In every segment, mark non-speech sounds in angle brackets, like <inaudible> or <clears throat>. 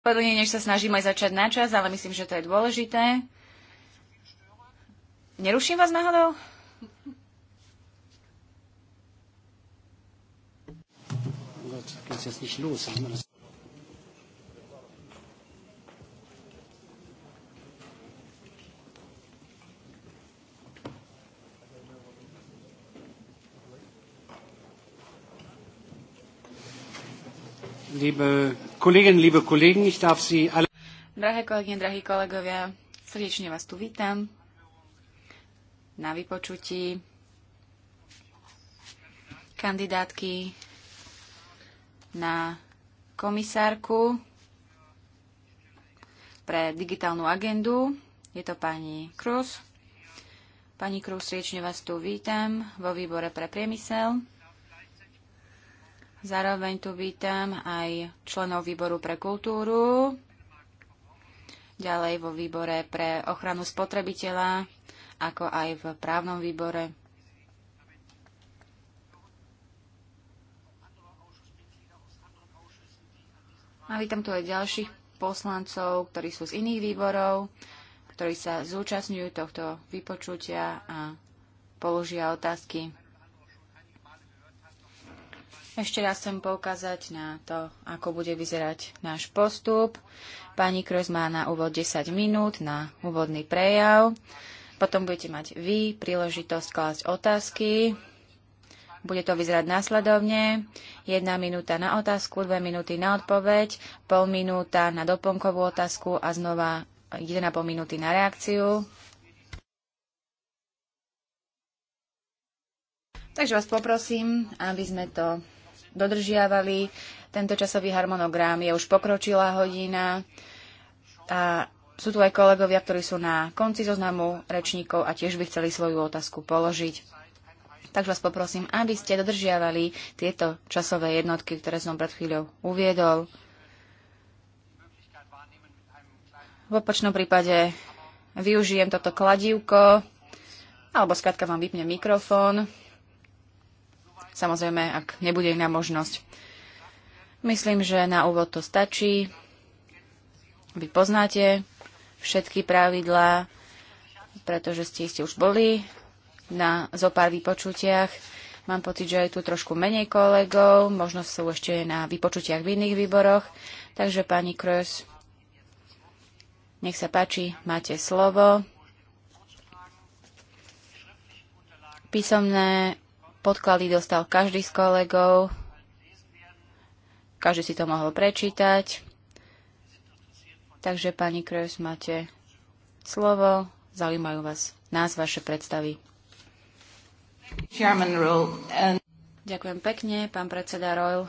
Podľa než sa snažíme začať na čas, ale myslím, že to je dôležité. Neruším vás náhodou? Gott, geht's jetzt nicht los? liebe Kolleginnen, liebe Kollegen, ich darf Sie alle... Drahé kolegyne, drahí kolegovia, srdečne vás tu vítam na vypočutí kandidátky na komisárku pre digitálnu agendu. Je to pani Krus. Pani Krus, srdečne vás tu vítam vo výbore pre priemysel. Zároveň tu vítam aj členov výboru pre kultúru, ďalej vo výbore pre ochranu spotrebiteľa, ako aj v právnom výbore. A vítam tu aj ďalších poslancov, ktorí sú z iných výborov, ktorí sa zúčastňujú tohto vypočutia a položia otázky. Ešte raz chcem poukázať na to, ako bude vyzerať náš postup. Pani Kroz má na úvod 10 minút na úvodný prejav. Potom budete mať vy príležitosť klásť otázky. Bude to vyzerať následovne. Jedna minúta na otázku, dve minúty na odpoveď, pol minúta na doplnkovú otázku a znova 1,5 minúty na reakciu. Takže vás poprosím, aby sme to dodržiavali. Tento časový harmonogram je už pokročilá hodina. A sú tu aj kolegovia, ktorí sú na konci zoznamu rečníkov a tiež by chceli svoju otázku položiť. Takže vás poprosím, aby ste dodržiavali tieto časové jednotky, ktoré som pred chvíľou uviedol. V opačnom prípade využijem toto kladívko, alebo skrátka vám vypnem mikrofón samozrejme, ak nebude iná možnosť. Myslím, že na úvod to stačí. Vy poznáte všetky pravidlá, pretože ste ste už boli na zo pár vypočutiach. Mám pocit, že je tu trošku menej kolegov, možno sú ešte na vypočutiach v iných výboroch. Takže pani Kroes, nech sa páči, máte slovo. Písomné Podklady dostal každý z kolegov, každý si to mohol prečítať. Takže, pani Kreus, máte slovo, zaujímajú vás nás, vaše predstavy. Ďakujem pekne, pán predseda Royal.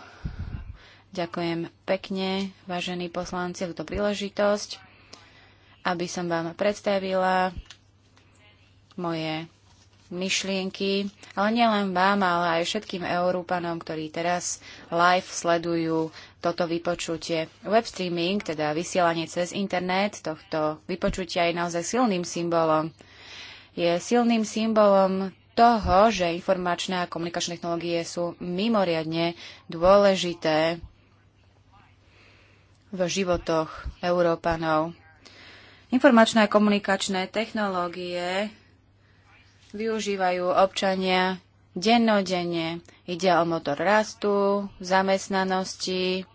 Ďakujem pekne, vážení poslanci, za túto príležitosť, aby som vám predstavila moje myšlienky, ale nielen vám, ale aj všetkým Európanom, ktorí teraz live sledujú toto vypočutie. Web streaming, teda vysielanie cez internet tohto vypočutia je naozaj silným symbolom. Je silným symbolom toho, že informačné a komunikačné technológie sú mimoriadne dôležité v životoch Európanov. Informačné a komunikačné technológie využívajú občania dennodenne. Ide o motor rastu, zamestnanosti.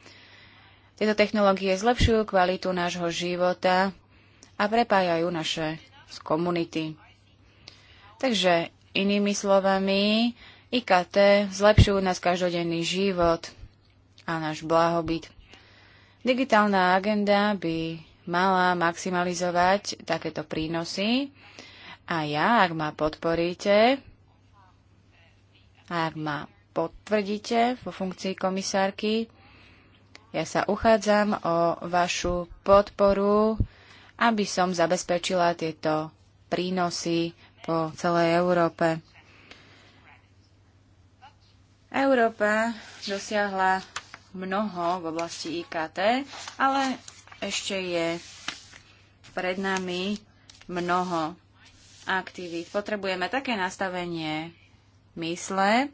Tieto technológie zlepšujú kvalitu nášho života a prepájajú naše komunity. Takže inými slovami, IKT zlepšujú nás každodenný život a náš blahobyt. Digitálna agenda by mala maximalizovať takéto prínosy a ja, ak ma podporíte, ak ma potvrdíte vo funkcii komisárky, ja sa uchádzam o vašu podporu, aby som zabezpečila tieto prínosy po celej Európe. Európa dosiahla mnoho v oblasti IKT, ale ešte je pred nami mnoho aktivít. Potrebujeme také nastavenie mysle,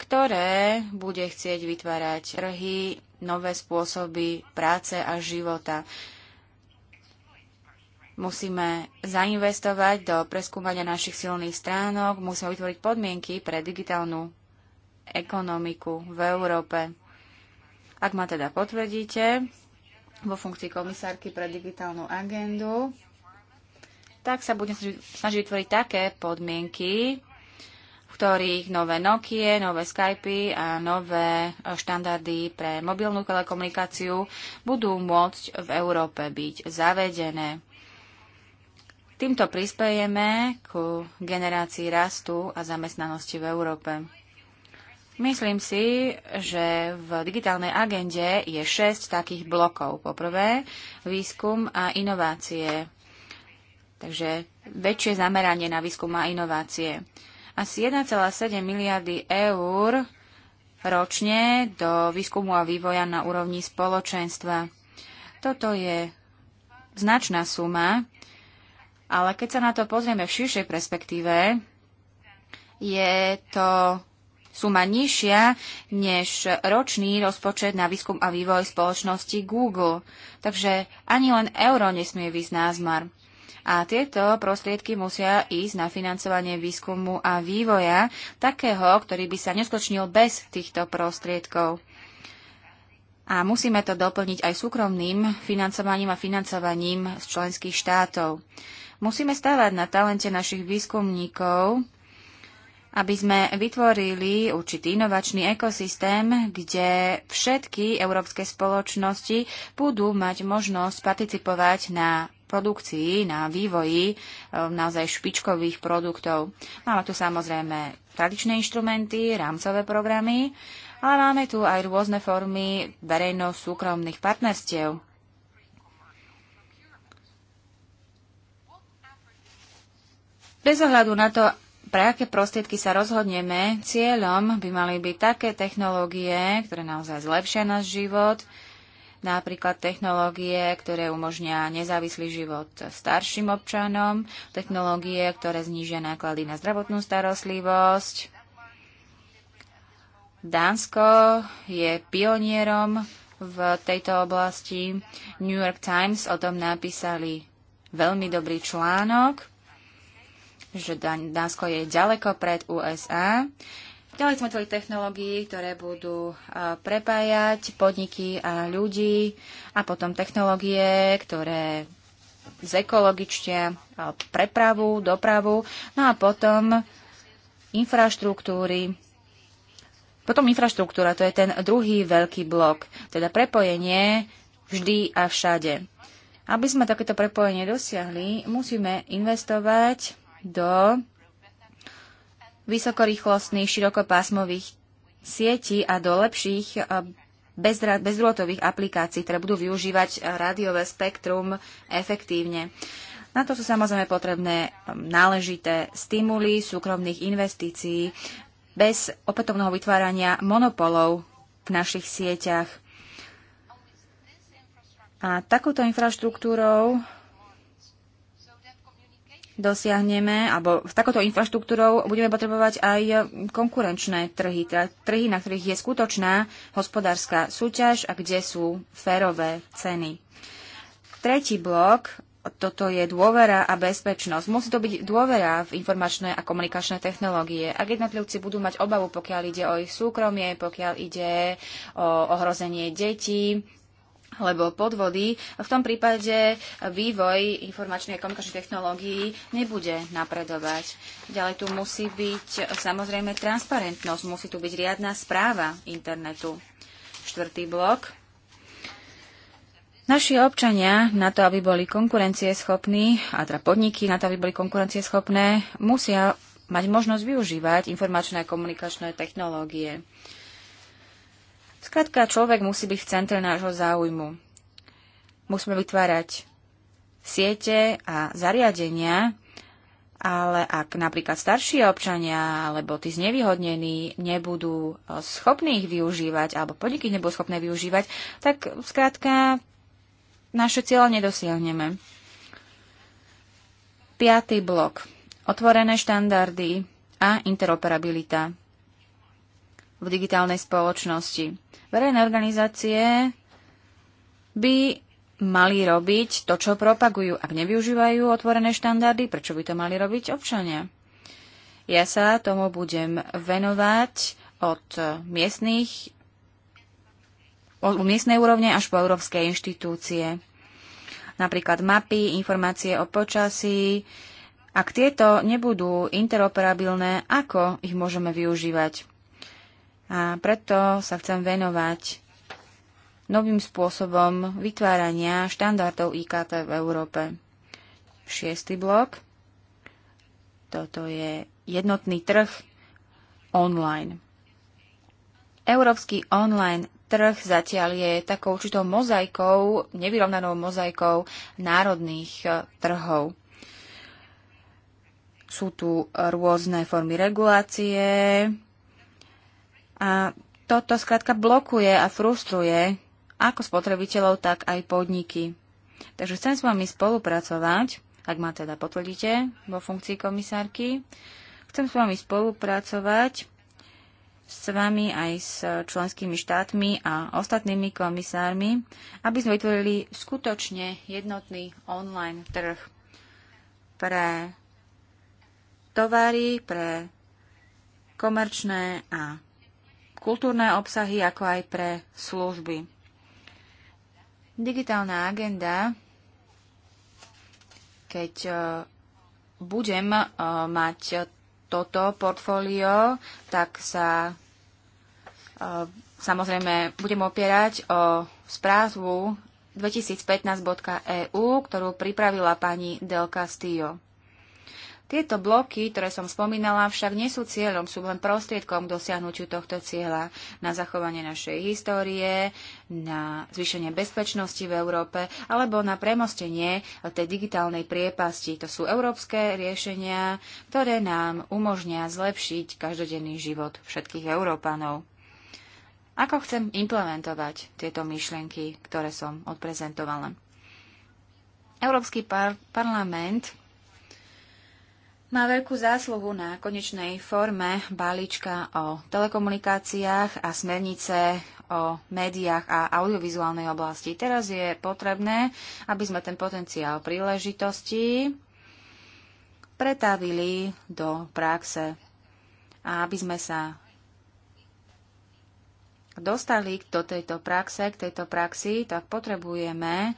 ktoré bude chcieť vytvárať trhy, nové spôsoby práce a života. Musíme zainvestovať do preskúmania našich silných stránok, musíme vytvoriť podmienky pre digitálnu ekonomiku v Európe. Ak ma teda potvrdíte vo funkcii komisárky pre digitálnu agendu, tak sa budem snažiť vytvoriť také podmienky, v ktorých nové Nokie, nové Skypy a nové e, štandardy pre mobilnú telekomunikáciu budú môcť v Európe byť zavedené. Týmto prispejeme ku generácii rastu a zamestnanosti v Európe. Myslím si, že v digitálnej agende je šesť takých blokov. Poprvé, výskum a inovácie. Takže väčšie zameranie na výskum a inovácie. Asi 1,7 miliardy eur ročne do výskumu a vývoja na úrovni spoločenstva. Toto je značná suma, ale keď sa na to pozrieme v širšej perspektíve, je to suma nižšia než ročný rozpočet na výskum a vývoj spoločnosti Google. Takže ani len euro nesmie výsť názmar. A tieto prostriedky musia ísť na financovanie výskumu a vývoja takého, ktorý by sa neskočnil bez týchto prostriedkov. A musíme to doplniť aj súkromným financovaním a financovaním z členských štátov. Musíme stávať na talente našich výskumníkov, aby sme vytvorili určitý inovačný ekosystém, kde všetky európske spoločnosti budú mať možnosť participovať na produkcii, na vývoji e, naozaj špičkových produktov. Máme tu samozrejme tradičné inštrumenty, rámcové programy, ale máme tu aj rôzne formy verejno-súkromných partnerstiev. Bez ohľadu na to, pre aké prostriedky sa rozhodneme, cieľom by mali byť také technológie, ktoré naozaj zlepšia náš život, napríklad technológie, ktoré umožnia nezávislý život starším občanom, technológie, ktoré znížia náklady na zdravotnú starostlivosť. Dánsko je pionierom v tejto oblasti. New York Times o tom napísali veľmi dobrý článok, že Dánsko je ďaleko pred USA. Ďalej sme tvorili technológií, ktoré budú prepájať podniky a ľudí a potom technológie, ktoré ekologičtia prepravu, dopravu, no a potom infraštruktúry. Potom infraštruktúra, to je ten druhý veľký blok, teda prepojenie vždy a všade. Aby sme takéto prepojenie dosiahli, musíme investovať do vysokorýchlostných širokopásmových sietí a do lepších eh, bezdrôtových aplikácií, ktoré budú využívať eh, rádiové spektrum efektívne. Na to sú samozrejme potrebné eh, náležité stimuly súkromných investícií bez opätovného vytvárania monopolov v našich sieťach. A takouto infraštruktúrou dosiahneme, alebo s takouto infraštruktúrou budeme potrebovať aj konkurenčné trhy, teda trhy, na ktorých je skutočná hospodárska súťaž a kde sú férové ceny. Tretí blok, toto je dôvera a bezpečnosť. Musí to byť dôvera v informačné a komunikačné technológie. Ak jednotlivci budú mať obavu, pokiaľ ide o ich súkromie, pokiaľ ide o ohrozenie detí, lebo podvody, v tom prípade vývoj informačných a komunikačnej technológií nebude napredovať. Ďalej tu musí byť samozrejme transparentnosť, musí tu byť riadna správa internetu. Štvrtý blok. Naši občania na to, aby boli konkurencieschopní, a teda podniky na to, aby boli konkurencieschopné, musia mať možnosť využívať informačné a komunikačné technológie. Skrátka, človek musí byť v centre nášho záujmu. Musíme vytvárať siete a zariadenia, ale ak napríklad starší občania alebo tí znevýhodnení nebudú e, schopní ich využívať alebo podniky nebudú schopné využívať, tak skrátka naše cieľa nedosiahneme. Piatý blok. Otvorené štandardy a interoperabilita v digitálnej spoločnosti. Verejné organizácie by mali robiť to, čo propagujú. Ak nevyužívajú otvorené štandardy, prečo by to mali robiť občania? Ja sa tomu budem venovať od miestných, od miestnej úrovne až po európske inštitúcie. Napríklad mapy, informácie o počasí. Ak tieto nebudú interoperabilné, ako ich môžeme využívať? A preto sa chcem venovať novým spôsobom vytvárania štandardov IKT v Európe. Šiestý blok. Toto je jednotný trh online. Európsky online trh zatiaľ je takou určitou mozaikou, nevyrovnanou mozaikou národných e, trhov. Sú tu rôzne formy regulácie, a toto skrátka blokuje a frustruje ako spotrebiteľov, tak aj podniky. Takže chcem s vami spolupracovať, ak ma teda potvrdíte vo funkcii komisárky. Chcem s vami spolupracovať s vami aj s členskými štátmi a ostatnými komisármi, aby sme vytvorili skutočne jednotný online trh pre tovary, pre komerčné a kultúrne obsahy, ako aj pre služby. Digitálna agenda, keď e, budem e, mať toto portfólio, tak sa e, samozrejme budem opierať o správu 2015.eu, ktorú pripravila pani Delka Stio. Tieto bloky, ktoré som spomínala, však nie sú cieľom, sú len prostriedkom k dosiahnutiu tohto cieľa na zachovanie našej histórie, na zvýšenie bezpečnosti v Európe alebo na premostenie tej digitálnej priepasti. To sú európske riešenia, ktoré nám umožnia zlepšiť každodenný život všetkých Európanov. Ako chcem implementovať tieto myšlienky, ktoré som odprezentovala? Európsky par- parlament má veľkú zásluhu na konečnej forme balíčka o telekomunikáciách a smernice o médiách a audiovizuálnej oblasti. Teraz je potrebné, aby sme ten potenciál príležitostí pretavili do praxe a aby sme sa dostali do tejto praxe, k tejto praxi, tak potrebujeme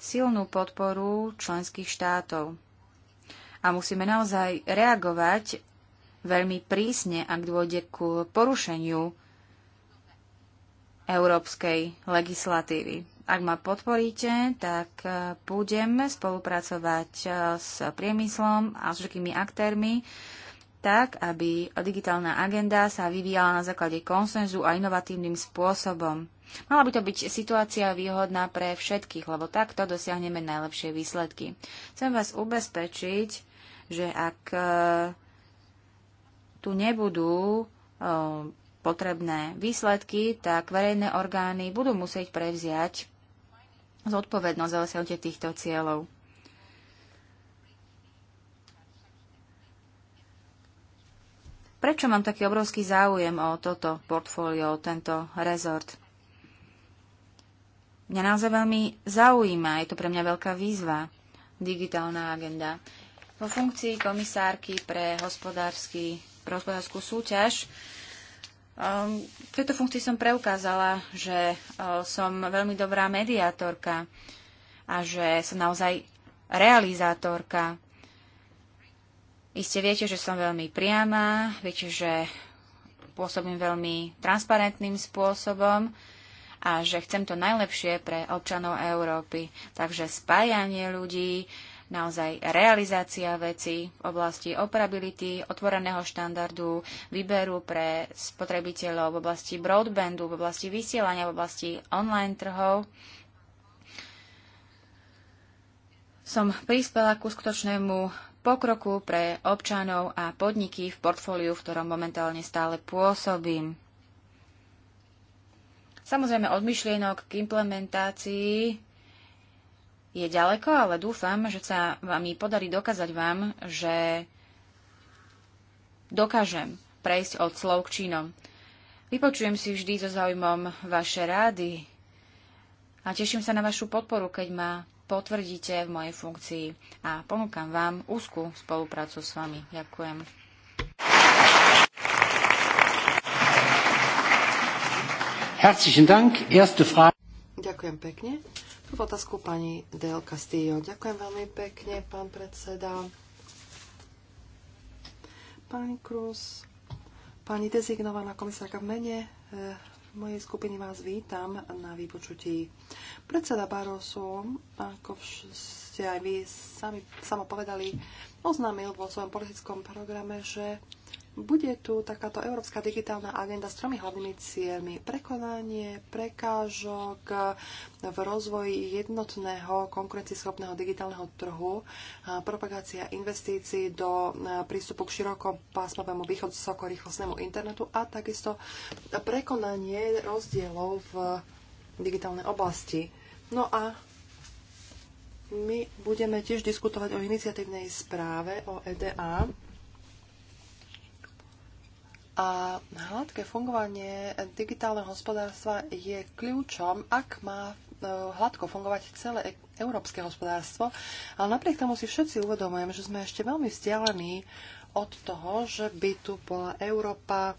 silnú podporu členských štátov a musíme naozaj reagovať veľmi prísne, ak dôjde k porušeniu európskej legislatívy. Ak ma podporíte, tak e, budem spolupracovať e, s priemyslom a s všetkými aktérmi, tak, aby digitálna agenda sa vyvíjala na základe konsenzu a inovatívnym spôsobom. Mala by to byť situácia výhodná pre všetkých, lebo takto dosiahneme najlepšie výsledky. Chcem vás ubezpečiť, že ak e, tu nebudú e, potrebné výsledky, tak verejné orgány budú musieť prevziať zodpovednosť za dosiahnutie týchto cieľov. Prečo mám taký obrovský záujem o toto portfólio, o tento rezort? mňa naozaj veľmi zaujíma, je to pre mňa veľká výzva, digitálna agenda. Vo funkcii komisárky pre, hospodársky, pre hospodárskú súťaž um, v tejto funkcii som preukázala, že uh, som veľmi dobrá mediátorka a že som naozaj realizátorka. Iste viete, že som veľmi priama, viete, že pôsobím veľmi transparentným spôsobom a že chcem to najlepšie pre občanov Európy. Takže spájanie ľudí, naozaj realizácia vecí v oblasti operability, otvoreného štandardu, výberu pre spotrebiteľov v oblasti broadbandu, v oblasti vysielania, v oblasti online trhov. Som prispela ku skutočnému pokroku pre občanov a podniky v portfóliu, v ktorom momentálne stále pôsobím. Samozrejme, od myšlienok k implementácii je ďaleko, ale dúfam, že sa vám mi podarí dokázať vám, že dokážem prejsť od slov k činom. Vypočujem si vždy so zaujímom vaše rády a teším sa na vašu podporu, keď ma potvrdíte v mojej funkcii a ponúkam vám úzkú spoluprácu s vami. Ďakujem. Ďakujem pekne. Prvú otázku pani Del Castillo. Ďakujem veľmi pekne, pán predseda. Pani Cruz, pani dezignovaná komisárka v mene eh, mojej skupiny vás vítam na vypočutí. Predseda barosu, ako ste aj vy sami, samopovedali, povedali, oznámil vo svojom politickom programe, že bude tu takáto európska digitálna agenda s tromi hlavnými cieľmi. Prekonanie prekážok v rozvoji jednotného konkurencieschopného digitálneho trhu, propagácia investícií do e, prístupu k širokopásmovému východu vysokorýchlostnému internetu a takisto prekonanie rozdielov v digitálnej oblasti. No a my budeme tiež diskutovať o iniciatívnej správe o EDA a hladké fungovanie digitálneho hospodárstva je kľúčom, ak má e, hladko fungovať celé e- európske hospodárstvo, ale napriek tomu si všetci uvedomujeme, že sme ešte veľmi vzdialení od toho, že by tu bola Európa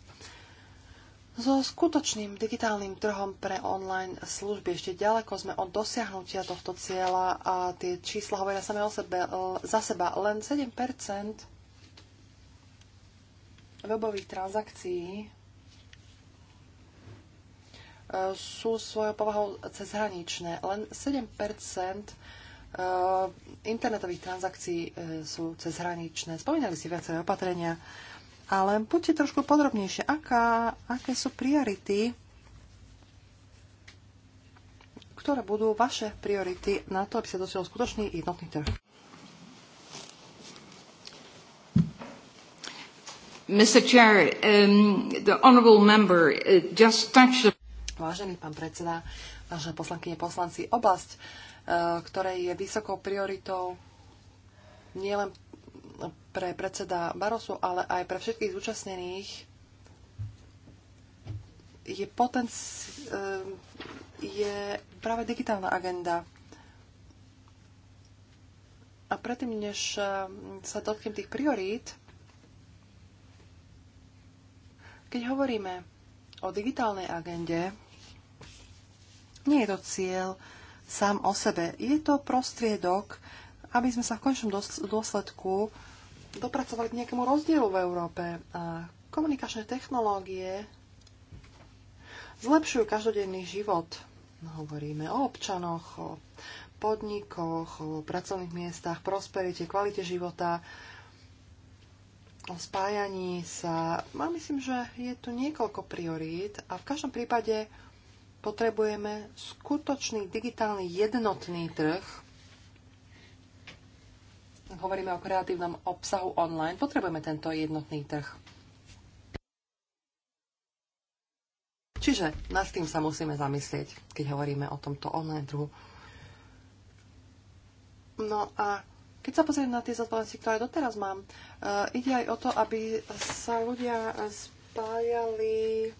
so skutočným digitálnym trhom pre online služby. Ešte ďaleko sme od dosiahnutia tohto cieľa a tie čísla hovoria same o sebe, za seba. Len 7 webových transakcií eh, sú svojou povahou cezhraničné. Len 7 eh, internetových transakcií eh, sú cezhraničné. Spomínali si viaceré opatrenia, ale buďte trošku podrobnejšie. Aká, aké sú priority, ktoré budú vaše priority na to, aby sa dosiahol skutočný jednotný trh? Mr. Chair, um, the honourable member uh, just touched... Vážený pán predseda, vážené poslankyne, poslanci, oblasť, ktoré uh, ktorej je vysokou prioritou nielen pre predseda Barosu, ale aj pre všetkých zúčastnených je, potenci- uh, je práve digitálna agenda. A predtým, než sa dotknem tých priorít, keď hovoríme o digitálnej agende, nie je to cieľ sám o sebe. Je to prostriedok, aby sme sa v končnom dôsledku dopracovali k nejakému rozdielu v Európe. A komunikačné technológie zlepšujú každodenný život. No, hovoríme o občanoch, o podnikoch, o pracovných miestach, prosperite, kvalite života o spájaní sa. Ja myslím, že je tu niekoľko priorít a v každom prípade potrebujeme skutočný digitálny jednotný trh. Hovoríme o kreatívnom obsahu online. Potrebujeme tento jednotný trh. Čiže nad tým sa musíme zamyslieť, keď hovoríme o tomto online trhu. No a keď sa pozriem na tie zodpovednosti, ktoré doteraz mám, eh, ide aj o to, aby sa ľudia spájali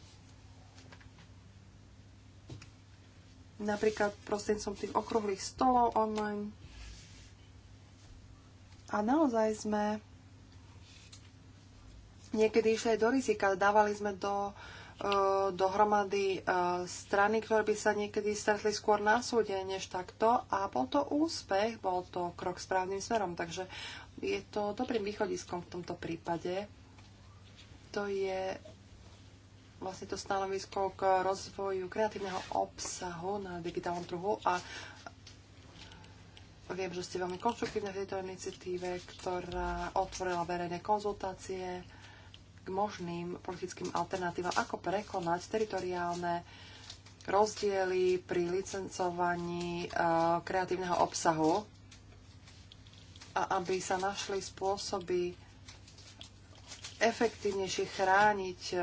napríklad prostredníctvom tých okrúhlych stolov online. A naozaj sme niekedy išli aj do rizika, dávali sme do uh, E, dohromady e, strany, ktoré by sa niekedy stretli skôr na súde než takto a bol to úspech, bol to krok správnym smerom, takže je to dobrým východiskom v tomto prípade. To je vlastne to stanovisko k rozvoju kreatívneho obsahu na digitálnom trhu a viem, že ste veľmi konštruktívne v tejto iniciatíve, ktorá otvorila verejné konzultácie k možným politickým alternatívam, ako prekonať teritoriálne rozdiely pri licencovaní e, kreatívneho obsahu a aby sa našli spôsoby efektívnejšie chrániť e,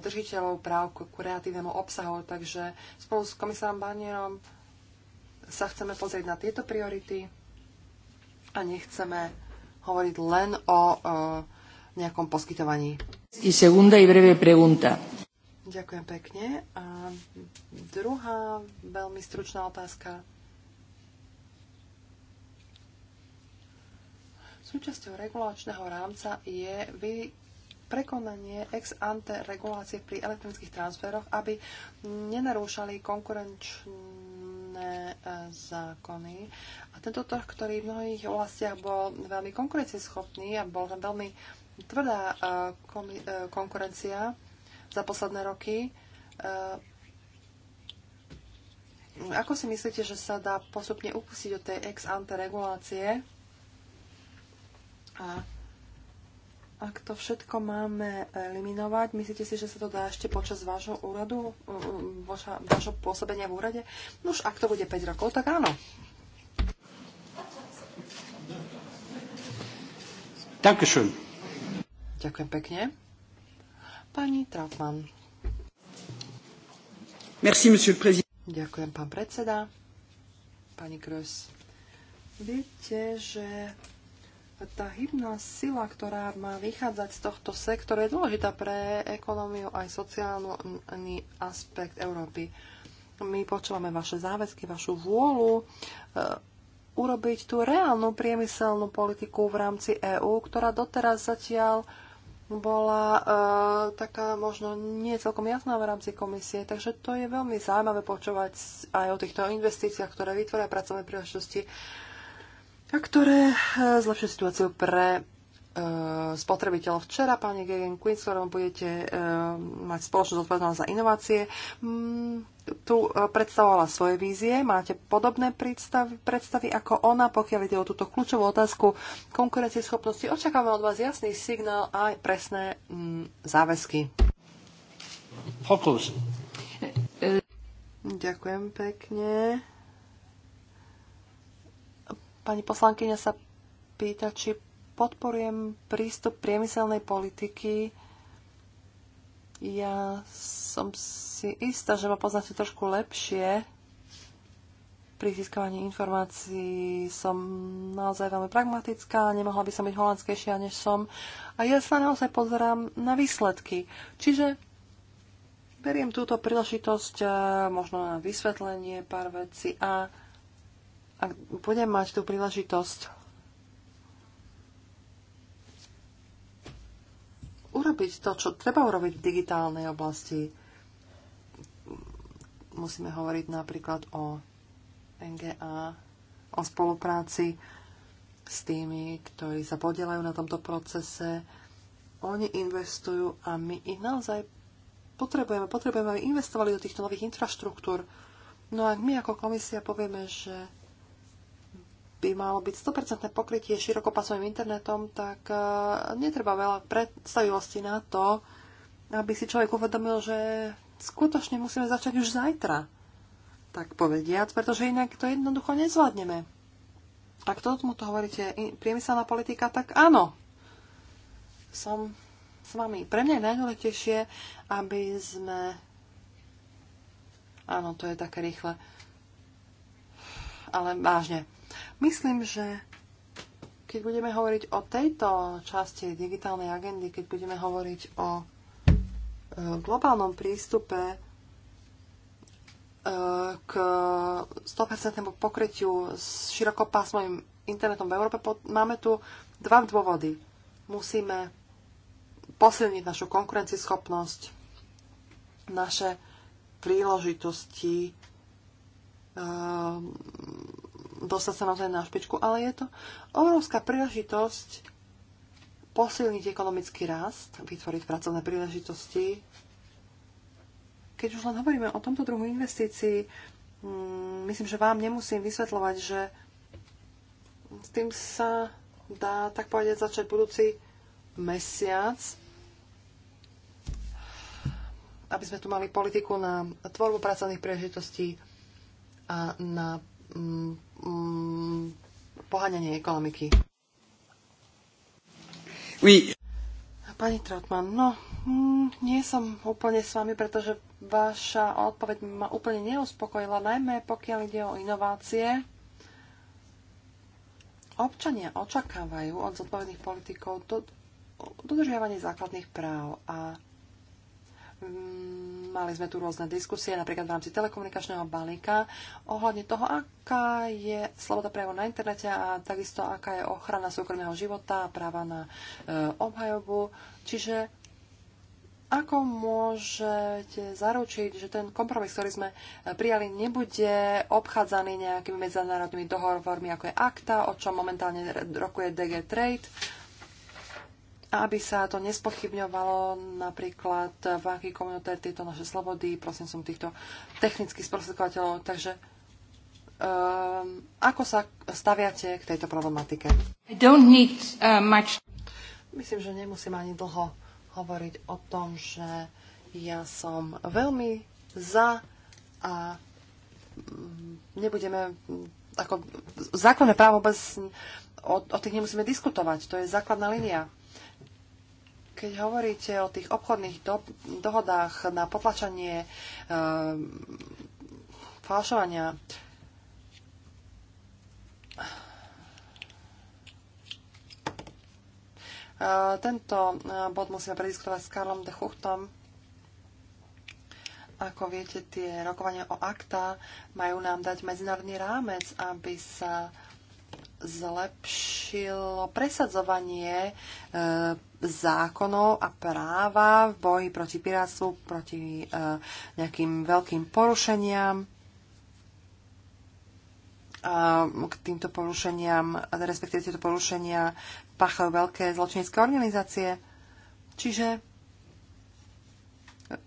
držiteľov práv k kreatívnemu obsahu. Takže spolu s komisárom Banierom sa chceme pozrieť na tieto priority a nechceme hovoriť len o e, nejakom poskytovaní. I segunda i breve pregunta. Ďakujem pekne. A druhá veľmi stručná otázka. Súčasťou regulačného rámca je vy prekonanie ex ante regulácie pri elektronických transferoch, aby nenarúšali konkurenčné e, zákony. A tento trh, ktorý v mnohých oblastiach bol veľmi konkurencieschopný a bol tam veľmi tvrdá eh, eh, konkurencia za posledné roky. Eh, ako si myslíte, že sa dá postupne upustiť od tej ex ante regulácie? A ak to všetko máme eliminovať, myslíte si, že sa to dá ešte počas vášho úradu, vášho pôsobenia v úrade? No už ak to bude 5 rokov, tak áno. Dankeschön. Ďakujem pekne. Pani Trautmann. Merci, monsieur le président. Ďakujem, pán predseda. Pani Kroes. Viete, že tá hybná sila, ktorá má vychádzať z tohto sektora, je dôležitá pre ekonómiu aj sociálny aspekt Európy. My počúvame vaše záväzky, vašu vôľu eh, urobiť tú reálnu priemyselnú politiku v rámci EÚ, ktorá doteraz zatiaľ bola e, taká možno nie celkom jasná v rámci komisie, takže to je veľmi zaujímavé počúvať aj o týchto investíciách, ktoré vytvoria pracovné príležitosti a ktoré e, eh, zlepšia situáciu pre Eh, spotrebiteľov. Včera, pani Gegen Queen, s ktorou budete eh, mať spoločnú zodpovednosť za inovácie, mm, tu eh, predstavovala svoje vízie. Máte podobné predstavy, predstavy ako ona, pokiaľ ide o túto kľúčovú otázku konkurencieschopnosti. Očakávame od vás jasný signál a aj presné mm, záväzky. Fokus. Ďakujem pekne. Pani poslankyňa sa pýta, či podporujem prístup priemyselnej politiky. Ja som si istá, že ma poznáte trošku lepšie. Pri získavaní informácií som naozaj veľmi pragmatická, nemohla by som byť holandskejšia, než som. A ja sa naozaj pozerám na výsledky. Čiže beriem túto príležitosť eh, možno na vysvetlenie pár vecí a ak budem mať tú príležitosť urobiť to, čo treba urobiť v digitálnej oblasti. Musíme hovoriť napríklad o NGA, o spolupráci s tými, ktorí sa podielajú na tomto procese. Oni investujú a my ich naozaj potrebujeme. Potrebujeme, aby investovali do týchto nových infraštruktúr. No a my ako komisia povieme, že by malo byť 100% pokrytie širokopasovým internetom, tak e, netreba veľa predstavivosti na to, aby si človek uvedomil, že skutočne musíme začať už zajtra. Tak povediac, pretože inak to jednoducho nezvládneme. Ak to mu to hovoríte, priemyselná politika, tak áno. Som s vami. Pre mňa je najdôležitejšie, aby sme... Áno, to je také rýchle. Ale vážne, Myslím, že keď budeme hovoriť o tejto časti digitálnej agendy, keď budeme hovoriť o e, globálnom prístupe e, k 100% pokrytiu s širokopásmovým internetom v Európe, máme tu dva dôvody. Musíme posilniť našu konkurencieschopnosť, naše príležitosti e, dostať sa naozaj na špičku, ale je to obrovská príležitosť posilniť ekonomický rast, vytvoriť pracovné príležitosti. Keď už len hovoríme o tomto druhu investícií, mm, myslím, že vám nemusím vysvetľovať, že s tým sa dá, tak povedať, začať budúci mesiac, aby sme tu mali politiku na tvorbu pracovných príležitostí a na mm, Mm, poháňanie ekonomiky. Oui. Pani Trotman, no, mm, nie som úplne s vami, pretože vaša odpoveď ma úplne neuspokojila, najmä pokiaľ ide o inovácie. Občania očakávajú od zodpovedných politikov dodržiavanie základných práv a mm, Mali sme tu rôzne diskusie, napríklad v rámci telekomunikačného balíka, ohľadne toho, aká je sloboda prejavu na internete a takisto aká je ochrana súkromného života a práva na e, obhajobu. Čiže ako môžete zaručiť, že ten kompromis, ktorý sme e, prijali, nebude obchádzaný nejakými medzinárodnými dohovormi, ako je akta, o čom momentálne rokuje DG Trade aby sa to nespochybňovalo napríklad v aký komunitér tieto naše slobody, prosím som týchto technických sprostredkovateľov. Takže um, ako sa staviate k tejto problematike? I don't need, uh, much. Myslím, že nemusím ani dlho hovoriť o tom, že ja som veľmi za a mm, nebudeme mm, ako zákonné právo vôbec mm, o, o tých nemusíme diskutovať. To je základná línia keď hovoríte o tých obchodných do- dohodách na potlačanie e, falšovania, eh, tento eh, bod musíme prediskutovať s Karlom de Chuchtom. Ako viete, tie rokovania o akta majú nám dať medzinárodný rámec, aby sa zlepšilo presadzovanie e, zákonov a práva v boji proti pirátstvu, proti e, nejakým veľkým porušeniam. A k týmto porušeniam, respektíve tieto porušenia páchajú veľké zločinecké organizácie. Čiže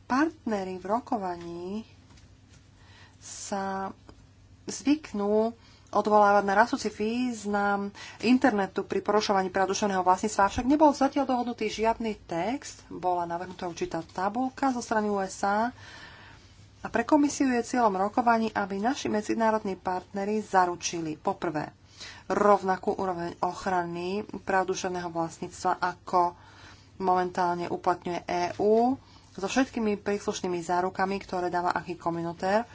partnery v rokovaní sa zvyknú odvolávať na rastúci význam internetu pri porušovaní práv vlastníctva, avšak nebol zatiaľ dohodnutý žiadny text, bola navrhnutá určitá tabulka zo strany USA a pre komisiu je cieľom rokovaní, aby naši medzinárodní partnery zaručili poprvé rovnakú úroveň ochrany práv vlastníctva, ako momentálne uplatňuje EÚ so všetkými príslušnými zárukami, ktoré dáva aký komunitér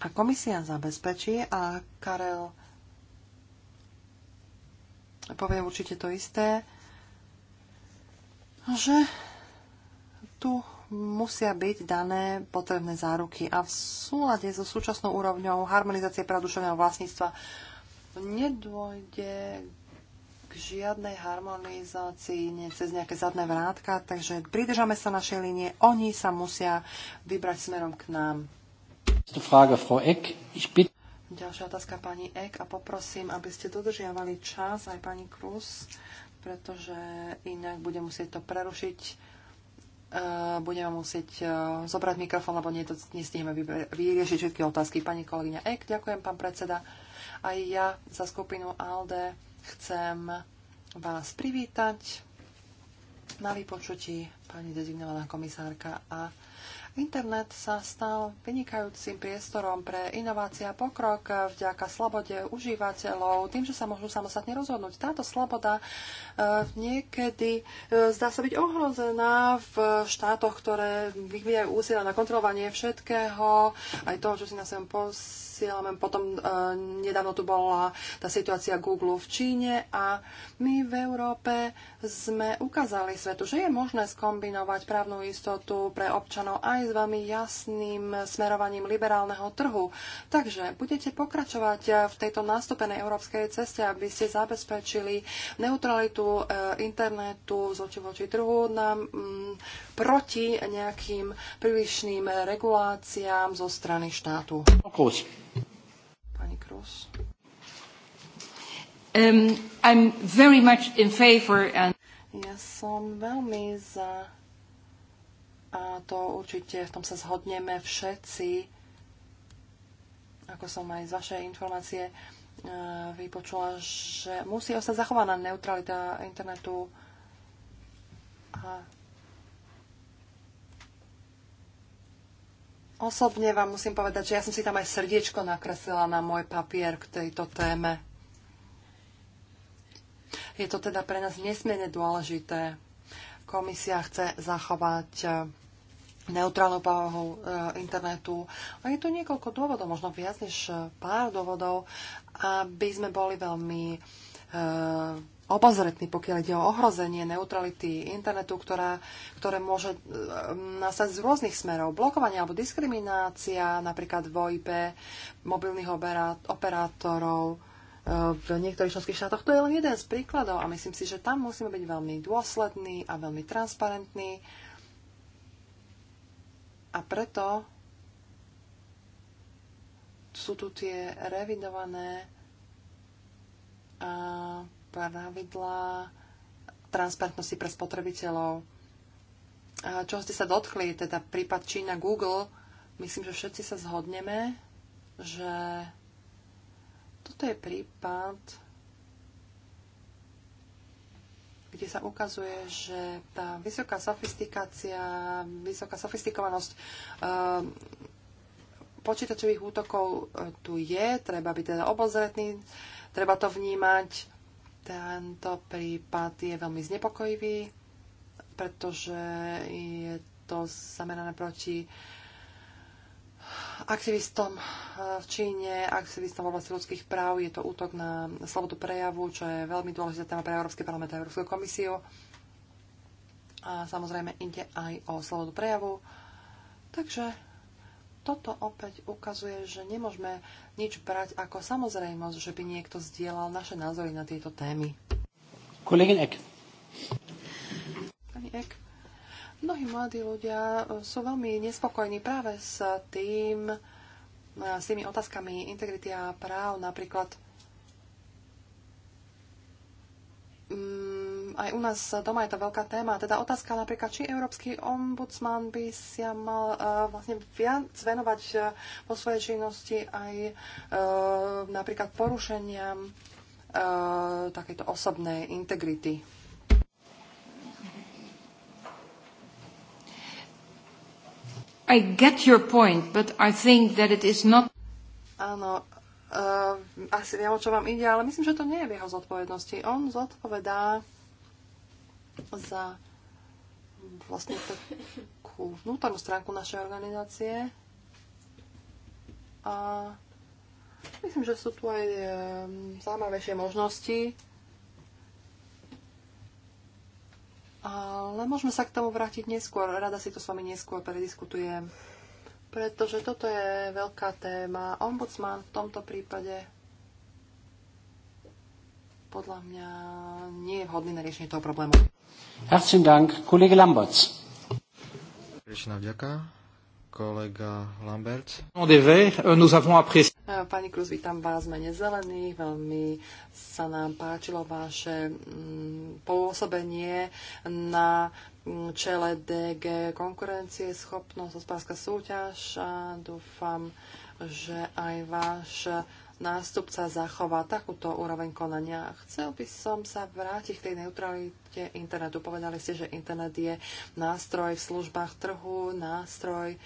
a komisia zabezpečí a Karel povie určite to isté, že tu musia byť dané potrebné záruky a v súlade so súčasnou úrovňou harmonizácie pradušovného vlastníctva nedôjde k žiadnej harmonizácii nie cez nejaké zadné vrátka, takže pridržame sa našej linie, oni sa musia vybrať smerom k nám. Ďalšia otázka pani Ek a poprosím, aby ste dodržiavali čas aj pani Krus, pretože inak budem musieť to prerušiť. E, budeme musieť e, zobrať mikrofón, lebo nie to nestihneme vyriešiť všetky otázky. Pani kolegyňa Ek, ďakujem, pán predseda. Aj ja za skupinu ALDE chcem vás privítať na vypočutí pani dezignovaná komisárka a Internet sa stal vynikajúcim priestorom pre inovácia a pokrok vďaka slobode užívateľov, tým, že sa môžu samostatne rozhodnúť. Táto sloboda e, niekedy e, zdá sa byť ohrozená v štátoch, ktoré vyvíjajú úsilia na kontrolovanie všetkého, aj toho, čo si na sebe pos posielame. Potom e, nedávno tu bola tá situácia Google v Číne a my v Európe sme ukázali svetu, že je možné skombinovať právnu istotu pre občanov aj s veľmi jasným smerovaním liberálneho trhu. Takže budete pokračovať v tejto nastúpenej európskej ceste, aby ste zabezpečili neutralitu e, internetu z oči voči trhu na, m, mm, proti nejakým prílišným reguláciám zo strany štátu. Pani Kroos. Um, I'm very much in favor and... Ja som veľmi za a to určite v tom sa zhodneme všetci, ako som aj z vašej informácie uh, vypočula, že musí ostať zachovaná neutralita internetu a Osobne vám musím povedať, že ja som si tam aj srdiečko nakreslila na môj papier k tejto téme. Je to teda pre nás nesmierne dôležité. Komisia chce zachovať e, neutrálnu povahou e, internetu. A je tu niekoľko dôvodov, možno viac než e, pár dôvodov, aby sme boli veľmi obozretní, pokiaľ ide o ohrozenie neutrality internetu, ktorá, ktoré môže e, nastať z rôznych smerov. Blokovanie alebo diskriminácia napríklad v mobilných operátorov e, v niektorých členských štátoch. To je len jeden z príkladov a myslím si, že tam musíme byť veľmi dôslední a veľmi transparentní. A preto sú tu tie revidované a pravidlá transparentnosti pre spotrebiteľov. A čo ste sa dotkli, teda prípad Čína Google, myslím, že všetci sa zhodneme, že toto je prípad, kde sa ukazuje, že tá vysoká sofistikácia, vysoká sofistikovanosť um, počítačových útokov e, tu je, treba byť teda obozretný, treba to vnímať tento prípad je veľmi znepokojivý, pretože je to zamerané proti aktivistom v Číne, aktivistom v oblasti ľudských práv. Je to útok na slobodu prejavu, čo je veľmi dôležitá téma pre Európsky parlament a Európsku komisiu. A samozrejme ide aj o slobodu prejavu. Takže toto opäť ukazuje, že nemôžeme nič brať ako samozrejmosť, že by niekto zdieľal naše názory na tieto témy. Kolegin Ek. Pani Ek. Mnohí mladí ľudia eh, sú veľmi nespokojní práve s tým, eh, s tými otázkami integrity a práv. Napríklad mm, aj u nás doma je to veľká téma. Teda otázka napríklad, či Európsky ombudsman by sa mal uh, vlastne viac venovať uh, vo svojej činnosti aj uh, napríklad porušeniam uh, takéto osobnej integrity. I get your point, but I think that it is not... Áno, uh, asi viem, o čo vám ide, ale myslím, že to nie je v jeho zodpovednosti. On zodpovedá za vlastne takú vnútornú stránku našej organizácie. A myslím, že sú tu aj zaujímavejšie možnosti. Ale môžeme sa k tomu vrátiť neskôr. Rada si to s vami neskôr prediskutujem. Pretože toto je veľká téma. Ombudsman v tomto prípade podľa mňa nie je vhodný na riešenie toho problému. Herzlichen Dank, kolega Lamberts. Riešená vďaka, kolega Lambert. Euh, pani Kruz, vítam vás mene zelených. Veľmi sa nám páčilo vaše mm, pôsobenie na mm, čele DG konkurencie, schopnosť, hospodárska súťaž a dúfam, že aj váš nástupca zachová takúto úroveň konania. Chcel by som sa vrátiť k tej neutralite internetu. Povedali ste, že internet je nástroj v službách trhu, nástroj e,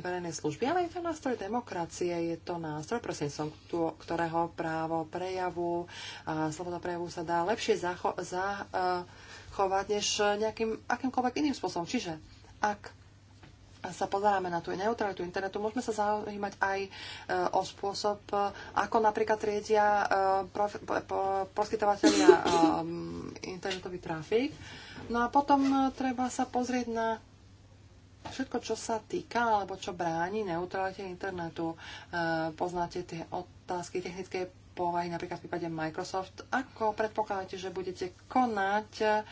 verejnej služby, ale je to nástroj demokracie, je to nástroj, prosím som, ktorého právo prejavu a sloboda prejavu sa dá lepšie zachovať, za, e, než nejakým akýmkoľvek iným spôsobom. Čiže ak sa pozeráme na tú neutralitu internetu, môžeme sa zaujímať aj e, o spôsob, e, ako napríklad riedia e, poskytovateľia internetový trafik. No a potom treba sa pozrieť na všetko, čo sa týka alebo čo bráni neutralite internetu. poznáte tie otázky technické povahy, napríklad v prípade Microsoft. Ako predpokladáte, že budete konať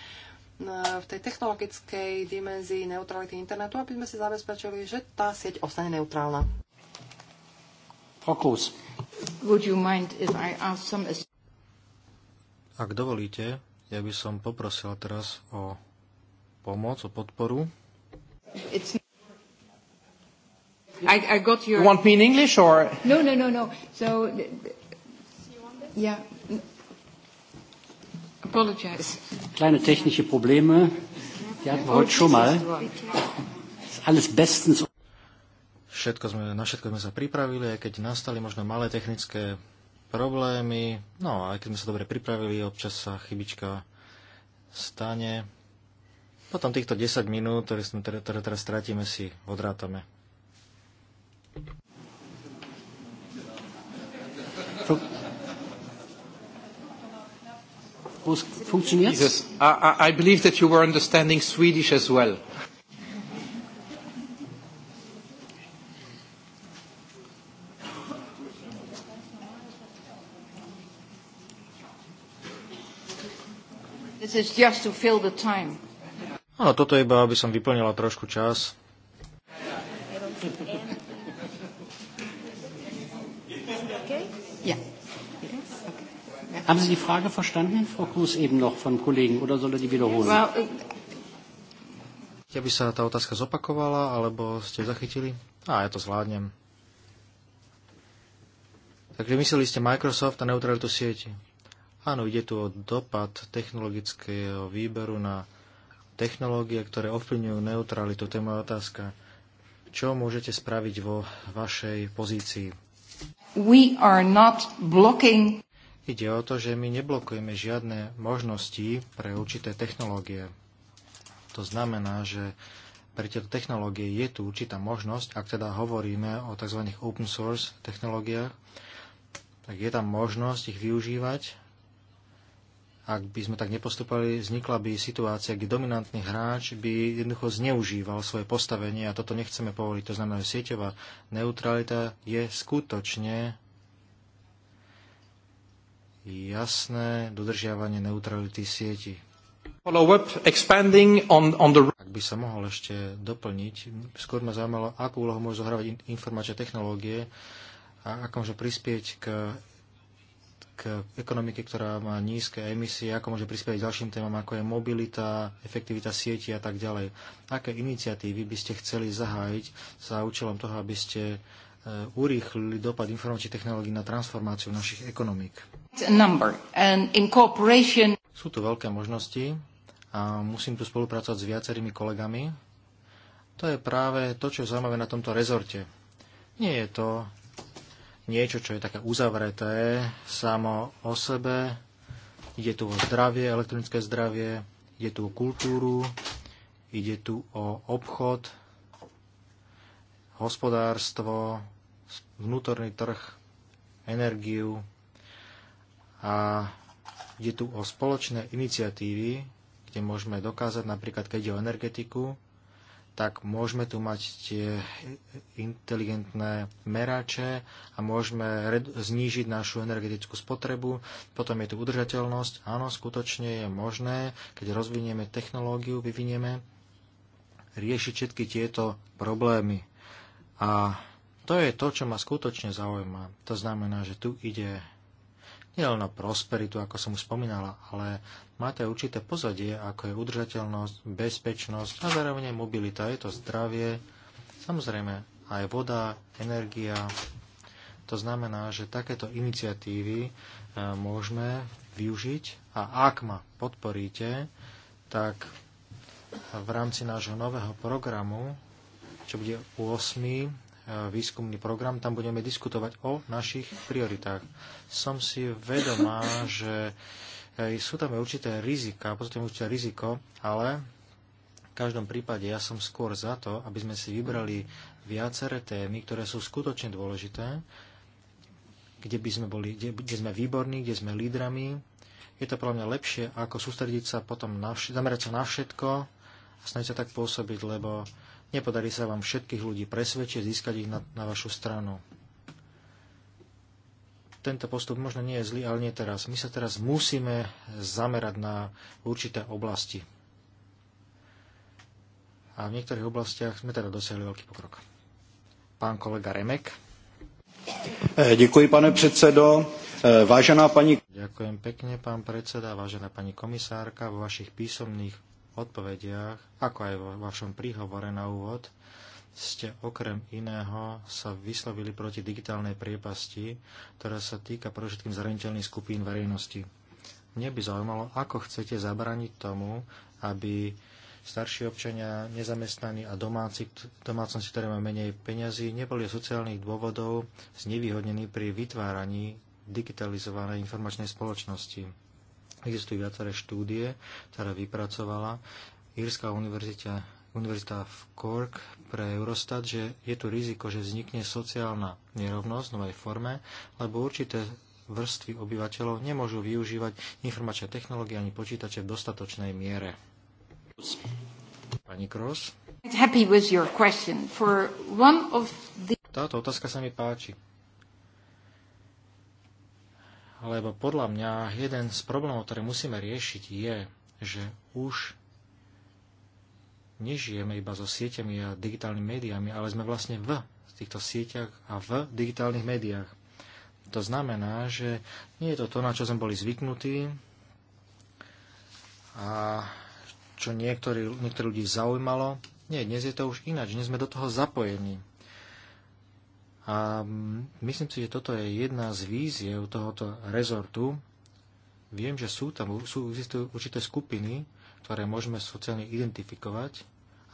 v tej technologickej dimenzii neutrality internetu, aby sme si zabezpečili, že tá sieť ostane neutrálna. Fokus. Some... Ak dovolíte, ja by som poprosil teraz o pomoc, o podporu. It's... I, I got your... You want me in English or... No, no, no, no. So, yeah, Apologize. Kleine technische Probleme, die hatten wir heute schon mal. Ist alles bestens. Všetko sme, na všetko sme sa pripravili, aj keď nastali možno malé technické problémy. No, aj keď sme sa dobre pripravili, občas sa chybička stane. Potom týchto 10 minút, ktoré, sme, ktoré teraz stratíme, si odrátame. funktioniert? Dieses, I, I believe that you were understanding Swedish as well. This is just to fill the time. Áno, toto je iba, aby som vyplnila trošku čas. <laughs> Yeah. Haben Sie die Frage verstanden, Frau Kruse, eben noch von Kollegen, oder soll er die wiederholen? Ja by sa tá otázka zopakovala, alebo ste zachytili? Á, ja to zvládnem. Takže mysleli ste Microsoft a neutralitu sieti. Áno, ide tu o dopad technologického výberu na technológie, ktoré ovplyvňujú neutralitu. To je moja otázka. Čo môžete spraviť vo vašej pozícii? We are not blocking Ide o to, že my neblokujeme žiadne možnosti pre určité technológie. To znamená, že pre tieto technológie je tu určitá možnosť, ak teda hovoríme o tzv. open source technológiách, tak je tam možnosť ich využívať. Ak by sme tak nepostupovali, vznikla by situácia, kde dominantný hráč by jednoducho zneužíval svoje postavenie a toto nechceme povoliť. To znamená, že sieťová neutralita je skutočne jasné dodržiavanie neutrality sieti. Ak by sa mohol ešte doplniť, skôr ma zaujímalo, akú úlohu môžu zohrávať informačné technológie a ako môže prispieť k, k ekonomike, ktorá má nízke emisie, ako môže prispieť k ďalším témam, ako je mobilita, efektivita sieti a tak ďalej. Aké iniciatívy by ste chceli zahájiť za účelom toho, aby ste E, urýchlili dopad informačných technológií na transformáciu našich ekonomík. Sú tu veľké možnosti a musím tu spolupracovať s viacerými kolegami. To je práve to, čo je zaujímavé na tomto rezorte. Nie je to niečo, čo je také uzavreté samo o sebe. Ide tu o zdravie, elektronické zdravie, ide tu o kultúru, ide tu o obchod, hospodárstvo, vnútorný trh, energiu a je tu o spoločné iniciatívy, kde môžeme dokázať napríklad, keď ide o energetiku, tak môžeme tu mať tie inteligentné merače a môžeme znížiť našu energetickú spotrebu. Potom je tu udržateľnosť. Áno, skutočne je možné, keď rozvinieme technológiu, vyvinieme, riešiť všetky tieto problémy. A to je to, čo ma skutočne zaujíma. To znamená, že tu ide nielen o prosperitu, ako som už spomínala, ale máte určité pozadie, ako je udržateľnosť, bezpečnosť a zároveň mobilita. Je to zdravie, samozrejme aj voda, energia. To znamená, že takéto iniciatívy e, môžeme využiť a ak ma podporíte, tak v rámci nášho nového programu, čo bude 8 výskumný program, tam budeme diskutovať o našich prioritách. Som si vedomá, že e, sú tam určité rizika, potom určité riziko, ale v každom prípade ja som skôr za to, aby sme si vybrali viaceré témy, ktoré sú skutočne dôležité, kde, by sme boli, kde, kde sme výborní, kde sme lídrami. Je to pre mňa lepšie, ako sústrediť sa potom na, zamerať sa na všetko a snažiť sa tak pôsobiť, lebo Nepodarí sa vám všetkých ľudí presvedčiť, získať ich na, na vašu stranu. Tento postup možno nie je zlý, ale nie teraz. My sa teraz musíme zamerať na určité oblasti. A v niektorých oblastiach sme teda dosiahli veľký pokrok. Pán kolega Remek. Ďakujem, eh, pane predsedo. Eh, vážená pani... Ďakujem pekne, pán predseda, vážená pani komisárka. Vo vašich písomných odpovediach, ako aj vo vašom príhovore na úvod, ste okrem iného sa vyslovili proti digitálnej priepasti, ktorá sa týka predovšetkým zraniteľných skupín verejnosti. Mne by zaujímalo, ako chcete zabraniť tomu, aby starší občania, nezamestnaní a domáci, domácnosti, ktoré majú menej peňazí, neboli sociálnych dôvodov znevýhodnení pri vytváraní digitalizovanej informačnej spoločnosti. Existujú viaceré štúdie, ktoré vypracovala Írska univerzita, univerzita v Cork pre Eurostat, že je tu riziko, že vznikne sociálna nerovnosť v novej forme, lebo určité vrstvy obyvateľov nemôžu využívať informačné technológie ani počítače v dostatočnej miere. Pani Kroos. Táto otázka sa mi páči lebo podľa mňa jeden z problémov, ktoré musíme riešiť, je, že už nežijeme iba so sieťami a digitálnymi médiami, ale sme vlastne v týchto sieťach a v digitálnych médiách. To znamená, že nie je to to, na čo sme boli zvyknutí a čo niektorí, niektorí ľudí zaujímalo. Nie, dnes je to už ináč, dnes sme do toho zapojení. A myslím si, že toto je jedna z víziev tohoto rezortu. Viem, že sú tam sú, existujú určité skupiny, ktoré môžeme sociálne identifikovať,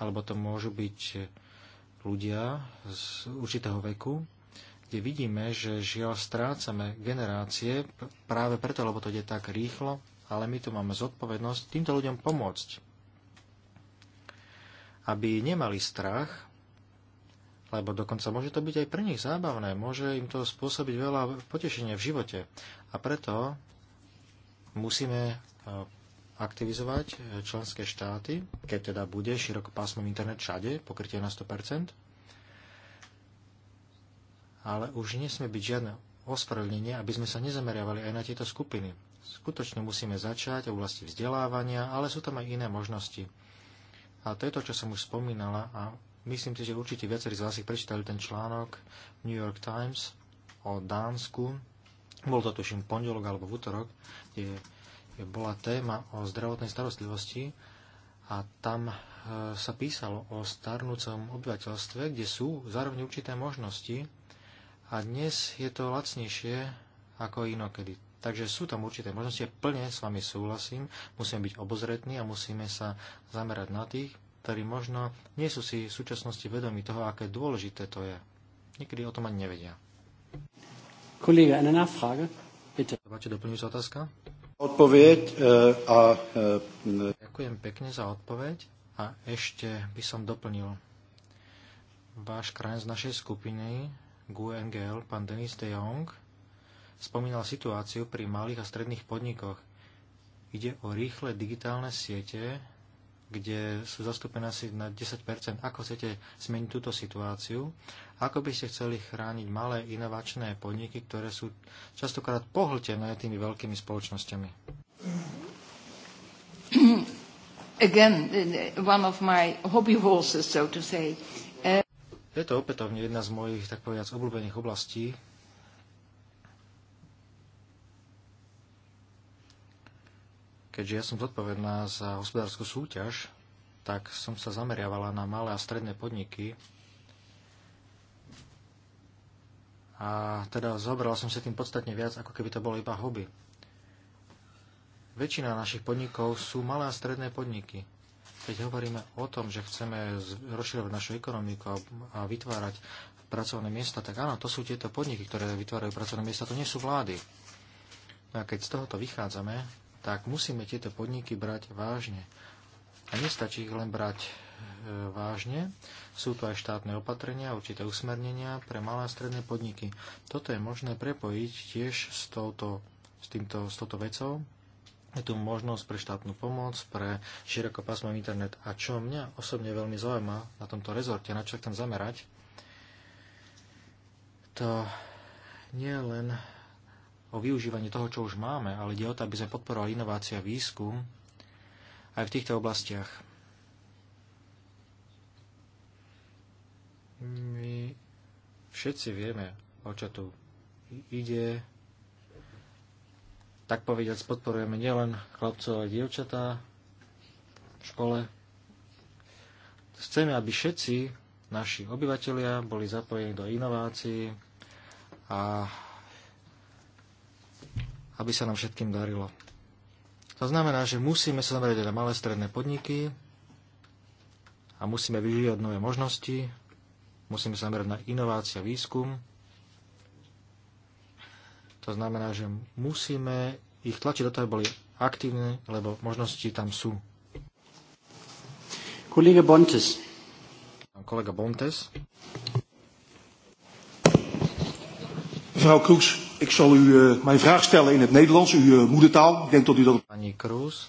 alebo to môžu byť ľudia z určitého veku, kde vidíme, že žiaľ strácame generácie práve preto, lebo to ide tak rýchlo, ale my tu máme zodpovednosť týmto ľuďom pomôcť. Aby nemali strach lebo dokonca môže to byť aj pre nich zábavné, môže im to spôsobiť veľa potešenia v živote. A preto musíme e, aktivizovať e, členské štáty, keď teda bude širokopásmový internet všade, pokrytie na 100%, ale už nesme byť žiadne ospravedlnenie, aby sme sa nezameriavali aj na tieto skupiny. Skutočne musíme začať v oblasti vzdelávania, ale sú tam aj iné možnosti. A to je to, čo som už spomínala a Myslím si, že určite viacerí z vás ich prečítali ten článok New York Times o Dánsku. Bol to tuším pondelok alebo v útorok, kde bola téma o zdravotnej starostlivosti a tam e, sa písalo o starnúcom obyvateľstve, kde sú zároveň určité možnosti a dnes je to lacnejšie ako inokedy. Takže sú tam určité možnosti, plne s vami súhlasím, musíme byť obozretní a musíme sa zamerať na tých, ktorí možno nie sú si v súčasnosti vedomi toho, aké dôležité to je. Niekedy o tom ani nevedia. Kolega, eine Nachfrage, bitte. Máte doplňujúca otázka? Odpoveď e, a... E, e, Ďakujem pekne za odpoveď a ešte by som doplnil. Váš krajín z našej skupiny GUNGL, pán Denis de Jong, spomínal situáciu pri malých a stredných podnikoch. Ide o rýchle digitálne siete, kde sú zastúpené asi na 10 Ako chcete zmeniť túto situáciu? Ako by ste chceli chrániť malé inovačné podniky, ktoré sú častokrát pohltené tými veľkými spoločnosťami? Again, one of my hobby horses, so to say. Je to opätovne jedna z mojich, tak povedať, obľúbených oblastí, keďže ja som zodpovedná za hospodárskú súťaž, tak som sa zameriavala na malé a stredné podniky. A teda zobrala som si tým podstatne viac, ako keby to bolo iba hobby. Väčšina našich podnikov sú malé a stredné podniky. Keď hovoríme o tom, že chceme rozširovať našu ekonomiku a vytvárať pracovné miesta, tak áno, to sú tieto podniky, ktoré vytvárajú pracovné miesta, to nie sú vlády. No a keď z tohoto vychádzame, tak musíme tieto podniky brať vážne. A nestačí ich len brať e, vážne. Sú tu aj štátne opatrenia, určité usmernenia pre malé a stredné podniky. Toto je možné prepojiť tiež s touto, s týmto, s touto vecou. Je tu možnosť pre štátnu pomoc, pre širokopásmový internet. A čo mňa osobne veľmi zaujíma na tomto rezorte, na čo chcem zamerať, to nie len o využívaní toho, čo už máme, ale ide o to, aby sme podporovali inovácia a výskum aj v týchto oblastiach. My všetci vieme, o čo tu ide. Tak povediac podporujeme nielen chlapcov a dievčatá v škole. Chceme, aby všetci naši obyvateľia boli zapojení do inovácií a aby sa nám všetkým darilo. To znamená, že musíme sa zamerať na malé stredné podniky a musíme vyvíjať nové možnosti, musíme sa zamerať na inovácia, výskum. To znamená, že musíme ich tlačiť do toho, aby boli aktívne, lebo možnosti tam sú. Kolega Bontes. Kolega Bontes. Frau Kusch, Ik zal u uh, mijn vraag stellen in het Nederlands, uw uh, moedertaal. Ik denk dat u dat... Pani Kroes,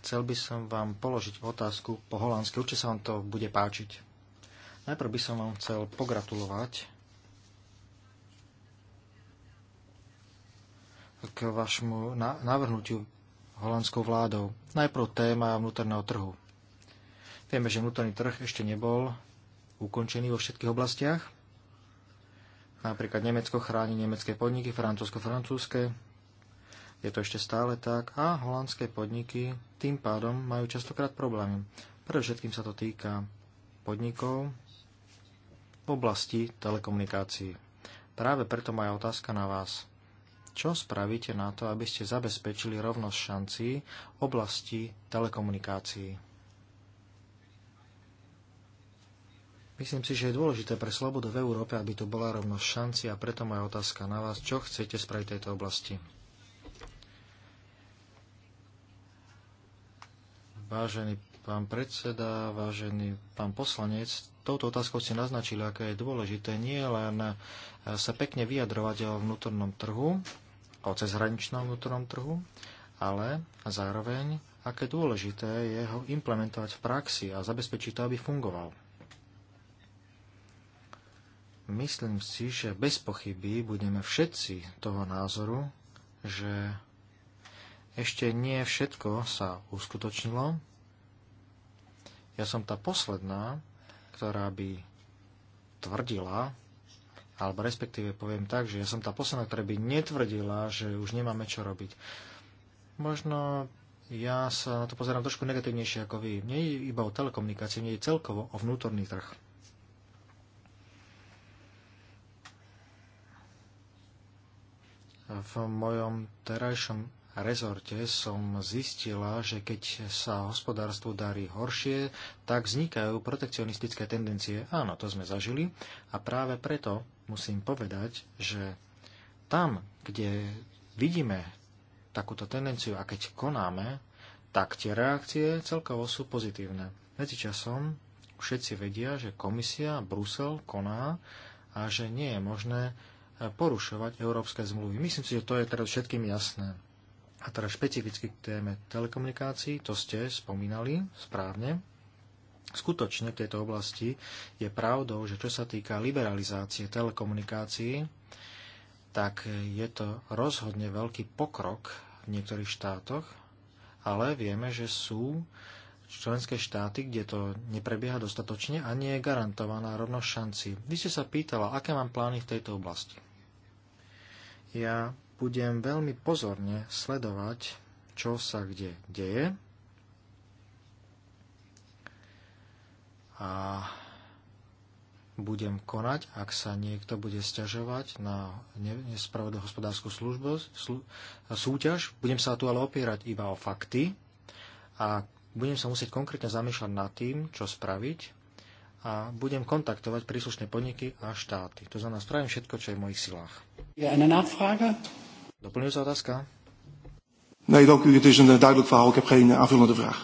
chcel by som vám položiť otázku po holandsky. Určite sa vám to bude páčiť. Najprv by som vám chcel pogratulovať k vašmu navrhnutiu holandskou vládou. Najprv téma vnútorného trhu. Vieme, že vnútorný trh ešte nebol ukončený vo všetkých oblastiach Napríklad Nemecko chráni nemecké podniky, francúzsko-francúzske. Je to ešte stále tak. A holandské podniky tým pádom majú častokrát problémy. Pre všetkým sa to týka podnikov v oblasti telekomunikácií. Práve preto moja otázka na vás. Čo spravíte na to, aby ste zabezpečili rovnosť šancí v oblasti telekomunikácií? Myslím si, že je dôležité pre slobodu v Európe, aby tu bola rovnosť šanci a preto moja otázka na vás, čo chcete spraviť tejto oblasti? Vážený pán predseda, vážený pán poslanec, touto otázkou ste naznačili, aké je dôležité nie len sa pekne vyjadrovať o vnútornom trhu, o cezhraničnom vnútornom trhu, ale zároveň, aké dôležité je ho implementovať v praxi a zabezpečiť to, aby fungoval. Myslím si, že bez pochyby budeme všetci toho názoru, že ešte nie všetko sa uskutočnilo. Ja som tá posledná, ktorá by tvrdila, alebo respektíve poviem tak, že ja som tá posledná, ktorá by netvrdila, že už nemáme čo robiť. Možno ja sa na to pozerám trošku negatívnejšie ako vy. Nie je iba o telekomunikácii, nie je celkovo o vnútorný trh. v mojom terajšom rezorte som zistila, že keď sa hospodárstvu darí horšie, tak vznikajú protekcionistické tendencie. Áno, to sme zažili a práve preto musím povedať, že tam, kde vidíme takúto tendenciu a keď konáme, tak tie reakcie celkovo sú pozitívne. Medzičasom všetci vedia, že komisia Brusel koná a že nie je možné porušovať európske zmluvy. Myslím si, že to je teraz všetkým jasné. A teraz špecificky k téme telekomunikácií, to ste spomínali správne. Skutočne v tejto oblasti je pravdou, že čo sa týka liberalizácie telekomunikácií, tak je to rozhodne veľký pokrok v niektorých štátoch, ale vieme, že sú členské štáty, kde to neprebieha dostatočne a nie je garantovaná rovnosť šanci. Vy ste sa pýtala, aké mám plány v tejto oblasti. Ja budem veľmi pozorne sledovať, čo sa kde deje. A budem konať, ak sa niekto bude sťažovať na nespravodlivú hospodárskú službu, slu, súťaž. Budem sa tu ale opierať iba o fakty a budem sa musieť konkrétne zamýšľať nad tým, čo spraviť a budem kontaktovať príslušné podniky a štáty. To znamená, spravím všetko, čo je v mojich silách. Doplňujúca otázka? Nee, dank u. Het is een eh, duidelijk verhaal. Ik heb geen eh, aanvullende vraag.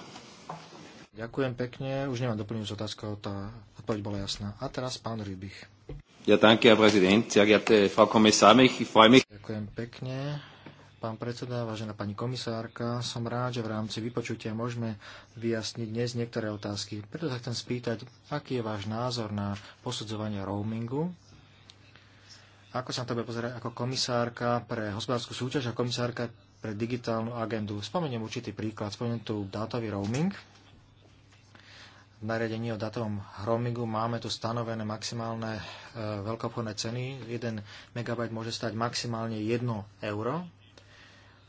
Ďakujem pekne. Už nemám doplňujúcu otázku. Tá odpoveď bola jasná. A teraz pán Rybich. Ja, danke, Herr Präsident. Sehr geehrte Frau ich freue mich. Ďakujem pekne. Pán predseda, vážená pani komisárka, som rád, že v rámci vypočutia môžeme vyjasniť dnes niektoré otázky. Preto sa chcem spýtať, aký je váš názor na posudzovanie roamingu ako sa na tebe pozerať ako komisárka pre hospodárskú súťaž a komisárka pre digitálnu agendu? Spomeniem určitý príklad, spomeniem tu dátový roaming. V nariadení o datovom roamingu máme tu stanovené maximálne e, veľkoobchodné ceny. 1 MB môže stať maximálne 1 euro.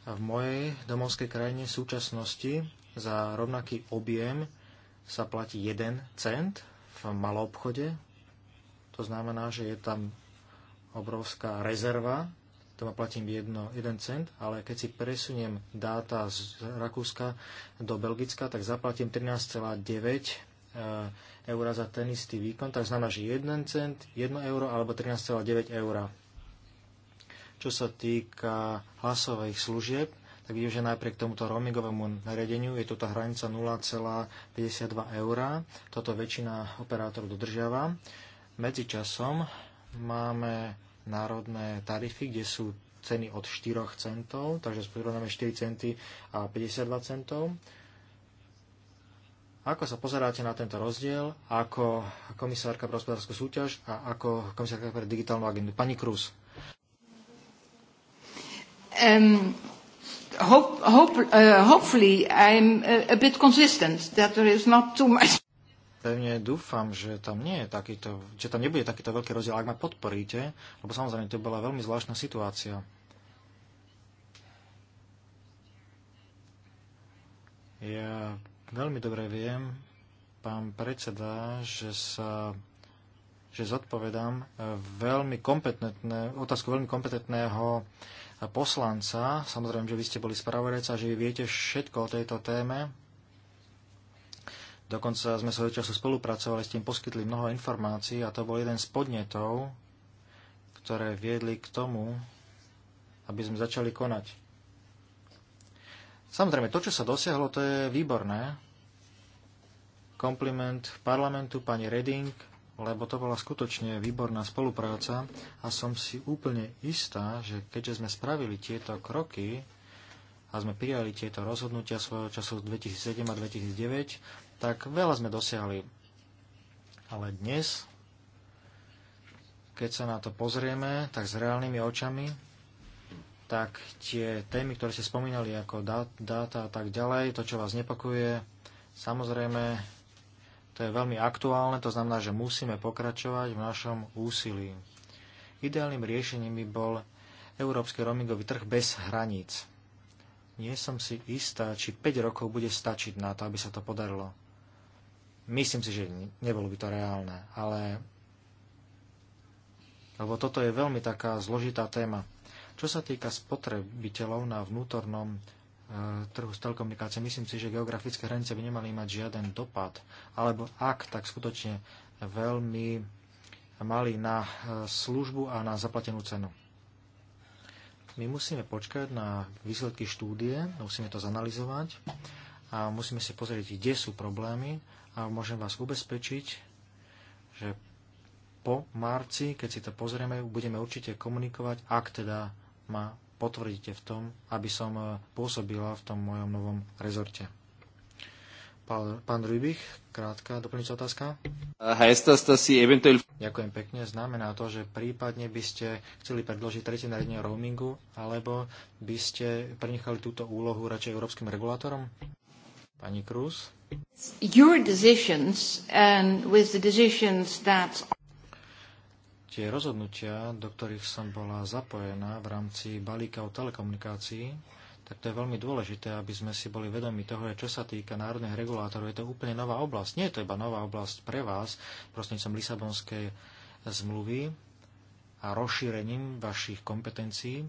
A v mojej domovskej krajine v súčasnosti za rovnaký objem sa platí 1 cent v malom obchode. To znamená, že je tam obrovská rezerva, to ma platím 1 cent, ale keď si presuniem dáta z Rakúska do Belgicka, tak zaplatím 13,9 eh, eur za ten istý výkon, tak znamená, že 1 cent, 1 euro alebo 13,9 eur. Čo sa týka hlasových služieb, tak vidím, že napriek tomuto roamingovému nariadeniu je tu tá hranica 0,52 eur. Toto väčšina operátorov dodržiava. Medzičasom máme národné tarify, kde sú ceny od 4 centov, takže porovnáme 4 centy a 52 centov. Ako sa pozeráte na tento rozdiel ako komisárka pre hospodárskú súťaž a ako komisárka pre digitálnu agendu? Pani Krus. Um, hope, hope, uh, hopefully I'm a, a bit consistent that there is not too much pevne dúfam, že tam, nie je takýto, že tam nebude takýto veľký rozdiel, ak ma podporíte, lebo samozrejme to bola veľmi zvláštna situácia. Ja veľmi dobre viem, pán predseda, že sa že zodpovedám e, veľmi kompetentné, otázku veľmi kompetentného poslanca. Samozrejme, že vy ste boli spravodajca, že vy viete všetko o tejto téme, Dokonca sme svojho času spolupracovali s tým, poskytli mnoho informácií a to bol jeden z podnetov, ktoré viedli k tomu, aby sme začali konať. Samozrejme, to, čo sa dosiahlo, to je výborné. Kompliment parlamentu pani Reding, lebo to bola skutočne výborná spolupráca a som si úplne istá, že keďže sme spravili tieto kroky a sme prijali tieto rozhodnutia svojho času 2007 a 2009, tak veľa sme dosiahli. Ale dnes, keď sa na to pozrieme, tak s reálnymi očami, tak tie témy, ktoré ste spomínali, ako dáta a tak ďalej, to, čo vás nepakuje, samozrejme, to je veľmi aktuálne, to znamená, že musíme pokračovať v našom úsilí. Ideálnym riešením by bol európsky roamingový trh bez hraníc. Nie som si istá, či 5 rokov bude stačiť na to, aby sa to podarilo. Myslím si, že nebolo by to reálne, ale... Lebo toto je veľmi taká zložitá téma. Čo sa týka spotrebiteľov na vnútornom e, trhu s telekomunikáciou, myslím si, že geografické hranice by nemali mať žiaden dopad, alebo ak, tak skutočne veľmi mali na e, službu a na zaplatenú cenu. My musíme počkať na výsledky štúdie, musíme to zanalizovať a musíme si pozrieť, kde sú problémy a môžem vás ubezpečiť, že po marci, keď si to pozrieme, budeme určite komunikovať, ak teda ma potvrdíte v tom, aby som e, pôsobila v tom mojom novom rezorte. Pán, pán Rybich, krátka doplňujúca otázka. Ďakujem pekne. Znamená to, že prípadne by ste chceli predložiť tretie nariadenie o roamingu, alebo by ste prenechali túto úlohu radšej európskym regulátorom? Pani Krus. Your decisions and with the decisions that tie rozhodnutia, do ktorých som bola zapojená v rámci balíka o telekomunikácií, tak to je veľmi dôležité, aby sme si boli vedomi toho, čo sa týka národných regulátorov. Je to úplne nová oblasť. Nie je to iba nová oblasť pre vás, prostredníctvom Lisabonskej zmluvy a rozšírením vašich kompetencií,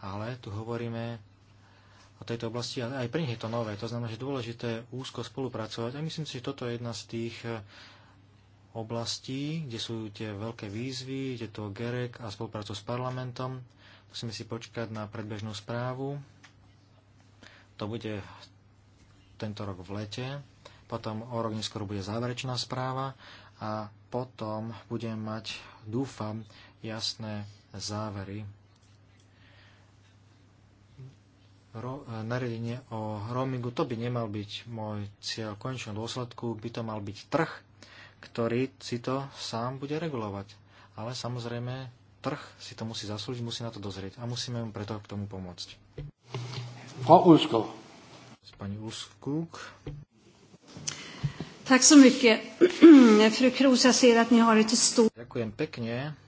ale tu hovoríme o tejto oblasti, a aj pre nich je to nové. To znamená, že dôležité je úzko spolupracovať a myslím si, že toto je jedna z tých eh, oblastí, kde sú tie veľké výzvy, kde to GEREK a spoluprácu s parlamentom. Musíme si počkať na predbežnú správu. To bude tento rok v lete. Potom o rok neskôr bude záverečná správa a potom budem mať, dúfam, jasné závery E, nariadenie o roamingu, to by nemal byť môj cieľ. V dôsledku by to mal byť trh, ktorý si to sám bude regulovať. Ale samozrejme, trh si to musí zaslúžiť, musí na to dozrieť a musíme mu preto k tomu pomôcť. Frau Pani Ulskúk. Tak som <clears throat> Fru Ďakujem pekne.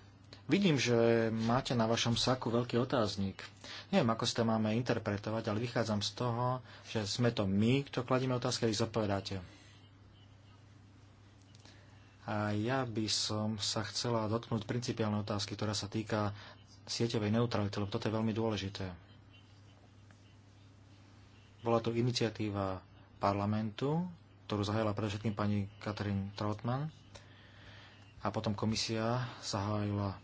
Vidím, že máte na vašom saku veľký otáznik. Neviem, ako ste máme interpretovať, ale vychádzam z toho, že sme to my, kto kladíme otázky, vy zodpovedáte. A ja by som sa chcela dotknúť principiálnej otázky, ktorá sa týka sieťovej neutrality, lebo toto je veľmi dôležité. Bola to iniciatíva parlamentu, ktorú zahájila predovšetkým pani Katrin Trautmann, a potom komisia zahájila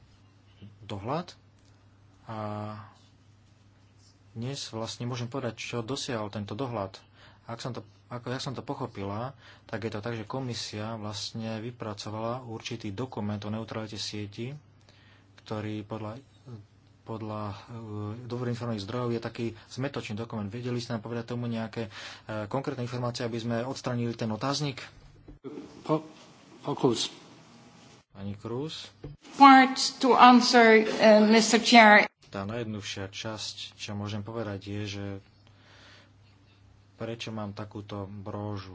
dohľad a dnes vlastne môžem povedať, čo dosiahol tento dohľad. Ak som to, ako ja som to pochopila, tak je to tak, že komisia vlastne vypracovala určitý dokument o neutralite sieti, ktorý podľa, podľa e, dobrých informovaných zdrojov je taký zmetočný dokument. Vedeli ste nám povedať tomu nejaké e, konkrétne informácie, aby sme odstranili ten otáznik? Po, pokus. Pani Krús. Part to answer, uh, Mr. Chair. Tá najjednúšia časť, čo môžem povedať, je, že prečo mám takúto brožu,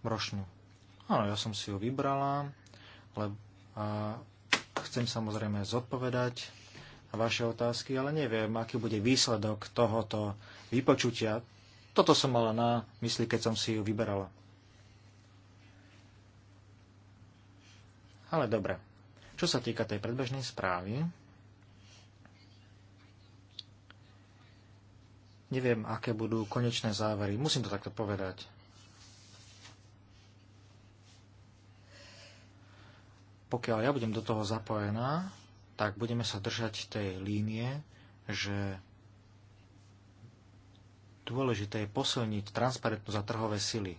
brošňu. Áno, ja som si ju vybrala, lebo a chcem samozrejme zodpovedať vaše otázky, ale neviem, aký bude výsledok tohoto vypočutia. Toto som mala na mysli, keď som si ju vyberala. Ale dobre. Čo sa týka tej predbežnej správy, neviem, aké budú konečné závery. Musím to takto povedať. Pokiaľ ja budem do toho zapojená, tak budeme sa držať tej línie, že dôležité je posilniť transparentnosť a trhové sily.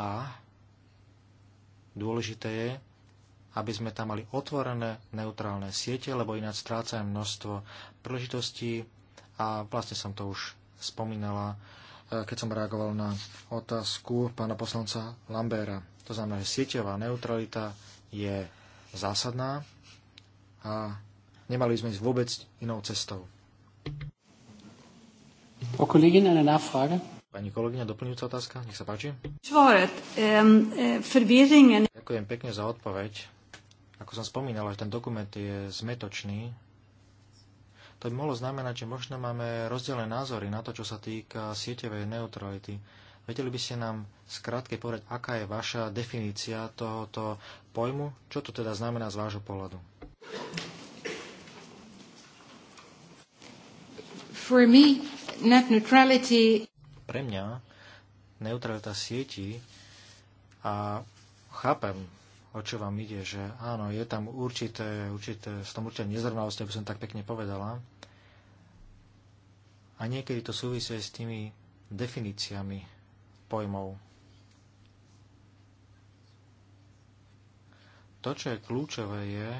A dôležité je aby sme tam mali otvorené neutrálne siete, lebo ináč strácajú množstvo príležitostí a vlastne som to už spomínala, e, keď som reagoval na otázku pána poslanca Lambera. To znamená, že sieťová neutralita je zásadná a nemali sme ísť vôbec inou cestou. O kolegyne, Pani kolegyňa, doplňujúca otázka, nech sa páči. Ďakujem pekne za odpoveď ako som spomínal, že ten dokument je zmetočný, to by mohlo znamenať, že možno máme rozdielne názory na to, čo sa týka sieťovej neutrality. Vedeli by ste nám skrátke povedať, aká je vaša definícia tohoto pojmu? Čo to teda znamená z vášho pohľadu? For me, net neutrality... Pre mňa neutralita sieti a chápem o čo vám ide, že áno, je tam určité, určité, s tom určite nezrovnalosti, aby som tak pekne povedala. A niekedy to súvisí s tými definíciami pojmov. To, čo je kľúčové, je,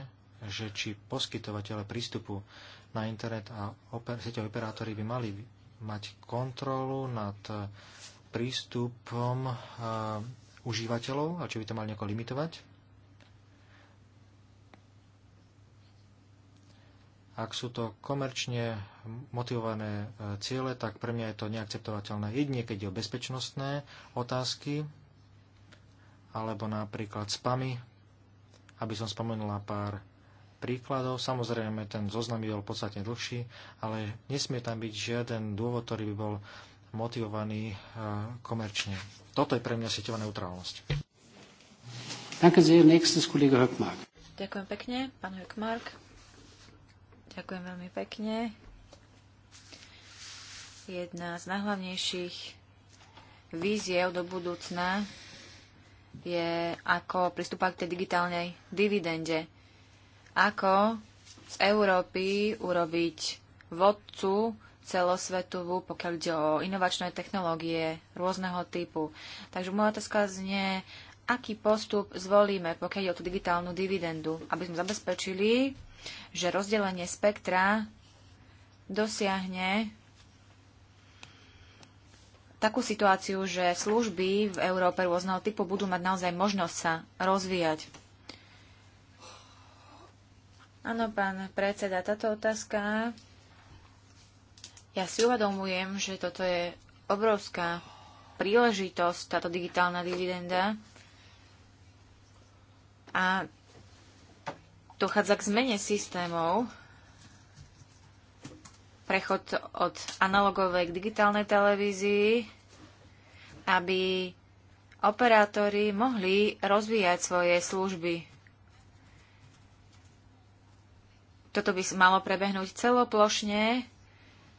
že či poskytovateľe prístupu na internet a oper- sieťové operátory by mali mať kontrolu nad e, prístupom e, užívateľov a či by to mali nejako limitovať. Ak sú to komerčne motivované e, ciele, tak pre mňa je to neakceptovateľné. Jedine, keď je o bezpečnostné otázky, alebo napríklad spamy, aby som spomenula pár príkladov. Samozrejme, ten zoznam by bol podstatne dlhší, ale nesmie tam byť žiaden dôvod, ktorý by bol motivovaný e, komerčne. Toto je pre mňa sieťová neutrálnosť. Ďakujem pekne, pán Hökmark. Ďakujem veľmi pekne. Jedna z najhlavnejších víziev do budúcna je, ako pristúpať k tej digitálnej dividende. Ako z Európy urobiť vodcu celosvetovú, pokiaľ ide o inovačné technológie rôzneho typu. Takže moja otázka znie, aký postup zvolíme, pokiaľ ide o tú digitálnu dividendu, aby sme zabezpečili že rozdelenie spektra dosiahne takú situáciu, že služby v Európe rôzneho typu budú mať naozaj možnosť sa rozvíjať. Áno, pán predseda, táto otázka. Ja si uvedomujem, že toto je obrovská príležitosť, táto digitálna dividenda. A dochádza k zmene systémov, prechod od analogovej k digitálnej televízii, aby operátori mohli rozvíjať svoje služby. Toto by malo prebehnúť celoplošne,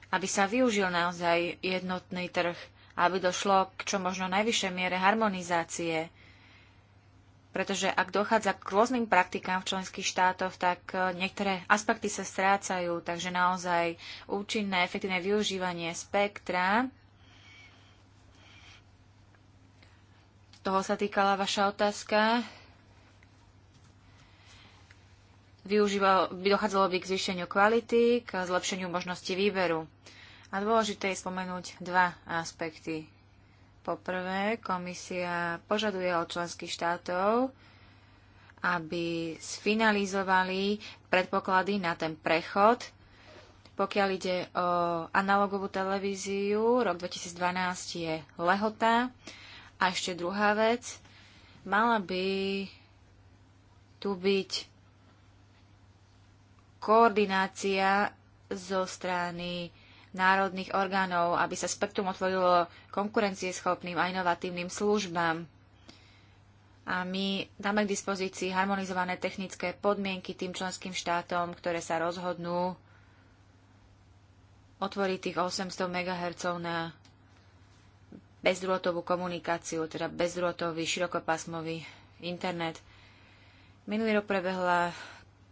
aby sa využil naozaj jednotný trh, aby došlo k čo možno najvyššej miere harmonizácie pretože ak dochádza k rôznym praktikám v členských štátoch, tak e, niektoré aspekty sa strácajú, takže naozaj účinné, efektívne využívanie spektra. Toho sa týkala vaša otázka. Využíval, by dochádzalo by k zvýšeniu kvality, k zlepšeniu možnosti výberu. A dôležité je spomenúť dva aspekty Poprvé, komisia požaduje od členských štátov, aby sfinalizovali predpoklady na ten prechod. Pokiaľ ide o analogovú televíziu, rok 2012 je lehota. A ešte druhá vec, mala by tu byť koordinácia zo strany národných orgánov, aby sa spektrum otvorilo konkurencieschopným a inovatívnym službám. A my dáme k dispozícii harmonizované technické podmienky tým členským štátom, ktoré sa rozhodnú otvoriť tých 800 MHz na bezdrôtovú komunikáciu, teda bezdrôtový širokopásmový internet. Minulý rok prebehla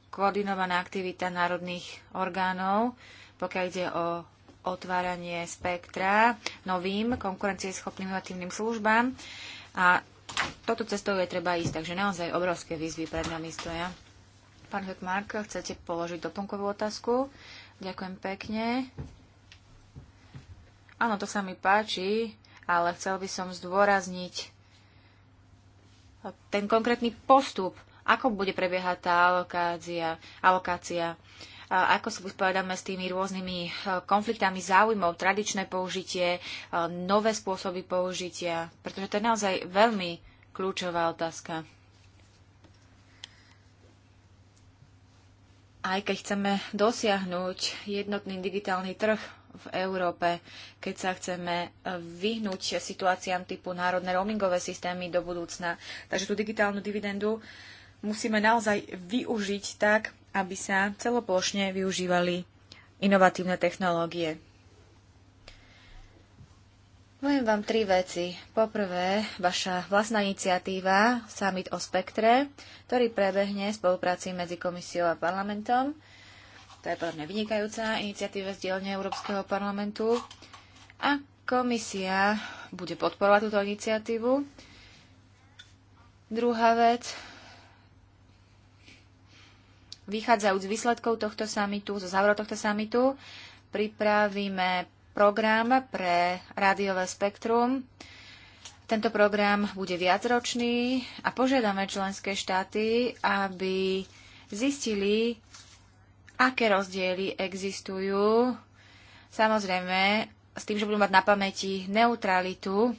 koordinovaná aktivita národných orgánov, pokiaľ ide o otváranie spektra novým konkurencieschopným inovatívnym službám. A toto cestou je treba ísť, takže naozaj obrovské výzvy pred nami stoja. Pán Hökmark, chcete položiť doplnkovú otázku? Ďakujem pekne. Áno, to sa mi páči, ale chcel by som zdôrazniť ten konkrétny postup, ako bude prebiehať tá alokácia. alokácia ako sa vysporiadame s tými rôznymi e, konfliktami záujmov, tradičné použitie, e, nové spôsoby použitia, pretože to je naozaj veľmi kľúčová otázka. Aj keď chceme dosiahnuť jednotný digitálny trh, v Európe, keď sa chceme e, vyhnúť situáciám typu národné roamingové systémy do budúcna. Takže tú digitálnu dividendu musíme naozaj využiť tak, aby sa celoplošne využívali inovatívne technológie. Poviem vám tri veci. Poprvé, vaša vlastná iniciatíva Summit o spektre, ktorý prebehne v spolupráci medzi komisiou a parlamentom. To je podľa mňa vynikajúca iniciatíva z dielne Európskeho parlamentu. A komisia bude podporovať túto iniciatívu. Druhá vec, vychádzajúc z výsledkov tohto samitu, zo záverov tohto samitu, pripravíme program pre rádiové spektrum. Tento program bude viacročný a požiadame členské štáty, aby zistili, aké rozdiely existujú. Samozrejme, s tým, že budú mať na pamäti neutralitu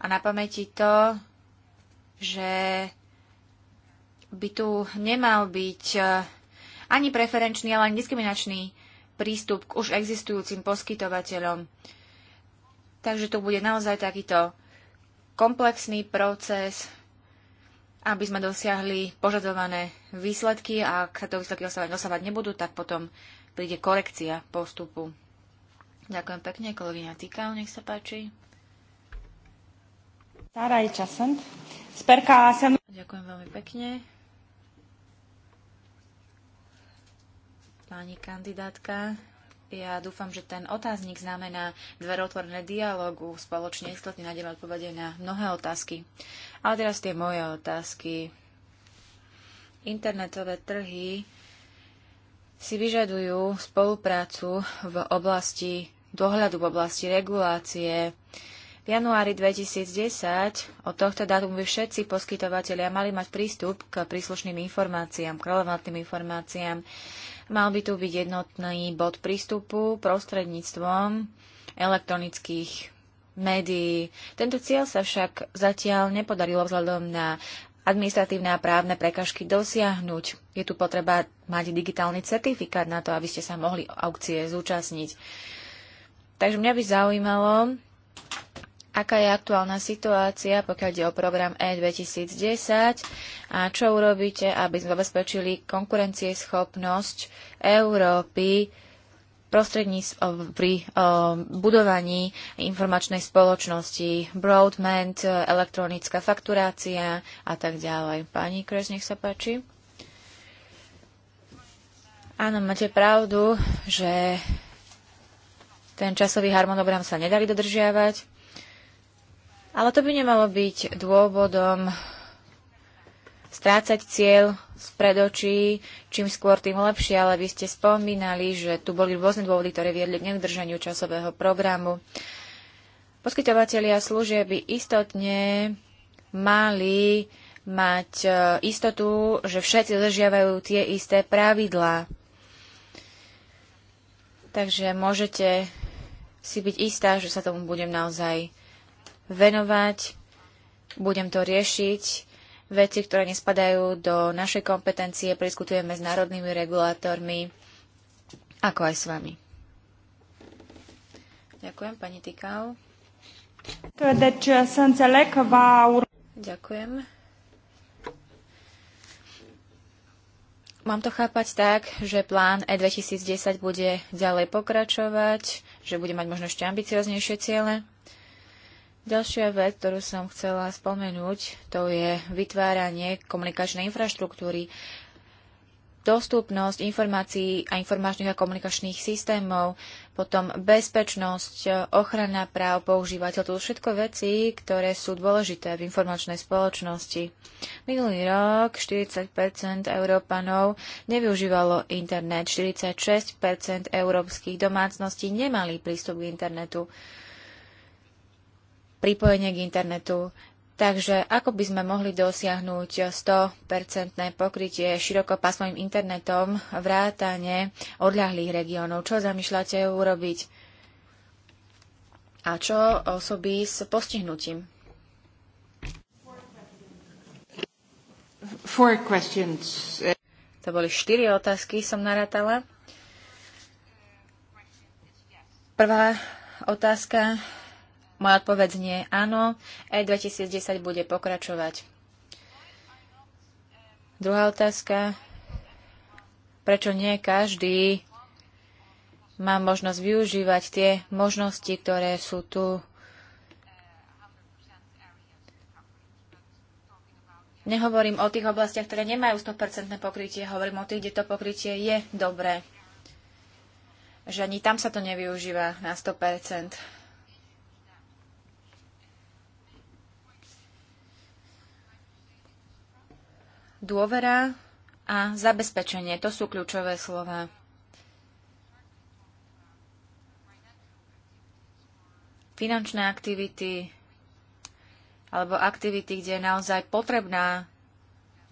a na pamäti to, že by tu nemal byť e, ani preferenčný, ale ani diskriminačný prístup k už existujúcim poskytovateľom. Takže tu bude naozaj takýto komplexný proces, aby sme dosiahli požadované výsledky a ak sa to výsledky dosávať nebudú, tak potom príde korekcia postupu. Ďakujem pekne, kolegyňa Tikal, nech sa páči. Ďakujem veľmi pekne. Pani kandidátka, ja dúfam, že ten otáznik znamená dvere otvorené dialogu, spoločne istotne nájdeme odpovede na mnohé otázky. Ale teraz tie moje otázky. Internetové trhy si vyžadujú spoluprácu v oblasti dohľadu, v oblasti regulácie, v januári 2010 od tohto dátumu by všetci poskytovateľia mali mať prístup k príslušným informáciám, k relevantným informáciám. Mal by tu byť jednotný bod prístupu prostredníctvom elektronických médií. Tento cieľ sa však zatiaľ nepodarilo vzhľadom na administratívne a právne prekažky dosiahnuť. Je tu potreba mať digitálny certifikát na to, aby ste sa mohli aukcie zúčastniť. Takže mňa by zaujímalo, aká je aktuálna situácia, pokiaľ ide o program E2010 a čo urobíte, aby sme zabezpečili konkurencieschopnosť Európy prostrední pri budovaní informačnej spoločnosti, broadband, elektronická fakturácia a tak ďalej. Pani Kres, nech sa páči. Áno, máte pravdu, že ten časový harmonogram sa nedali dodržiavať. Ale to by nemalo byť dôvodom strácať cieľ spred očí, čím skôr, tým lepšie, ale vy ste spomínali, že tu boli rôzne dôvody, ktoré viedli k nedržaniu časového programu. Poskytovatelia služieb by istotne mali mať e, istotu, že všetci dodržiavajú tie isté pravidlá. Takže môžete si byť istá, že sa tomu budem naozaj venovať, budem to riešiť. Veci, ktoré nespadajú do našej kompetencie, preskutujeme s národnými regulátormi, ako aj s vami. Ďakujem, pani Tikau. Ďakujem. Mám to chápať tak, že plán E2010 bude ďalej pokračovať, že bude mať možno ešte ambicioznejšie ciele. Ďalšia vec, ktorú som chcela spomenúť, to je vytváranie komunikačnej infraštruktúry, dostupnosť informácií a informačných a komunikačných systémov, potom bezpečnosť, ochrana práv používateľov, To sú všetko veci, ktoré sú dôležité v informačnej spoločnosti. Minulý rok 40 Európanov nevyužívalo internet, 46 európskych domácností nemali prístup k internetu pripojenie k internetu. Takže ako by sme mohli dosiahnuť 100% pokrytie širokopásmovým internetom vrátane odľahlých regiónov? Čo zamýšľate urobiť? A čo osoby s postihnutím? Four questions. To boli štyri otázky, som narátala. Prvá otázka moja odpoveď nie áno. E2010 bude pokračovať. Druhá otázka. Prečo nie každý má možnosť využívať tie možnosti, ktoré sú tu Nehovorím o tých oblastiach, ktoré nemajú 100% pokrytie, hovorím o tých, kde to pokrytie je dobré. Že ani tam sa to nevyužíva na 100%. dôvera a zabezpečenie. To sú kľúčové slova. Finančné aktivity alebo aktivity, kde je naozaj potrebná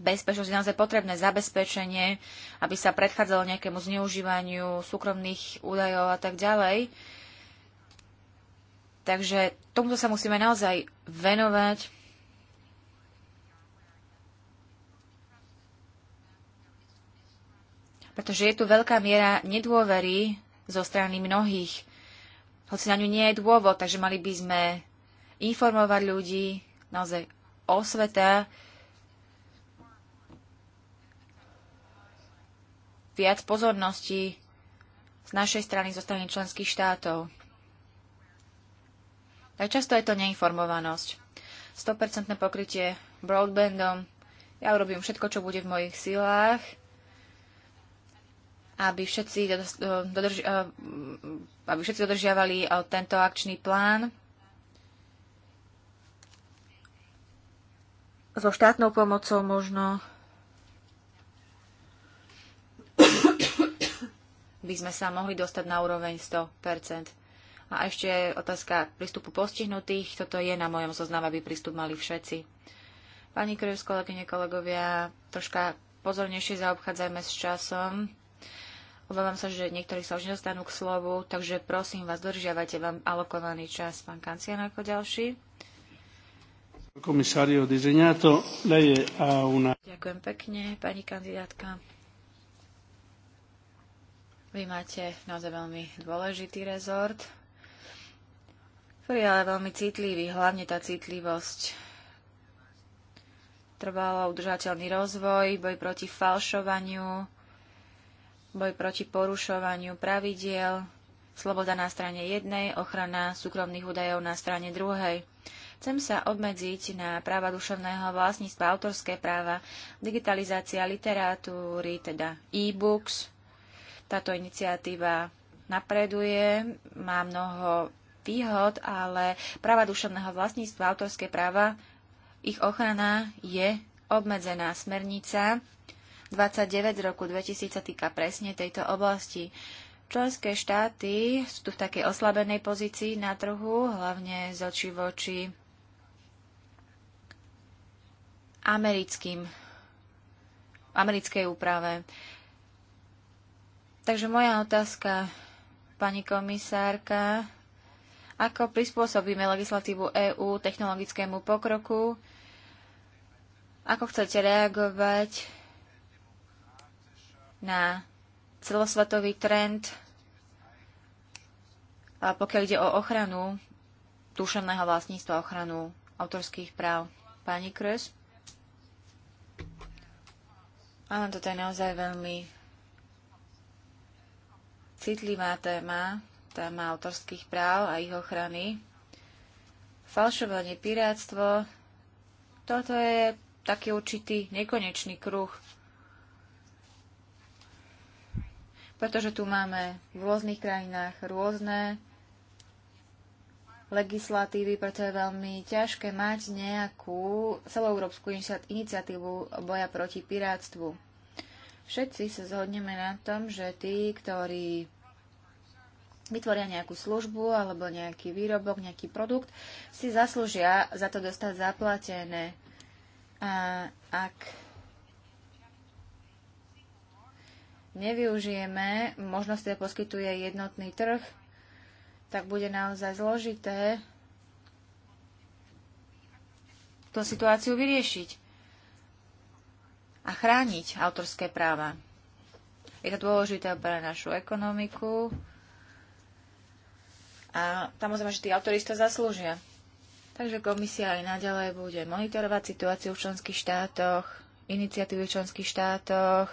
bezpečnosť, je naozaj potrebné zabezpečenie, aby sa predchádzalo nejakému zneužívaniu súkromných údajov a tak ďalej. Takže tomuto sa musíme naozaj venovať pretože je tu veľká miera nedôvery zo strany mnohých, hoci na ňu nie je dôvod, takže mali by sme informovať ľudí, naozaj o sveta viac pozornosti z našej strany, zo strany členských štátov. Tak často je to neinformovanosť. 100% pokrytie broadbandom. Ja urobím všetko, čo bude v mojich silách – aby všetci, dodrž- eh, mm, aby všetci dodržiavali eh, tento akčný plán so štátnou pomocou možno by sme sa mohli dostať na úroveň 100%. A ešte otázka prístupu postihnutých. Toto je na mojom zozname, aby prístup mali všetci. Pani Krivs, kolegyne, kolegovia, troška pozornejšie zaobchádzajme s časom. Obávam sa, že niektorí sa už nedostanú k slovu, takže prosím vás, dodržiavajte vám alokovaný čas. Pán Kancian ako ďalší. Una... Ďakujem pekne, pani kandidátka. Vy máte naozaj veľmi dôležitý rezort, ktorý je ale veľmi citlivý, hlavne tá citlivosť trvalo udržateľný rozvoj, boj proti falšovaniu, boj proti porušovaniu pravidiel, sloboda na strane jednej, ochrana súkromných údajov na strane druhej. Chcem sa obmedziť na práva duševného vlastníctva, autorské práva, digitalizácia literatúry, teda e-books. Táto iniciatíva napreduje, má mnoho výhod, ale práva duševného vlastníctva, autorské práva, ich ochrana je obmedzená. Smernica 29 z roku 2000 sa týka presne tejto oblasti. Členské štáty sú tu v takej oslabenej pozícii na trhu, hlavne z oči voči americkým, americkej úprave. Takže moja otázka, pani komisárka, ako prispôsobíme legislatívu EÚ technologickému pokroku, ako chcete reagovať na celosvetový trend, a pokiaľ ide o ochranu duševného vlastníctva, ochranu autorských práv. Pani Kres? Áno, toto je naozaj veľmi citlivá téma, téma autorských práv a ich ochrany. Falšovanie, piráctvo, toto je taký určitý nekonečný kruh pretože tu máme v rôznych krajinách rôzne legislatívy, preto je veľmi ťažké mať nejakú celoeurópsku iniciatívu boja proti pirátstvu. Všetci sa zhodneme na tom, že tí, ktorí vytvoria nejakú službu alebo nejaký výrobok, nejaký produkt, si zaslúžia za to dostať zaplatené. A ak nevyužijeme možnosť, ktoré poskytuje jednotný trh, tak bude naozaj zložité tú situáciu vyriešiť a chrániť autorské práva. Je to dôležité pre našu ekonomiku a samozrejme, že tí autori to zaslúžia. Takže komisia aj naďalej bude monitorovať situáciu v členských štátoch, iniciatívy v členských štátoch,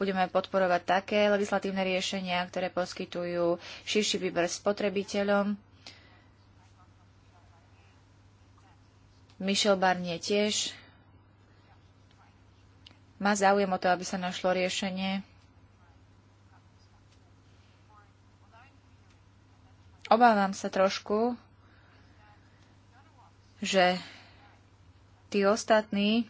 Budeme podporovať také legislatívne riešenia, ktoré poskytujú širší výber spotrebiteľom. Michel Barnier tiež má záujem o to, aby sa našlo riešenie. Obávam sa trošku, že tí ostatní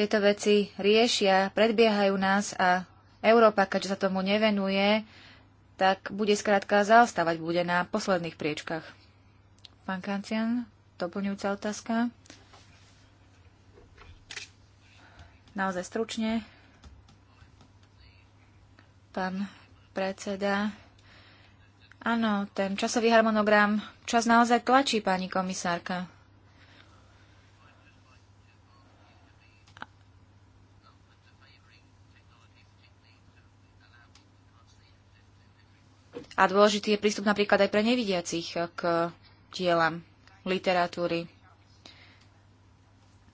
tieto veci riešia, predbiehajú nás a Európa, keďže sa tomu nevenuje, tak bude skrátka zaostávať, bude na posledných priečkách. Pán Kancian, doplňujúca otázka. Naozaj stručne. Pán predseda. Áno, ten časový harmonogram čas naozaj tlačí, pani komisárka. A dôležitý je prístup napríklad aj pre nevidiacich k dielam literatúry.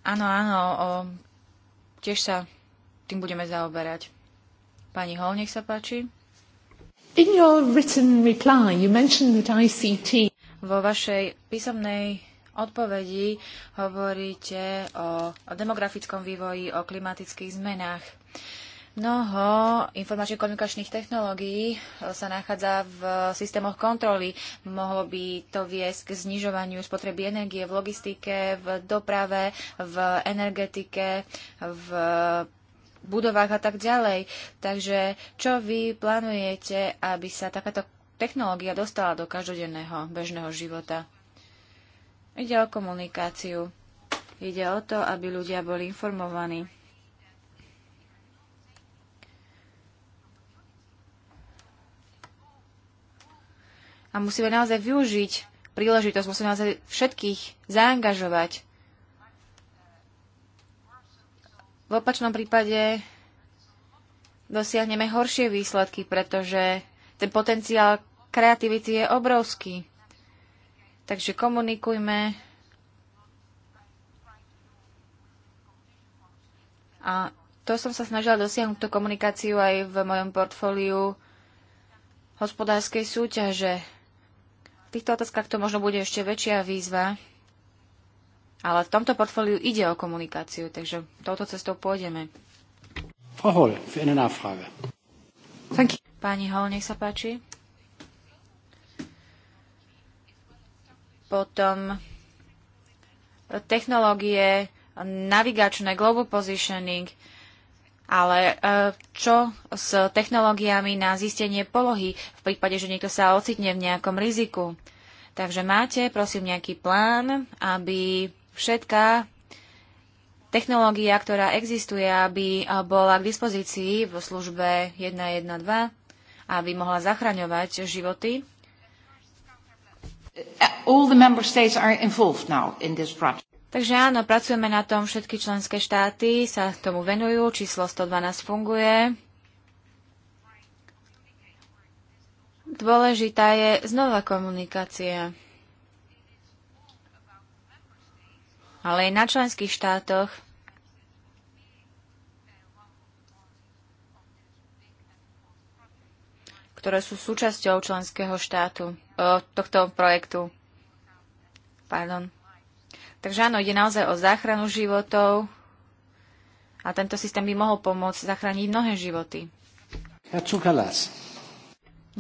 Áno, áno, o, tiež sa tým budeme zaoberať. Pani Hol, nech sa páči. In your written reply, you mentioned that ICT... Vo vašej písomnej odpovedi hovoríte o, o demografickom vývoji, o klimatických zmenách. Uh, Mnoho informačných komunikačných technológií eh, sa nachádza v systémoch kontroly. Mohlo by to viesť k znižovaniu spotreby energie v logistike, v doprave, v energetike, v budovách a tak ďalej. Takže čo vy plánujete, aby sa takáto technológia dostala do každodenného bežného života? Ide o komunikáciu. Ide o to, aby ľudia boli informovaní. A musíme naozaj využiť príležitosť, musíme naozaj všetkých zaangažovať. V opačnom prípade dosiahneme horšie výsledky, pretože ten potenciál kreativity je obrovský. Takže komunikujme a to som sa snažila dosiahnuť tú komunikáciu aj v mojom portfóliu hospodárskej súťaže týchto otázkach to možno bude ešte väčšia výzva, ale v tomto portfóliu ide o komunikáciu, takže touto cestou pôjdeme. Frau für eine Nachfrage. Thank you. Pani Hol, nech sa páči. Potom e, technológie, navigačné, global positioning, ale e, čo s technológiami na zistenie polohy v prípade, že niekto sa ocitne v nejakom riziku? Takže máte, prosím, nejaký plán, aby všetká technológia, ktorá existuje, aby e, bola k dispozícii vo službe 112, aby mohla zachraňovať životy? All the member states are involved now in this project. Takže áno, pracujeme na tom, všetky členské štáty sa tomu venujú, číslo 112 funguje. Dôležitá je znova komunikácia. Ale aj na členských štátoch ktoré sú súčasťou členského štátu, tohto projektu. Pardon. Takže áno, ide naozaj o záchranu životov a tento systém by mohol pomôcť zachrániť mnohé životy.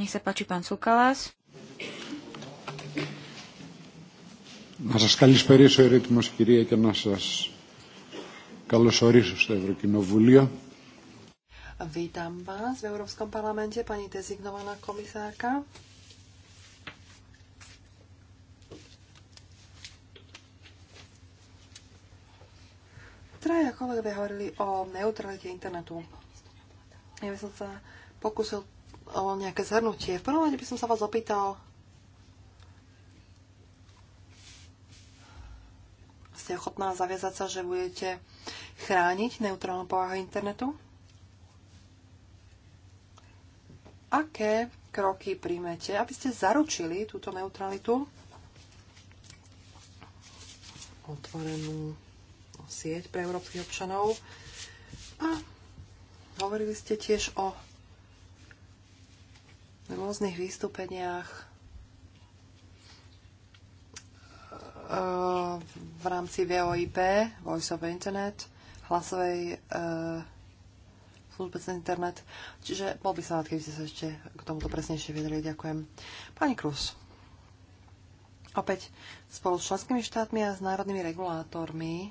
Nech sa páči, pán Cukalas. Να σας καλησπέρισω ερήτημος κυρία και να σας καλωσορίσω στο Ευρωκοινοβούλιο. Vítam vás v Európskom parlamente, pani dezignovaná komisárka. Traja kolegovia hovorili o neutralite internetu. Ja by som sa pokúsil o nejaké zhrnutie. V prvom rade by som sa vás opýtal, ste ochotná zaviazať sa, že budete chrániť neutrálnu povahu internetu? Aké kroky príjmete, aby ste zaručili túto neutralitu? Otvorenú sieť pre európskych občanov. A hovorili ste tiež o rôznych vystúpeniach eh, v rámci VOIP, Voice of Internet, hlasovej eh, službe cez internet. Čiže bol by sa rád, keby ste sa ešte k tomuto presnejšie vyjadrili. Ďakujem. Pani Krus, opäť spolu s členskými štátmi a s národnými regulátormi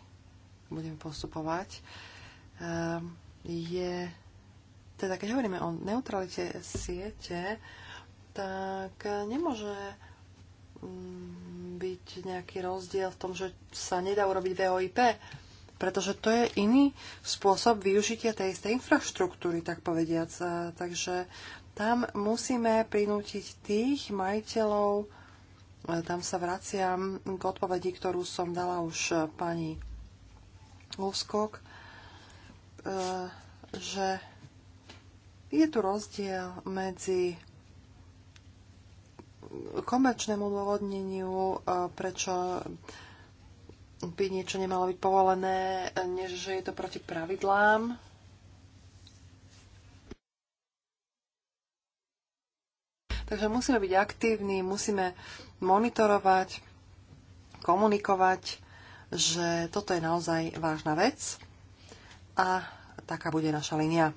budeme postupovať, ehm, je, teda keď hovoríme o neutralite siete, tak nemôže mm, byť nejaký rozdiel v tom, že sa nedá urobiť VOIP, pretože to je iný spôsob využitia tej istej infraštruktúry, tak povediac. Takže tam musíme prinútiť tých majiteľov, tam sa vraciam k odpovedi, ktorú som dala už pani úskok, e, že je tu rozdiel medzi komerčnému dôvodneniu, e, prečo by niečo nemalo byť povolené, než že je to proti pravidlám. Takže musíme byť aktívni, musíme monitorovať, komunikovať že toto je naozaj vážna vec a taká bude naša línia.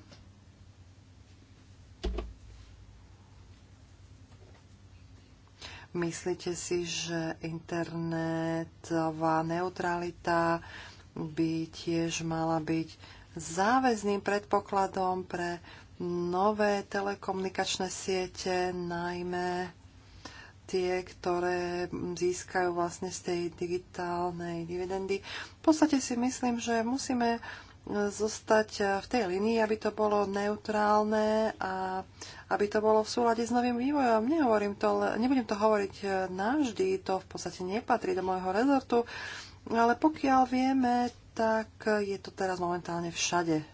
Myslíte si, že internetová neutralita by tiež mala byť záväzným predpokladom pre nové telekomunikačné siete, najmä tie, ktoré získajú vlastne z tej digitálnej dividendy. V podstate si myslím, že musíme zostať v tej linii, aby to bolo neutrálne a aby to bolo v súlade s novým vývojom. Nehovorím to, nebudem to hovoriť e, navždy, to v podstate nepatrí do môjho rezortu, ale pokiaľ vieme, tak je to teraz momentálne všade.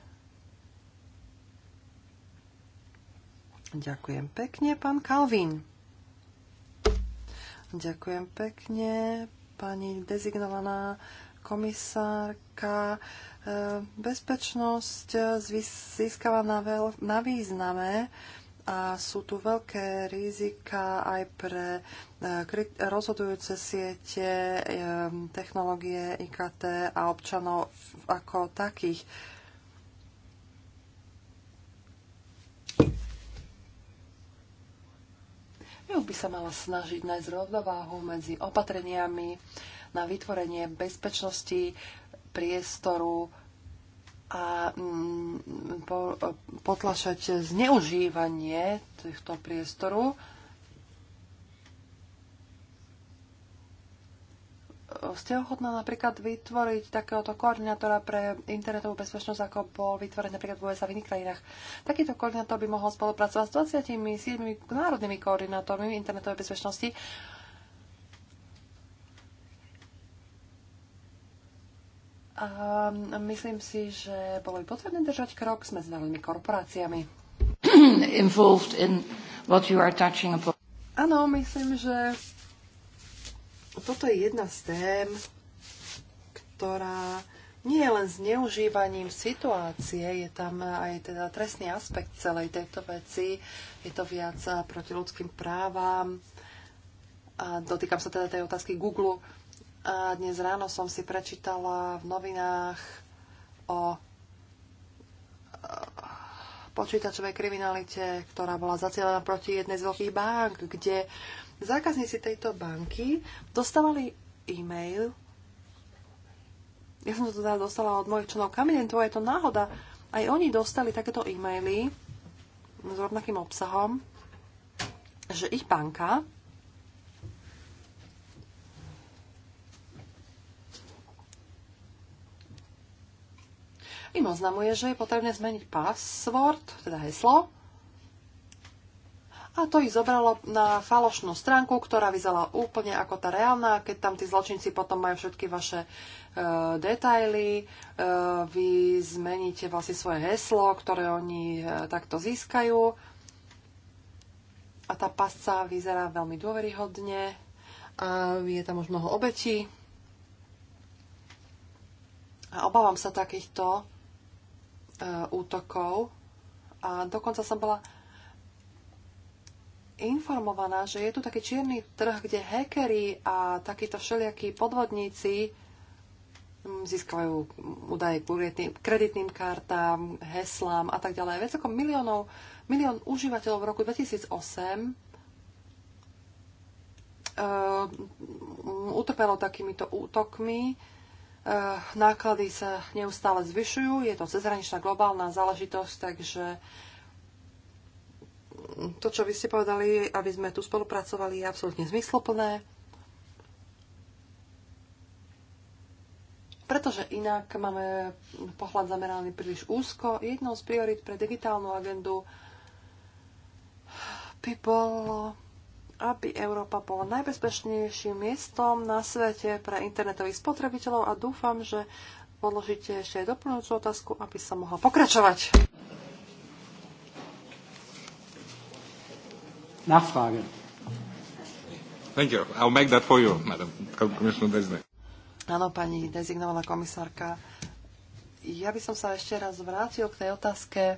Ďakujem pekne, pán Kalvín. Ďakujem pekne. Pani dezignovaná komisárka, e, bezpečnosť získava na, veľ, na význame a sú tu veľké rizika aj pre e, rozhodujúce siete, e, technológie IKT a občanov ako takých. EÚ by sa mala snažiť nájsť rovnováhu medzi opatreniami na vytvorenie bezpečnosti priestoru a mm, potlačať zneužívanie týchto priestoru ste ochotná napríklad vytvoriť takéhoto koordinátora pre internetovú bezpečnosť, ako bol vytvorený napríklad v USA v iných krajinách. Takýto koordinátor by mohol spolupracovať s 27 národnými koordinátormi internetovej bezpečnosti A myslím si, že bolo by potrebné držať krok s medzinárodnými korporáciami. <clears throat> Involved in what you are touching upon. Áno, myslím, že toto je jedna z tém, ktorá nie je len zneužívaním situácie, je tam aj teda trestný aspekt celej tejto veci, je to viac eh, proti ľudským právam. A dotýkam sa teda tej otázky Google. A dnes ráno som si prečítala v novinách o eh, počítačovej kriminalite, ktorá bola zacielená proti jednej z veľkých bank, kde zákazníci tejto banky dostávali e-mail, ja som to teda dostala od mojich členov kaminentov, je to náhoda, aj oni dostali takéto e-maily s rovnakým obsahom, že ich banka im oznamuje, že je potrebné zmeniť password, teda heslo, a to ich zobralo na falošnú stránku, ktorá vyzerala úplne ako tá reálna, keď tam tí zločinci potom majú všetky vaše e, detaily, e, vy zmeníte vlastne svoje heslo, ktoré oni e, takto získajú a tá pasca vyzerá veľmi dôveryhodne a je tam už mnoho obetí. A obávam sa takýchto e, útokov. A dokonca som bola informovaná, že je tu taký čierny trh, kde hackeri a takíto všelijakí podvodníci mm, získajú údaje k kreditným kartám, heslám a tak ďalej. Viac ako miliónov, milión užívateľov v roku 2008 uh, eh, utrpelo takýmito útokmi. Uh, náklady sa neustále zvyšujú, je to cezhraničná globálna záležitosť, takže uh, to, čo vy ste povedali, aby sme tu spolupracovali, je absolútne zmysloplné. Pretože inak máme pohľad zameraný príliš úzko. Jednou z priorit pre digitálnu agendu by bolo, aby Európa bola najbezpečnejším miestom na svete pre internetových spotrebiteľov a dúfam, že položíte ešte aj doplňujúcu otázku, aby som mohla pokračovať. Nachfrage. Thank you. I'll make that for you, Madam Commissioner Áno, pani dezignovaná komisárka. Ja by som sa ešte raz vrátil k tej otázke e,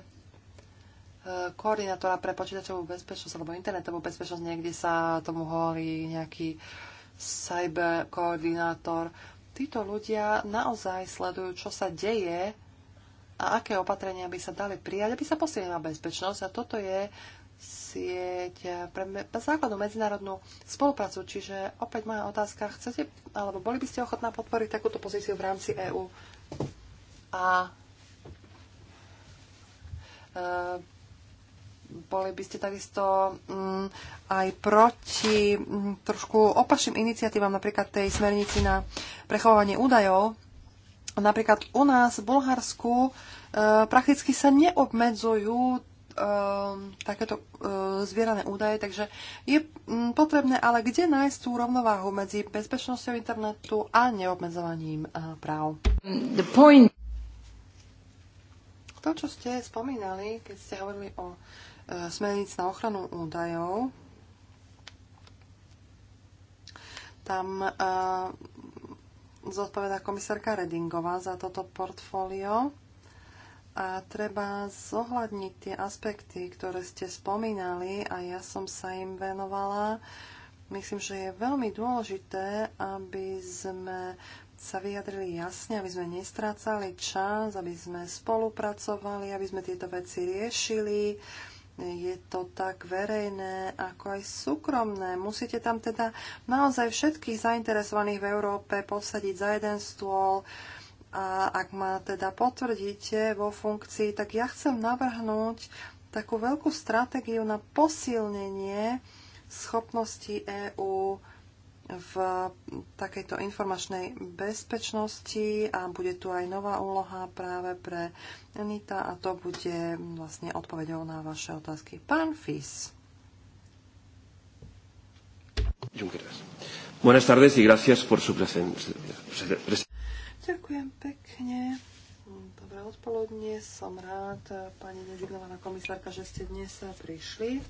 koordinátora pre počítačovú bezpečnosť alebo internetovú bezpečnosť. Niekde sa tomu hovorí nejaký cyber koordinátor. Títo ľudia naozaj sledujú, čo sa deje a aké opatrenia by sa dali prijať, aby sa posilnila bezpečnosť. A toto je sieť, eh, pre základnú medzinárodnú spoluprácu. Čiže opäť moja otázka, chcete, alebo boli by ste ochotná podporiť takúto pozíciu v rámci EÚ? A e, boli by ste takisto mm, aj proti mm, trošku opačným iniciatívam, napríklad tej smernici na prechovanie údajov. Napríklad u nás v Bulharsku e, prakticky sa neobmedzujú um, takéto uh, zbierané údaje, takže je um, potrebné ale kde nájsť tú rovnováhu medzi bezpečnosťou internetu a neobmedzovaním uh, práv. The point... To, čo ste spomínali, keď ste hovorili o uh, smernic na ochranu údajov, tam uh, zodpovedá komisárka Redingová za toto portfólio a treba zohľadniť tie aspekty, ktoré ste spomínali a ja som sa im venovala. Myslím, že je veľmi dôležité, aby sme sa vyjadrili jasne, aby sme nestrácali čas, aby sme spolupracovali, aby sme tieto veci riešili. Je to tak verejné, ako aj súkromné. Musíte tam teda naozaj všetkých zainteresovaných v Európe posadiť za jeden stôl, a ak ma teda potvrdíte vo funkcii, tak ja chcem navrhnúť takú veľkú stratégiu na posilnenie schopnosti EÚ v takejto informačnej bezpečnosti a bude tu aj nová úloha práve pre Anita a to bude vlastne odpovedou na vaše otázky. Pán Fis. Buenas tardes y gracias por su presencia. Ďakujem pekne. Dobré odpoludne. Som rád, pani nezignovaná komisárka, že ste dnes prišli.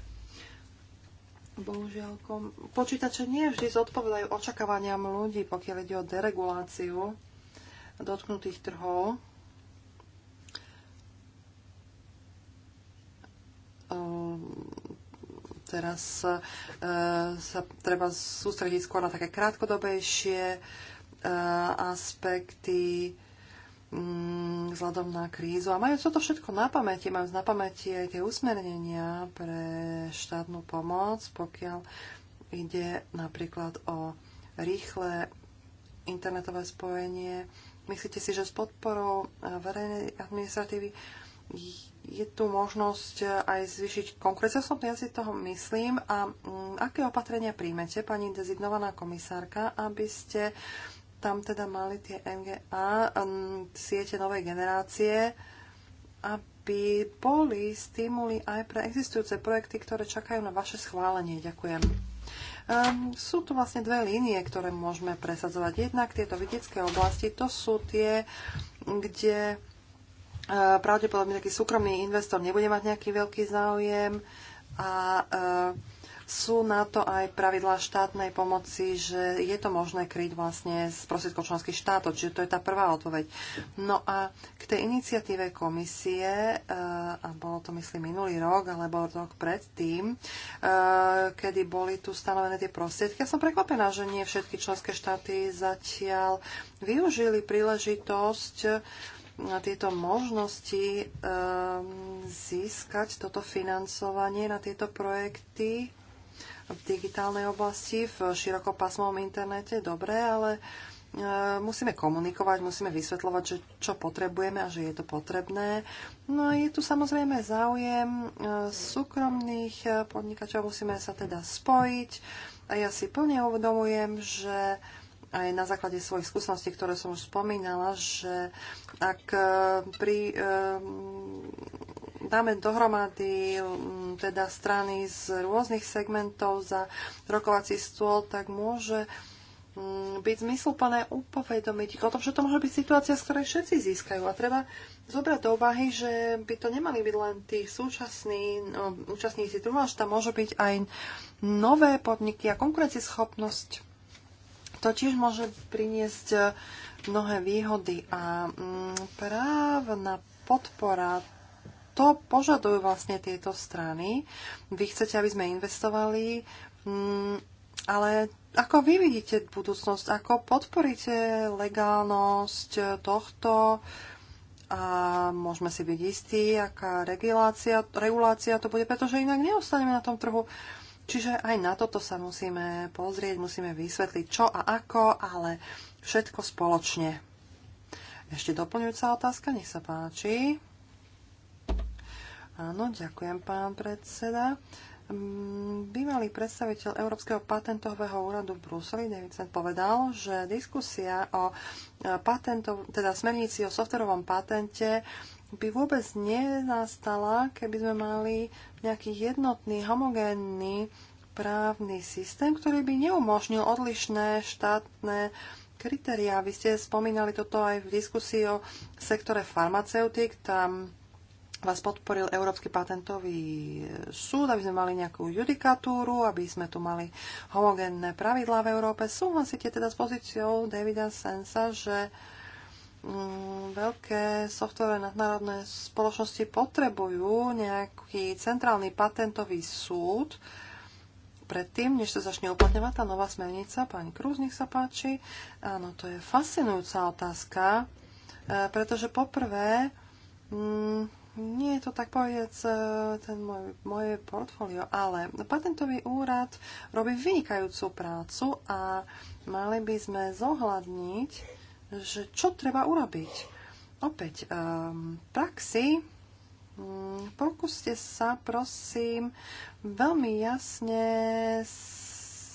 Bohužiaľ, kom... počítače nie vždy zodpovedajú očakávaniam ľudí, pokiaľ ide o dereguláciu dotknutých trhov. Ehm, teraz eh, sa treba sústrediť skôr na také krátkodobejšie Eh, aspekty mm, vzhľadom na krízu. A majú toto všetko na pamäti. Majú na pamäti aj tie usmernenia pre štátnu pomoc, pokiaľ ide napríklad o rýchle internetové spojenie. Myslíte si, že s podporou eh, verejnej administratívy je tu možnosť eh, aj zvýšiť som ja si toho myslím. A mm, aké opatrenia príjmete, pani dezignovaná komisárka, aby ste tam teda mali tie NGA, siete novej generácie, aby boli stimuli aj pre existujúce projekty, ktoré čakajú na vaše schválenie. Ďakujem. Um, sú tu vlastne dve línie, ktoré môžeme presadzovať. Jednak tieto vidiecké oblasti, to sú tie, kde uh, pravdepodobne taký súkromný investor nebude mať nejaký veľký záujem a uh, sú na to aj pravidlá štátnej pomoci, že je to možné kryť vlastne z prostriedkov členských štátov, čiže to je tá prvá odpoveď. No a k tej iniciatíve komisie, e, a bolo to myslím minulý rok, alebo rok predtým, e, kedy boli tu stanovené tie prostriedky, ja som prekvapená, že nie všetky členské štáty zatiaľ využili príležitosť na tieto možnosti e, získať toto financovanie na tieto projekty v digitálnej oblasti, v širokopásmovom internete, dobre, ale e, musíme komunikovať, musíme vysvetľovať, že čo potrebujeme a že je to potrebné. No a je tu samozrejme záujem e, súkromných e, podnikateľov, musíme sa teda spojiť. A ja si plne uvedomujem, že aj na základe svojich skúseností, ktoré som už spomínala, že ak pri dáme dohromady mm, teda strany z rôznych segmentov za rokovací stôl, tak môže mm, byť zmysluplné upovedomiť o tom, že to môže byť situácia, z ktorej všetci získajú. A treba zobrať do úvahy, že by to nemali byť len tí súčasní no, účastníci trhu, že tam môžu byť aj nové podniky a konkurencieschopnosť. To tiež môže priniesť mnohé výhody a mm, právna podpora to požadujú vlastne tieto strany. Vy chcete, aby sme investovali, mm, ale ako vy vidíte budúcnosť, ako podporíte legálnosť tohto a môžeme si byť istí, aká regulácia, regulácia to bude, pretože inak neostaneme na tom trhu. Čiže aj na toto sa musíme pozrieť, musíme vysvetliť čo a ako, ale všetko spoločne. Ešte doplňujúca otázka, nech sa páči. Áno, ďakujem, pán predseda. Mm, bývalý predstaviteľ Európskeho patentového úradu v Bruseli, Sen, povedal, že diskusia o e, patentov, teda smernici o softverovom patente by vôbec nenastala, keby sme mali nejaký jednotný, homogénny právny systém, ktorý by neumožnil odlišné štátne kritériá. Vy ste spomínali toto aj v diskusii o sektore farmaceutik. Tam vás podporil Európsky patentový súd, aby sme mali nejakú judikatúru, aby sme tu mali homogénne pravidlá v Európe. Súhlasíte teda s pozíciou Davida Sensa, že mm, veľké softové nadnárodné spoločnosti potrebujú nejaký centrálny patentový súd, predtým, než sa začne uplatňovať tá nová smernica. Pani Krúz, nech sa páči. Áno, to je fascinujúca otázka, eh, pretože poprvé mm, nie je to tak povedať e, ten môj, moje portfólio, ale patentový úrad robí vynikajúcu prácu a mali by sme zohľadniť, že čo treba urobiť. Opäť, um, praxi, um, pokúste sa, prosím, veľmi jasne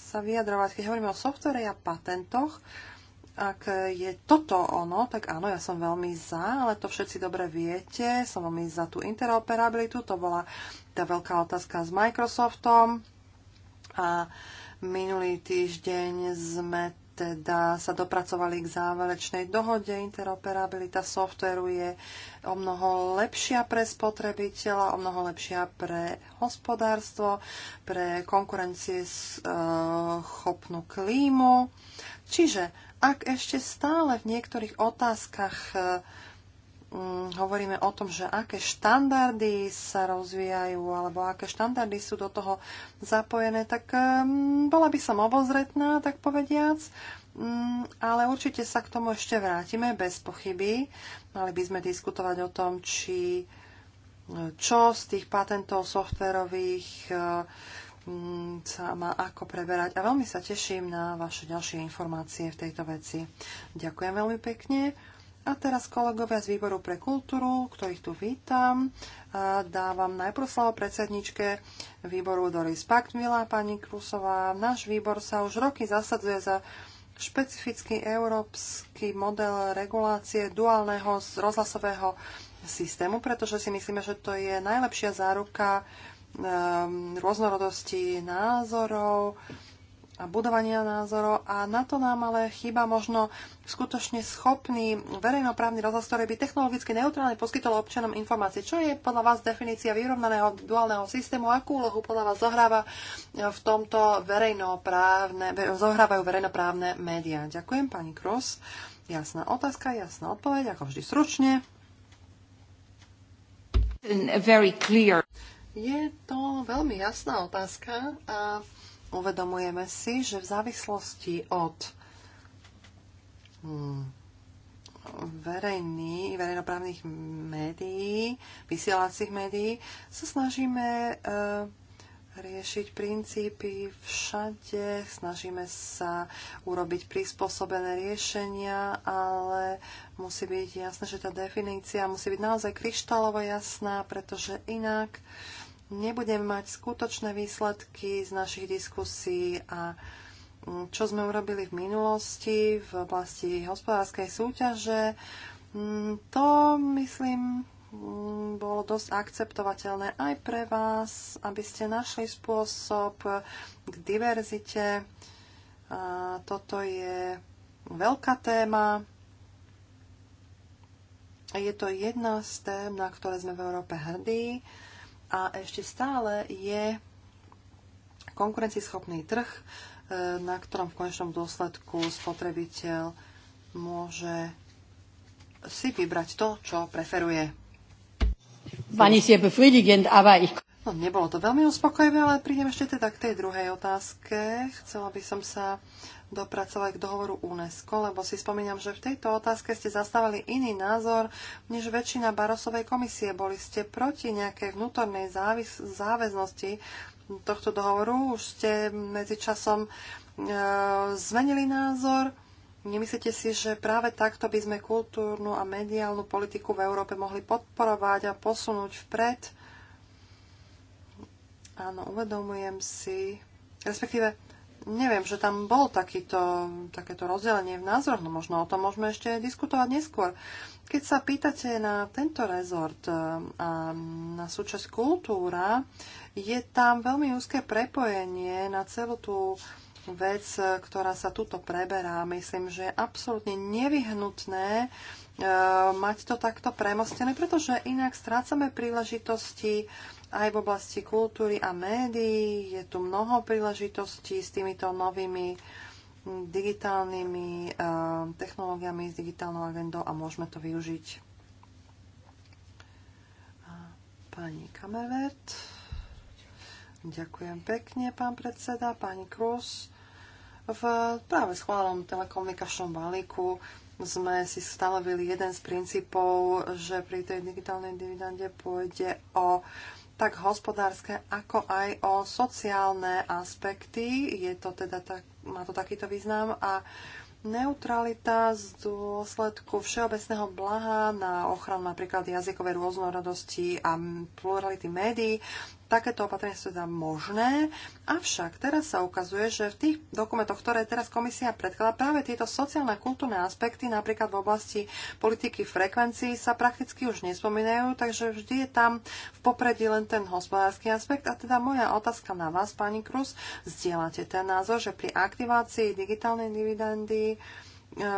sa vyjadrovať. Keď hovoríme o softvere a patentoch, uh, ak je toto ono, tak áno, ja som veľmi za, ale to všetci dobre viete. Som veľmi za tú interoperabilitu. To bola tá veľká otázka s Microsoftom. A minulý týždeň sme teda sa dopracovali k záverečnej dohode. Interoperabilita softveru je o mnoho lepšia pre spotrebiteľa, o mnoho lepšia pre hospodárstvo, pre konkurencie eh, schopnú klímu. Čiže ak ešte stále v niektorých otázkach e, mm, hovoríme o tom, že aké štandardy sa rozvíjajú alebo aké štandardy sú do toho zapojené, tak e, mm, bola by som obozretná, tak povediac. Mm, ale určite sa k tomu ešte vrátime bez pochyby. Mali by sme diskutovať o tom, či e, čo z tých patentov softverových Mm, sa má ako preberať a veľmi sa teším na vaše ďalšie informácie v tejto veci. Ďakujem veľmi pekne. A teraz kolegovia z výboru pre kultúru, ktorých tu vítam, dávam najprv slovo predsedničke výboru Doris Paktmila, pani Krusová. Náš výbor sa už roky zasadzuje za špecifický európsky model regulácie duálneho rozhlasového systému, pretože si myslíme, že to je najlepšia záruka Um, rôznorodosti názorov a budovania názorov a na to nám ale chýba možno skutočne schopný verejnoprávny rozhlas, ktorý by technologicky neutrálne poskytol občanom informácie. Čo je podľa vás definícia vyrovnaného duálneho systému? Akú úlohu podľa vás zohráva e, v tomto verejnoprávne, zohrávajú verejnoprávne médiá? Ďakujem, pani Kros. Jasná otázka, jasná odpoveď, ako vždy sručne. Very clear. Je to veľmi jasná otázka a uvedomujeme si, že v závislosti od hmm, verejný, verejnoprávnych médií, vysielacích médií, sa snažíme e, riešiť princípy všade, snažíme sa urobiť prispôsobené riešenia, ale musí byť jasné, že tá definícia musí byť naozaj kryštálovo jasná, pretože inak e, nebudem mať skutočné výsledky z našich diskusí a mm, čo sme urobili v minulosti v oblasti hospodárskej súťaže, mm, to myslím mm, bolo dosť akceptovateľné aj pre vás, aby ste našli spôsob k diverzite. A toto je veľká téma. Je to jedna z tém, na ktoré sme v Európe hrdí a ešte stále je konkurencieschopný trh, e, na ktorom v konečnom dôsledku spotrebiteľ môže si vybrať to, čo preferuje. No, nebolo to veľmi uspokojivé, ale prídem ešte teda k tej druhej otázke. Chcela by som sa dopracovať k dohovoru UNESCO, lebo si spomínam, že v tejto otázke ste zastávali iný názor než väčšina Barosovej komisie. Boli ste proti nejakej vnútornej závis- záväznosti tohto dohovoru. Už ste medzičasom e, zmenili názor. Nemyslíte si, že práve takto by sme kultúrnu a mediálnu politiku v Európe mohli podporovať a posunúť vpred? Áno, uvedomujem si. Respektíve, neviem, že tam bol takýto, takéto rozdelenie v názoroch, no možno o tom môžeme ešte diskutovať neskôr. Keď sa pýtate na tento rezort e, a na súčasť kultúra, je tam veľmi úzke prepojenie na celú tú vec, e, ktorá sa tuto preberá. Myslím, že je absolútne nevyhnutné e, mať to takto premostené, pretože inak strácame príležitosti aj v oblasti kultúry a médií je tu mnoho príležitostí s týmito novými digitálnymi eh, technológiami, s digitálnou agendou a môžeme to využiť. Pani Kamervert. Ďakujem pekne, pán predseda, pani Krus. V práve schválenom telekomunikačnom balíku sme si stanovili jeden z princípov, že pri tej digitálnej dividende pôjde o tak hospodárske, ako aj o sociálne aspekty. Je to teda tak, má to takýto význam a neutralita z dôsledku všeobecného blaha na ochranu napríklad jazykovej rôznorodosti a plurality médií takéto opatrenia sú teda možné, avšak teraz sa ukazuje, že v tých dokumentoch, ktoré teraz komisia predkladá, práve tieto sociálne a kultúrne aspekty, napríklad v oblasti politiky frekvencií, sa prakticky už nespomínajú, takže vždy je tam v popredí len ten hospodársky aspekt. A teda moja otázka na vás, pani Krus, zdieľate ten názor, že pri aktivácii digitálnej dividendy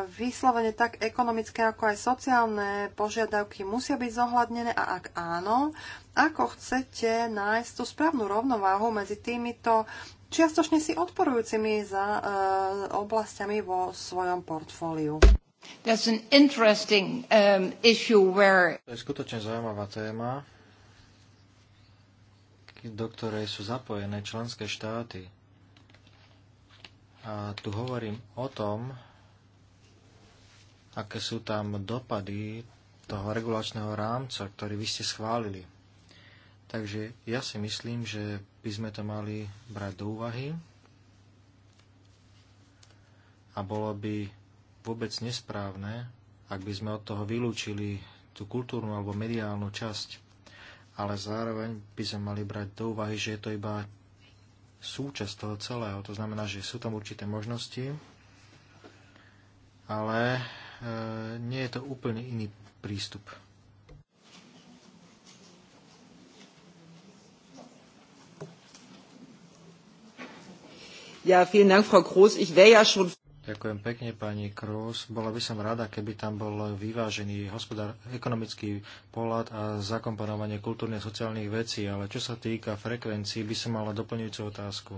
vyslovene tak ekonomické ako aj sociálne požiadavky musia byť zohľadnené a ak áno, ako chcete nájsť tú správnu rovnováhu medzi týmito čiastočne si odporujúcimi za e, oblastiami vo svojom portfóliu. That's an interesting um, issue where... To je skutočne zaujímavá téma, do ktorej sú zapojené členské štáty. A tu hovorím o tom, aké sú tam dopady toho regulačného rámca, ktorý vy ste schválili. Takže ja si myslím, že by sme to mali brať do úvahy a bolo by vôbec nesprávne, ak by sme od toho vylúčili tú kultúrnu alebo mediálnu časť. Ale zároveň by sme mali brať do úvahy, že je to iba súčasť toho celého. To znamená, že sú tam určité možnosti, ale E, nie je to úplne iný prístup. Ja, vielen Dank, Frau Groß. Ich wäre ja schon... Ďakujem pekne, pani Kroos. Bola by som rada, keby tam bol vyvážený hospodár, ekonomický pohľad a zakomponovanie kultúrne sociálnych vecí, ale čo sa týka frekvencií, by som mala doplňujúcu otázku.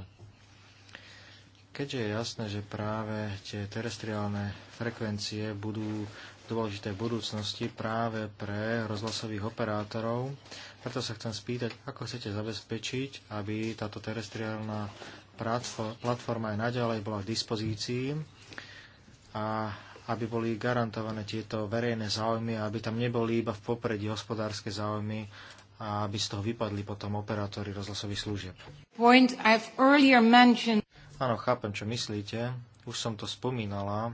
Keďže je jasné, že práve tie terestriálne frekvencie budú dôležité v budúcnosti práve pre rozhlasových operátorov, preto sa chcem spýtať, ako chcete zabezpečiť, aby táto terestriálna platforma aj naďalej bola v dispozícii a aby boli garantované tieto verejné záujmy, aby tam neboli iba v popredí hospodárske záujmy a aby z toho vypadli potom operátori rozhlasových služieb. Point I've earlier mentioned. Áno, chápem, čo myslíte. Už som to spomínala. E,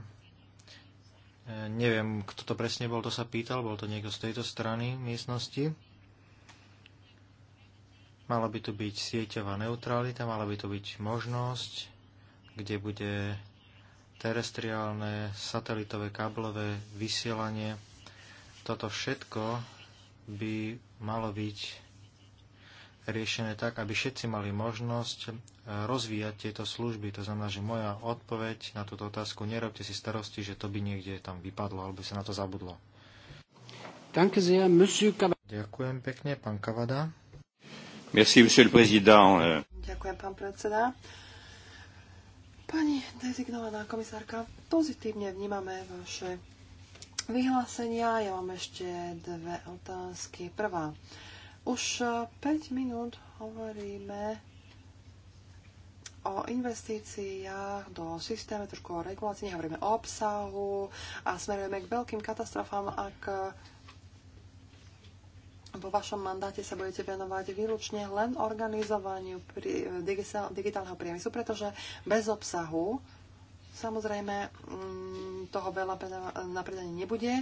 neviem, kto to presne bol, to sa pýtal. Bol to niekto z tejto strany miestnosti. Mala by tu byť sieťová neutralita, mala by tu byť možnosť, kde bude terestriálne, satelitové, káblové vysielanie. Toto všetko by malo byť riešené tak, aby všetci mali možnosť e, rozvíjať tieto služby. To znamená, že moja odpoveď na túto otázku, nerobte si starosti, že to by niekde tam vypadlo alebo sa na to zabudlo. Ďakujem pekne, pán Kavada. Merci, monsieur le président. Ďakujem, pán predseda. Pani dezignovaná komisárka, pozitívne vnímame vaše vyhlásenia. Ja mám ešte dve otázky. Prvá. Už 5 e, minút hovoríme o investíciách do systému, trošku o regulácii, hovoríme o obsahu a smerujeme k veľkým katastrofám, ak e, vo vašom mandáte sa budete venovať výlučne len organizovaniu pri, e, digitálneho priemyslu, pretože bez obsahu samozrejme mm, toho veľa na nebude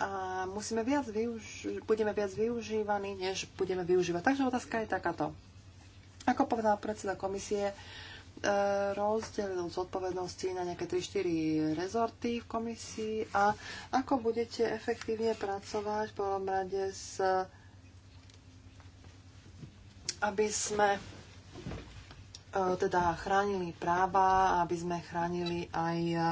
a musíme viac využ- budeme viac využívaní, než budeme využívať. Takže otázka je takáto. Ako povedal predseda komisie, e, rozdelil zodpovednosti na nejaké 3-4 rezorty v komisii a ako budete efektívne pracovať v prvom rade s aby sme Eh, teda chránili práva, aby sme chránili aj eh,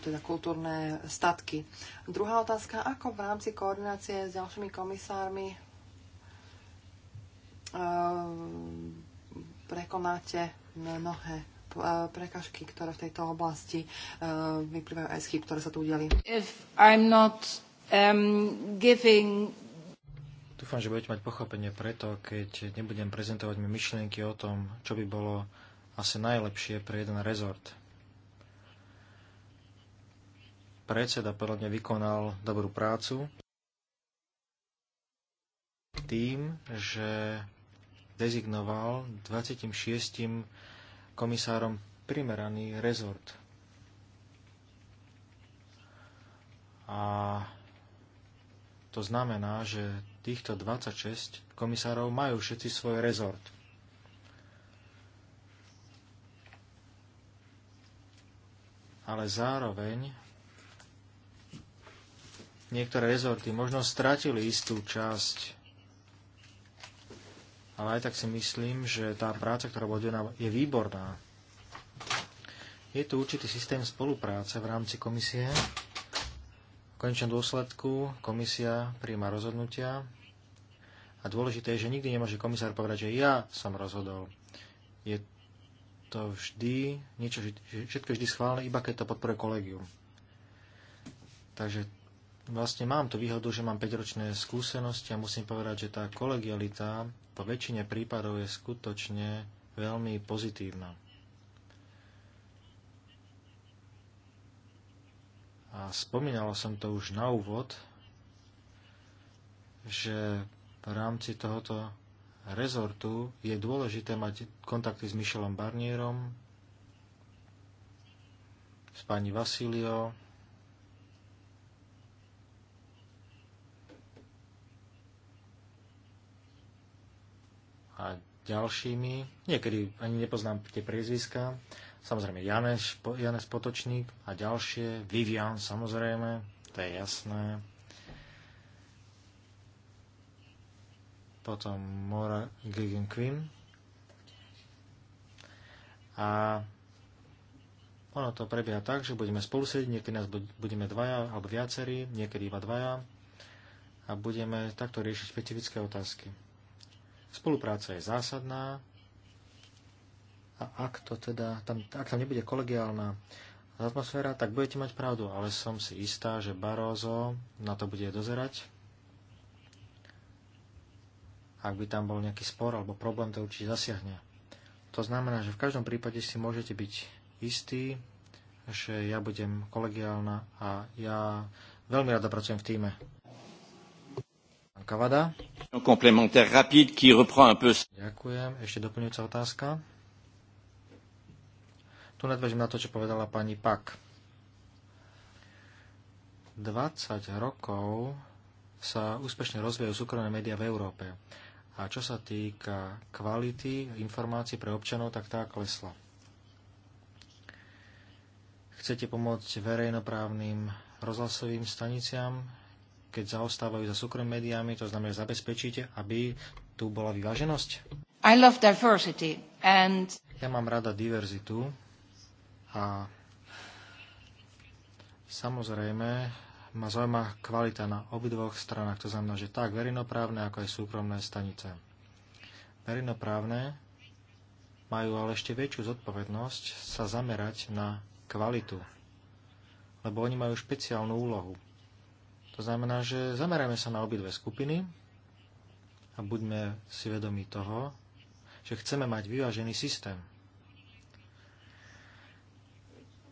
teda kultúrne statky. Druhá otázka, ako v rámci koordinácie s ďalšími komisármi eh, prekonáte mnohé prekažky, ktoré v tejto oblasti vyplývajú aj z chyb, ktoré sa tu udeli. If I'm not um, giving Dúfam, že budete mať pochopenie preto, keď nebudem prezentovať mi myšlienky o tom, čo by bolo asi najlepšie pre jeden rezort. Predseda podľa mňa vykonal dobrú prácu tým, že dezignoval 26. komisárom primeraný rezort. A to znamená, že týchto 26 komisárov majú všetci svoj rezort. Ale zároveň niektoré rezorty možno stratili istú časť ale aj tak si myslím, že tá práca, ktorá bola odvedená, je výborná. Je tu určitý systém spolupráce v rámci komisie, konečnom dôsledku komisia príjma rozhodnutia a dôležité je, že nikdy nemôže komisár povedať, že ja som rozhodol. Je to vždy, niečo, všetko vždy schválne, iba keď to podporuje kolegium. Takže vlastne mám tú výhodu, že mám 5-ročné skúsenosti a musím povedať, že tá kolegialita po väčšine prípadov je skutočne veľmi pozitívna. a spomínala som to už na úvod, že v rámci tohoto rezortu je dôležité mať kontakty s Michelom Barnierom, s pani Vasilio, a ďalšími. Niekedy ani nepoznám tie priezviská, Samozrejme Janes, Janes Potočník a ďalšie, Vivian samozrejme, to je jasné. Potom Mora Gigan Quinn. A ono to prebieha tak, že budeme spolu sedieť, niekedy nás budeme dvaja alebo viacerí, niekedy iba dvaja a budeme takto riešiť špecifické otázky. Spolupráca je zásadná, a ak, to teda, tam, ak tam nebude kolegiálna atmosféra, tak budete mať pravdu. Ale som si istá, že Barózo na to bude dozerať. Ak by tam bol nejaký spor alebo problém, to určite zasiahne. To znamená, že v každom prípade si môžete byť istí, že ja budem kolegiálna a ja veľmi rada pracujem v týme. Kavada. Ďakujem. Ešte doplňujúca otázka. Tu nadvežím na to, čo povedala pani Pak. 20 rokov sa úspešne rozvíjajú súkromné médiá v Európe. A čo sa týka kvality informácií pre občanov, tak tá klesla. Chcete pomôcť verejnoprávnym rozhlasovým staniciam, keď zaostávajú za súkromnými médiami, to znamená, zabezpečíte, aby tu bola vyváženosť? I love diversity and... Ja mám rada diverzitu a samozrejme ma zaujíma kvalita na obidvoch stranách. To znamená, že tak verejnoprávne, ako aj súkromné stanice. Verejnoprávne majú ale ešte väčšiu zodpovednosť sa zamerať na kvalitu, lebo oni majú špeciálnu úlohu. To znamená, že zamerajme sa na obidve skupiny a buďme si vedomi toho, že chceme mať vyvážený systém.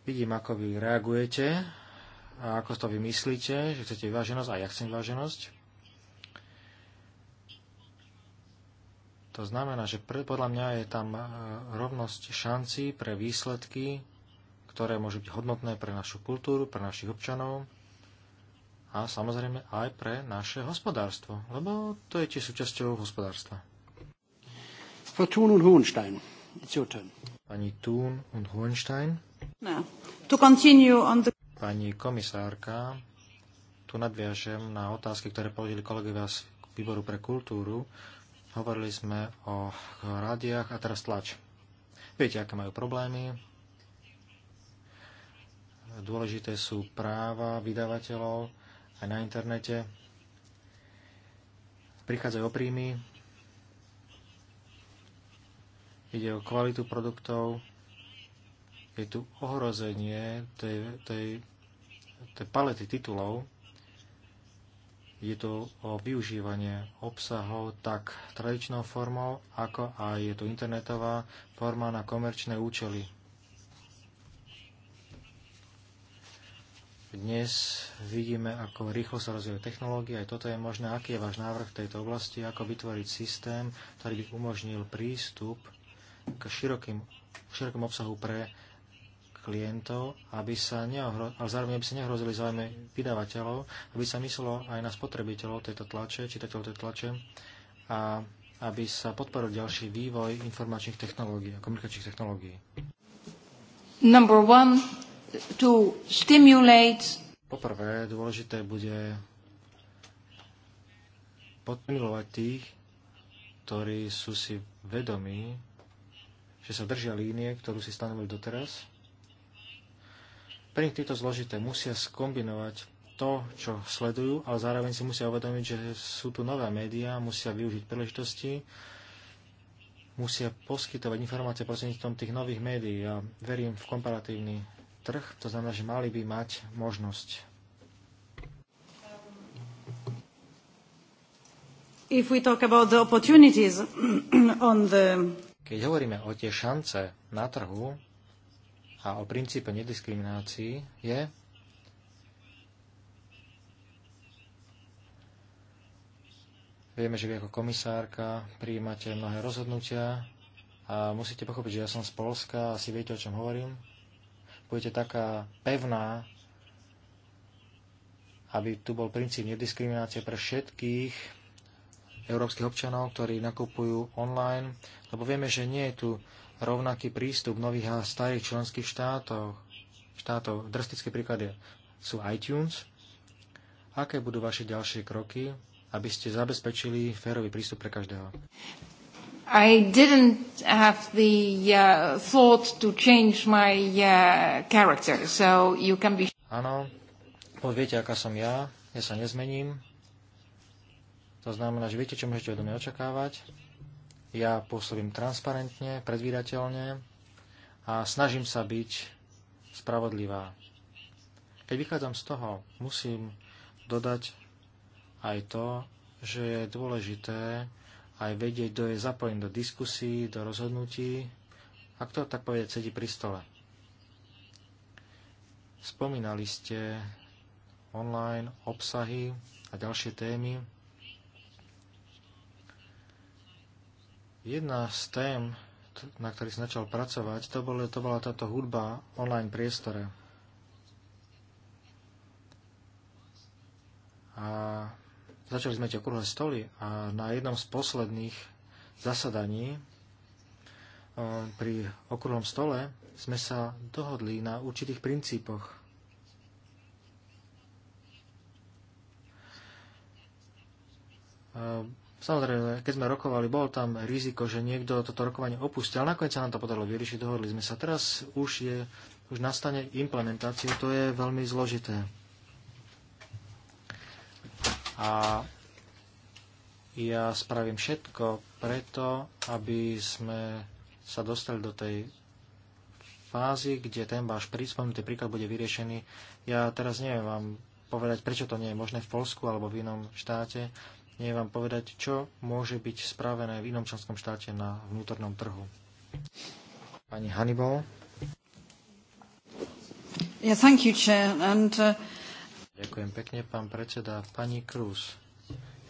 Vidím, ako vy reagujete a ako to vymyslíte, že chcete vyváženosť a ja chcem vyváženosť. To znamená, že pre, podľa mňa je tam e, rovnosť šanci pre výsledky, ktoré môžu byť hodnotné pre našu kultúru, pre našich občanov a samozrejme aj pre naše hospodárstvo, lebo to je tiež súčasťou hospodárstva. Pani Thun und Hohenstein. Pani komisárka, tu nadviažem na otázky, ktoré položili kolegovia z výboru pre kultúru. Hovorili sme o rádiách a teraz tlač. Viete, aké majú problémy. Dôležité sú práva vydavateľov aj na internete. Prichádzajú oprímy. Ide o kvalitu produktov, je tu ohrozenie tej, tej, tej palety titulov. Je to o využívanie obsahov tak tradičnou formou, ako aj je tu internetová forma na komerčné účely. Dnes vidíme, ako rýchlo sa rozvíja technológia. aj toto je možné. Aký je váš návrh v tejto oblasti, ako vytvoriť systém, ktorý by umožnil prístup k širokým, širokom obsahu pre klientov, aby sa neohro- ale zároveň aby sa nehrozili záujmy vydavateľov, aby sa myslelo aj na spotrebiteľov tejto tlače, čitateľov tejto tlače a aby sa podporil ďalší vývoj informačných technológií a komunikačných technológií. Number one, to stimulate... Poprvé, dôležité bude podmilovať tých, ktorí sú si vedomí, že sa držia línie, ktorú si stanovili doteraz pre nich tieto zložité. Musia skombinovať to, čo sledujú, ale zároveň si musia uvedomiť, že sú tu nové médiá, musia využiť príležitosti, musia poskytovať informácie prostredníctvom tých nových médií. Ja verím v komparatívny trh, to znamená, že mali by mať možnosť. If we talk about the opportunities <clears throat> on the... Keď hovoríme o tie šance na trhu, a o princípe nediskriminácii je, vieme, že vy ako komisárka prijímate mnohé rozhodnutia a musíte pochopiť, že ja som z Polska, asi viete, o čom hovorím. Budete taká pevná, aby tu bol princíp nediskriminácie pre všetkých európskych občanov, ktorí nakupujú online, lebo vieme, že nie je tu rovnaký prístup nových a starých členských štátov. štátov. Drastické príklady sú iTunes. Aké budú vaše ďalšie kroky, aby ste zabezpečili férový prístup pre každého? I didn't have the uh, thought to change my uh, character, so you can be... Áno, viete, aká som ja, ja sa nezmením. To znamená, že viete, čo môžete odo mňa očakávať. Ja pôsobím transparentne, predvídateľne a snažím sa byť spravodlivá. Keď vychádzam z toho, musím dodať aj to, že je dôležité aj vedieť, kto je zapojený do diskusí, do rozhodnutí a kto, tak povede sedí pri stole. Spomínali ste online obsahy a ďalšie témy. Jedna z tém, na ktorých som začal pracovať, to, bolo, to bola táto hudba v online priestore. A začali sme tie okrúhle stoly a na jednom z posledných zasadaní e, pri okrúhlom stole sme sa dohodli na určitých princípoch. A e, Samozrejme, keď sme rokovali, bolo tam riziko, že niekto toto rokovanie opustí, ale nakoniec sa nám to podarilo vyriešiť, dohodli sme sa. Teraz už, je, už nastane implementácia, to je veľmi zložité. A ja spravím všetko preto, aby sme sa dostali do tej fázy, kde ten váš ten príklad bude vyriešený. Ja teraz neviem vám povedať, prečo to nie je možné v Polsku alebo v inom štáte nie vám povedať, čo môže byť spravené v inom členskom štáte na vnútornom trhu. Pani Hannibal. Yeah, thank you, Chair. And, uh... Ďakujem pekne, pán predseda. Pani Krús,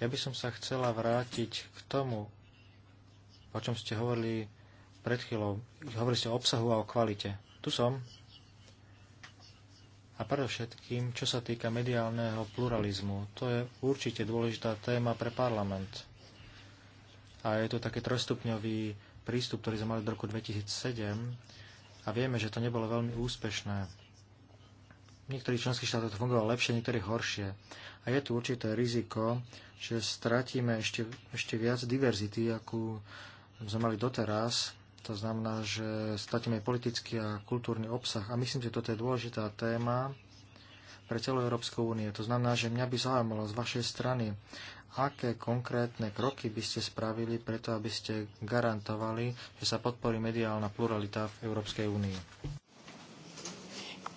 ja by som sa chcela vrátiť k tomu, o čom ste hovorili pred chvíľou. Hovorili ste o obsahu a o kvalite. Tu som a predovšetkým, čo sa týka mediálneho pluralizmu. To je určite dôležitá téma pre parlament. A je to taký trojstupňový prístup, ktorý sme mali do roku 2007 a vieme, že to nebolo veľmi úspešné. V niektorých členských štátoch to fungovalo lepšie, niektorých horšie. A je tu určité riziko, že stratíme ešte, ešte viac diverzity, akú sme mali doteraz to znamená, že stratíme politický a kultúrny obsah. A myslím, že toto je dôležitá téma pre celú Európsku únie. To znamená, že mňa by zaujímalo z vašej strany, aké konkrétne kroky by ste spravili preto, aby ste garantovali, že sa podporí mediálna pluralita v Európskej únii?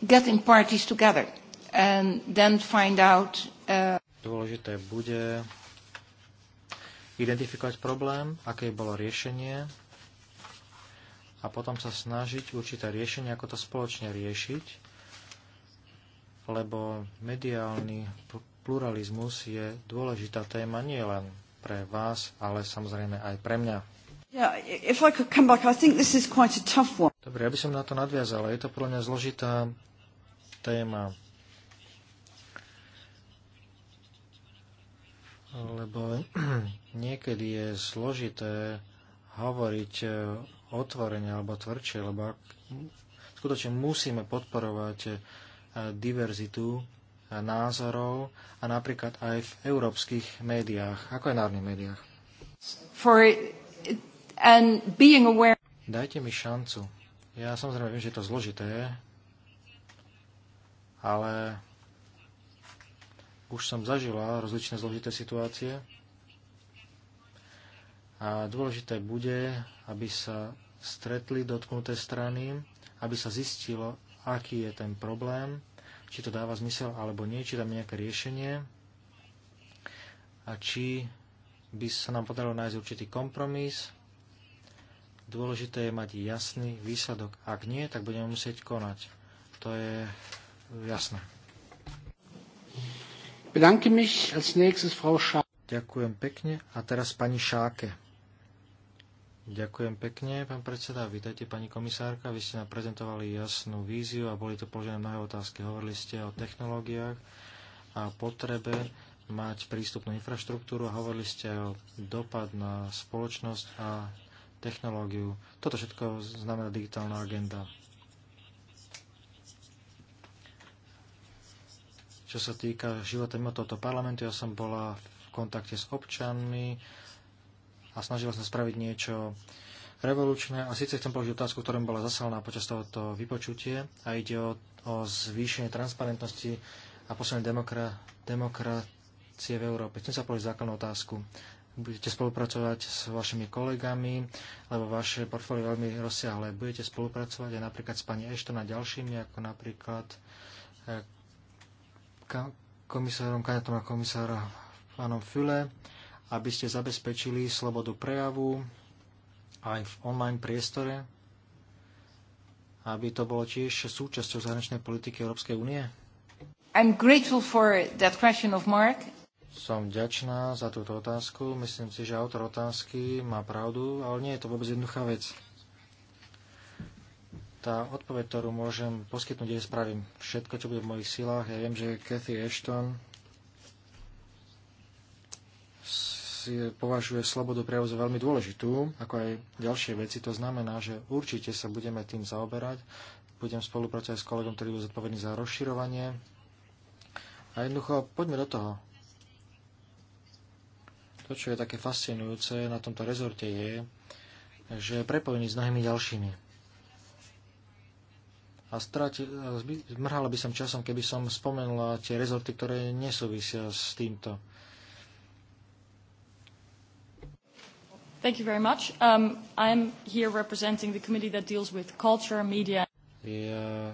Getting parties together and then find out... Uh... Dôležité bude identifikovať problém, aké bolo riešenie a potom sa snažiť určité riešenie, ako to spoločne riešiť, lebo mediálny pluralizmus je dôležitá téma nie len pre vás, ale samozrejme aj pre mňa. Dobre, ja by som na to nadviazala. Je to pre mňa zložitá téma. Lebo <clears throat> niekedy je zložité hovoriť eh, otvorene alebo tvrdšie, lebo ak, skutočne musíme podporovať eh, diverzitu eh, názorov a napríklad aj v európskych médiách, ako aj národných médiách. For, and being aware... Dajte mi šancu. Ja samozrejme viem, že je to zložité, ale už som zažila rozličné zložité situácie a dôležité bude, aby sa stretli dotknuté strany, aby sa zistilo, aký je ten problém, či to dáva zmysel alebo nie, či tam nejaké riešenie a či by sa nám podarilo nájsť určitý kompromis. Dôležité je mať jasný výsledok. Ak nie, tak budeme musieť konať. To je jasné. Ďakujem pekne. A teraz pani Šáke. Ďakujem pekne, pán predseda. Vítajte, pani komisárka. Vy ste nám prezentovali jasnú víziu a boli to položené mnohé otázky. Hovorili ste o technológiách a potrebe mať prístupnú infraštruktúru a hovorili ste o dopad na spoločnosť a technológiu. Toto všetko znamená digitálna agenda. Čo sa týka života mimo tohto parlamentu, ja som bola v kontakte s občanmi, a snažila sa spraviť niečo revolučné. A síce chcem položiť otázku, ktorá mi bola zaslaná počas tohoto vypočutie a ide o, o zvýšenie transparentnosti a posilnenie demokra, demokracie v Európe. Chcem sa položiť základnú otázku. Budete spolupracovať s vašimi kolegami, lebo vaše portfólio je veľmi rozsiahle. Budete spolupracovať aj napríklad s pani Ešton a ďalšími, ako napríklad eh, komisárom, kandidátom a komisárom pánom Füle aby ste zabezpečili slobodu prejavu aj v online priestore, aby to bolo tiež súčasťou zahraničnej politiky Európskej únie? I'm grateful for that question of Mark. Som vďačná za túto otázku. Myslím si, že autor otázky má pravdu, ale nie je to vôbec jednoduchá vec. Tá odpoveď, ktorú môžem poskytnúť, je spravím všetko, čo bude v mojich silách. Ja viem, že Cathy Ashton je, považuje slobodu prejavu za veľmi dôležitú, ako aj ďalšie veci. To znamená, že určite sa budeme tým zaoberať. Budem spolupracovať s kolegom, ktorý bude zodpovedný za rozširovanie. A jednoducho, poďme do toho. To, čo je také fascinujúce na tomto rezorte, je, že je prepojený s mnohými ďalšími. A zmrhala by som časom, keby som spomenula tie rezorty, ktoré nesúvisia s týmto. Thank you very much. Um, I'm here representing the committee that deals with culture, media. Ja,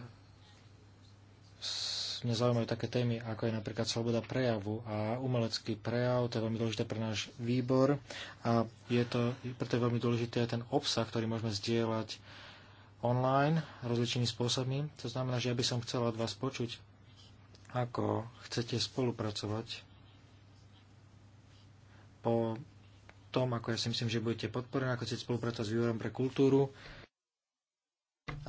mňa zaujímajú také témy, ako je napríklad sloboda prejavu a umelecký prejav, to je veľmi dôležité pre náš výbor a je to, preto je veľmi dôležité ten obsah, ktorý môžeme zdieľať online rozličnými spôsobmi. To znamená, že ja by som chcela od vás počuť, ako chcete spolupracovať po tom, ako ja si myslím, že budete podporení, ako chcete spolupracovať s Výborom pre kultúru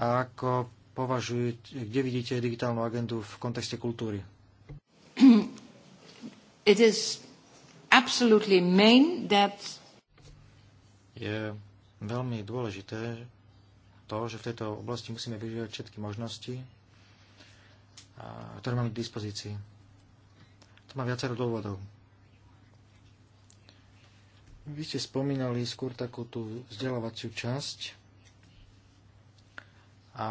a ako považujete, kde vidíte digitálnu agendu v kontexte kultúry? It is absolutely main that... Je veľmi dôležité to, že v tejto oblasti musíme využívať všetky možnosti, ktoré máme k dispozícii. To má viacero dôvodov. Vy ste spomínali skôr takú tú vzdelávaciu časť a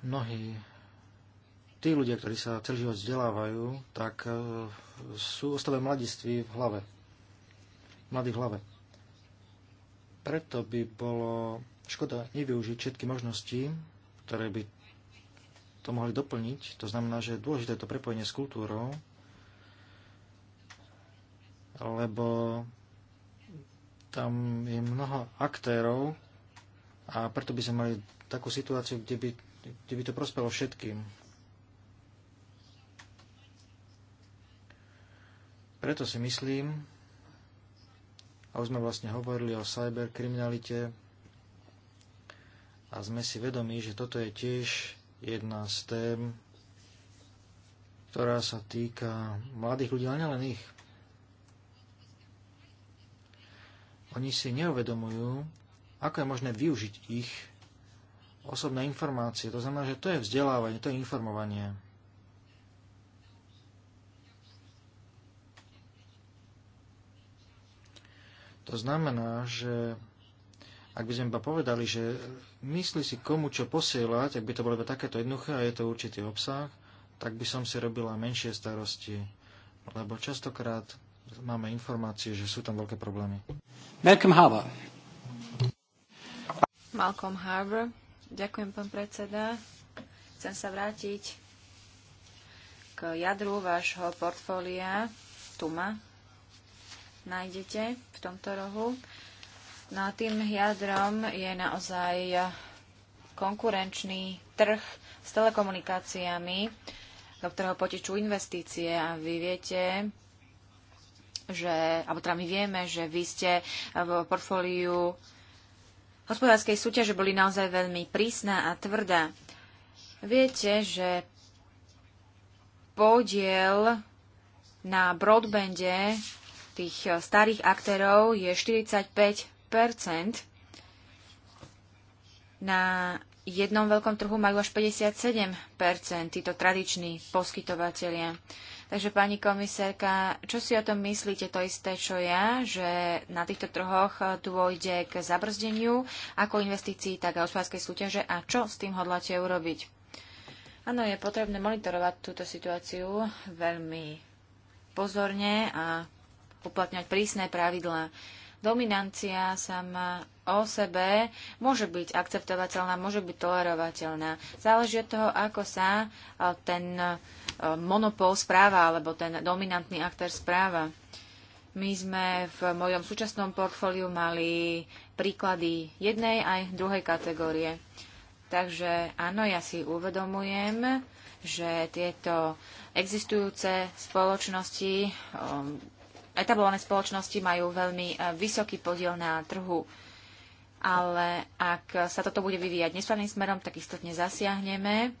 mnohí tí ľudia, ktorí sa celý život vzdelávajú, tak e, sú ostave mladiství v hlave. Mladí v hlave. Preto by bolo škoda nevyužiť všetky možnosti, ktoré by to mohli doplniť. To znamená, že je dôležité to prepojenie s kultúrou, lebo tam je mnoho aktérov a preto by sme mali takú situáciu, kde by, kde by to prospelo všetkým. Preto si myslím, a už sme vlastne hovorili o cyberkriminalite a sme si vedomí, že toto je tiež jedna z tém, ktorá sa týka mladých ľudí, ale nielen ich. Oni si neuvedomujú, ako je možné využiť ich osobné informácie. To znamená, že to je vzdelávanie, to je informovanie. To znamená, že ak by sme iba povedali, že myslí si komu čo posielať, ak by to bolo iba takéto jednoduché a je to určitý obsah, tak by som si robila menšie starosti, lebo častokrát máme informácie, že sú tam veľké problémy. Malcolm Harbour. Malcolm Harbour. Ďakujem, pán predseda. Chcem sa vrátiť k jadru vášho portfólia. Tu ma nájdete v tomto rohu. No a tým jadrom je naozaj konkurenčný trh s telekomunikáciami, do ktorého potečú investície. A vy viete, že, alebo teda my vieme, že vy ste v portfóliu hospodárskej súťaže boli naozaj veľmi prísna a tvrdá. Viete, že podiel na broadbande tých starých aktérov je 45 na jednom veľkom trhu majú až 57 títo tradiční poskytovateľia. Takže pani komisárka, čo si o tom myslíte to isté, čo ja, že na týchto trhoch dôjde k zabrzdeniu ako investícií, tak a hospodárskej súťaže a čo s tým hodláte urobiť? Áno, je potrebné monitorovať túto situáciu veľmi pozorne a uplatňovať prísne pravidlá. Dominancia sama o sebe môže byť akceptovateľná, môže byť tolerovateľná. Záleží od toho, ako sa eh, ten eh, monopol správa alebo ten dominantný aktér správa. My sme v mojom súčasnom portfóliu mali príklady jednej aj druhej kategórie. Takže áno, ja si uvedomujem, že tieto existujúce spoločnosti eh, etablované spoločnosti majú veľmi e, vysoký podiel na trhu. Ale ak sa toto bude vyvíjať nesprávnym smerom, tak istotne zasiahneme.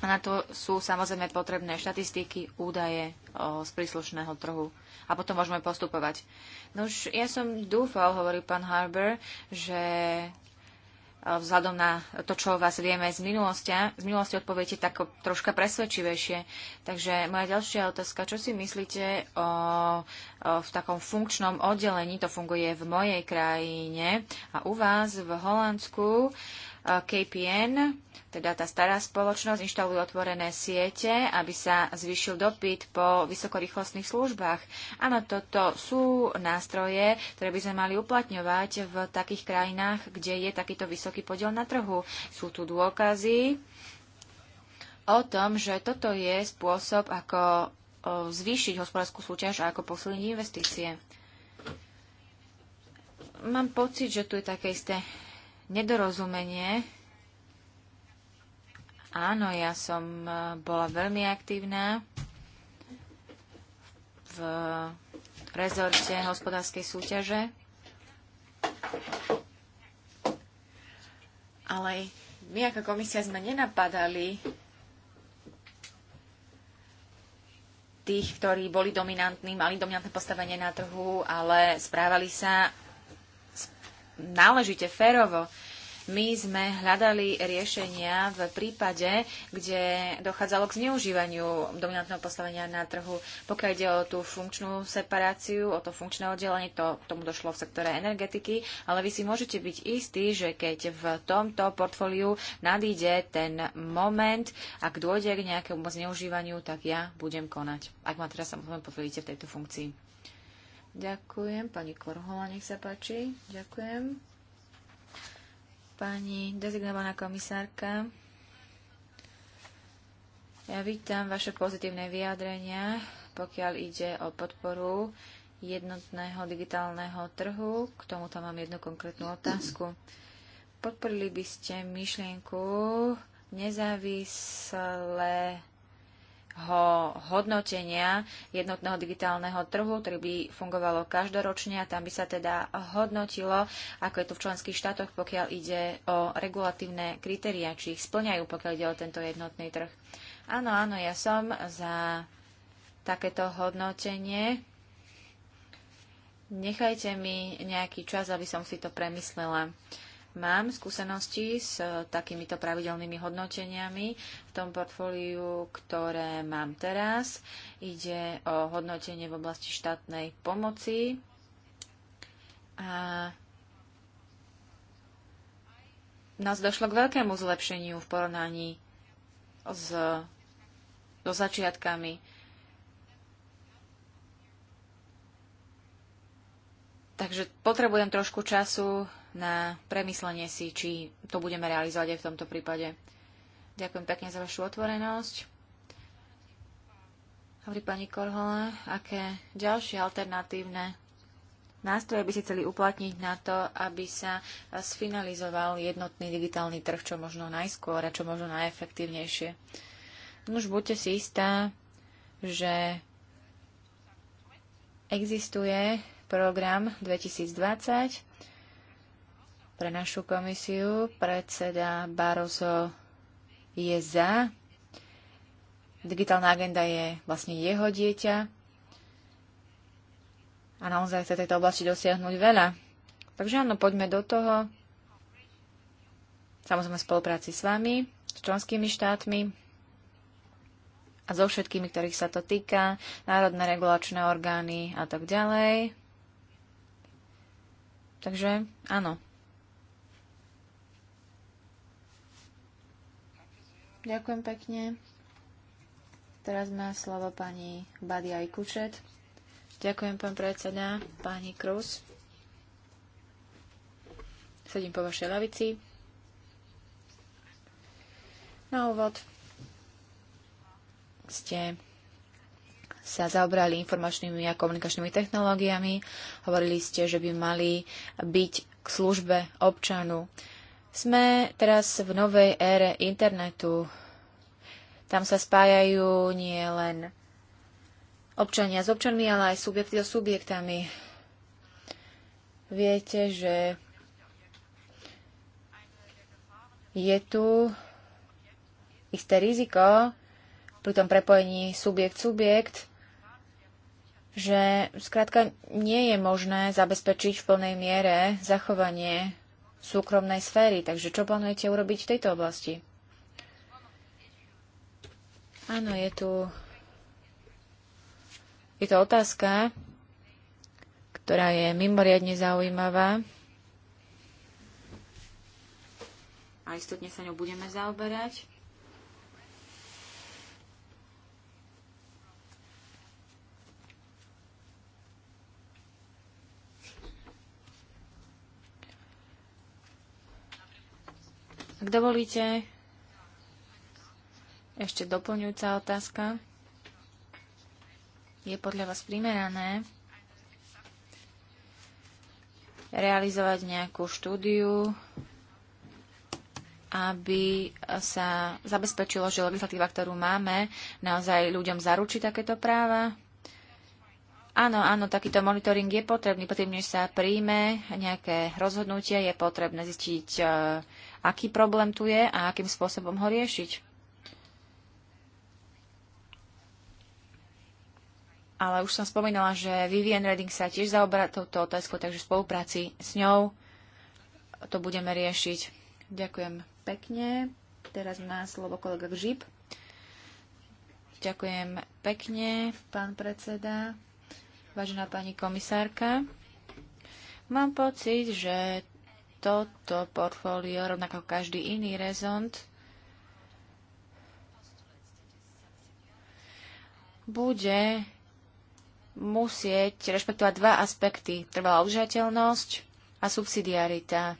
A na to sú samozrejme potrebné štatistiky, údaje o, e, z príslušného trhu. A potom môžeme postupovať. No už ja som dúfal, hovorí pán Harber, že vzhľadom na to, čo vás vieme z minulosti, z minulosti odpoviete tak troška presvedčivejšie. Takže moja ďalšia otázka, čo si myslíte o, o v takom funkčnom oddelení, to funguje v mojej krajine a u vás v Holandsku, KPN, teda tá stará spoločnosť, inštaluje otvorené siete, aby sa zvýšil dopyt po vysokorýchlostných službách. Áno, toto sú nástroje, ktoré by sme mali uplatňovať v takých krajinách, kde je takýto vysoký podiel na trhu. Sú tu dôkazy o tom, že toto je spôsob, ako zvýšiť hospodárskú súťaž a ako posilniť investície. Mám pocit, že tu je také isté nedorozumenie. Áno, ja som e, bola veľmi aktívna v rezorte hospodárskej súťaže. Ale my ako komisia sme nenapadali tých, ktorí boli dominantní, mali dominantné postavenie na trhu, ale správali sa náležite, férovo. My sme hľadali riešenia v prípade, kde dochádzalo k zneužívaniu dominantného postavenia na trhu. Pokiaľ ide o tú funkčnú separáciu, o to funkčné oddelenie, to tomu došlo v sektore energetiky, ale vy si môžete byť istí, že keď v tomto portfóliu nadíde ten moment, ak dôjde k nejakému zneužívaniu, tak ja budem konať. Ak ma teraz samozrejme potvrdíte v tejto funkcii. Ďakujem. Pani Korhola, nech sa páči. Ďakujem. Pani dezignovaná komisárka, ja vítam vaše pozitívne vyjadrenia, pokiaľ ide o podporu jednotného digitálneho trhu. K tomuto mám jednu konkrétnu otázku. Podporili by ste myšlienku nezávislé hodnotenia jednotného digitálneho trhu, ktorý by fungovalo každoročne a tam by sa teda hodnotilo, ako je to v členských štátoch, pokiaľ ide o regulatívne kritéria, či ich splňajú, pokiaľ ide o tento jednotný trh. Áno, áno, ja som za takéto hodnotenie. Nechajte mi nejaký čas, aby som si to premyslela. Mám skúsenosti s e, takýmito pravidelnými hodnoteniami v tom portfóliu, ktoré mám teraz. Ide o hodnotenie v oblasti štátnej pomoci. A nás došlo k veľkému zlepšeniu v porovnaní s, so začiatkami. Takže potrebujem trošku času na premyslenie si, či to budeme realizovať aj v tomto prípade. Ďakujem pekne za vašu otvorenosť. Hovorí pani Korhola, aké ďalšie alternatívne nástroje by si chceli uplatniť na to, aby sa sfinalizoval jednotný digitálny trh čo možno najskôr a čo možno najefektívnejšie. No už buďte si istá, že existuje program 2020, pre našu komisiu. Predseda Barroso je za. Digitálna agenda je vlastne jeho dieťa a naozaj chce tejto oblasti dosiahnuť veľa. Takže áno, poďme do toho. Samozrejme v spolupráci s vami, s členskými štátmi, a so všetkými, ktorých sa to týka, národné regulačné orgány a tak ďalej. Takže áno, Ďakujem pekne. Teraz má slovo pani Badia Kučet. Ďakujem, pán predseda, pani Krus. Sedím po vašej lavici. Na úvod ste sa zaobrali informačnými a komunikačnými technológiami. Hovorili ste, že by mali byť k službe občanu. Uh, sme teraz v novej ére internetu. Tam sa spájajú nie len občania s občanmi, ale aj subjekty so subjektami. Viete, že je tu isté riziko pri tom prepojení subjekt-subjekt, že skrátka nie je možné zabezpečiť v plnej miere zachovanie súkromnej sféry. Takže čo plánujete urobiť v tejto oblasti? Áno, je tu... Je to otázka, ktorá je mimoriadne zaujímavá. A istotne sa ňou budeme zaoberať. Ak dovolíte, ešte doplňujúca otázka. Je podľa vás primerané realizovať nejakú štúdiu, aby sa zabezpečilo, že legislatíva, ktorú máme, naozaj ľuďom zaručí takéto práva? Áno, áno, takýto monitoring je potrebný. Potrebne, než sa príjme nejaké rozhodnutie, je potrebné zistiť, aký problém tu je a akým spôsobom ho riešiť. Ale už som spomínala, že Vivian Redding sa tiež zaoberá touto otázkou, takže v spolupráci s ňou to budeme riešiť. Ďakujem pekne. Teraz má slovo kolega Gžip. Ďakujem pekne, pán predseda, vážená pani komisárka. Mám pocit, že toto portfólio, rovnako každý iný rezont, bude musieť rešpektovať dva aspekty. Trvalá udržateľnosť a subsidiarita.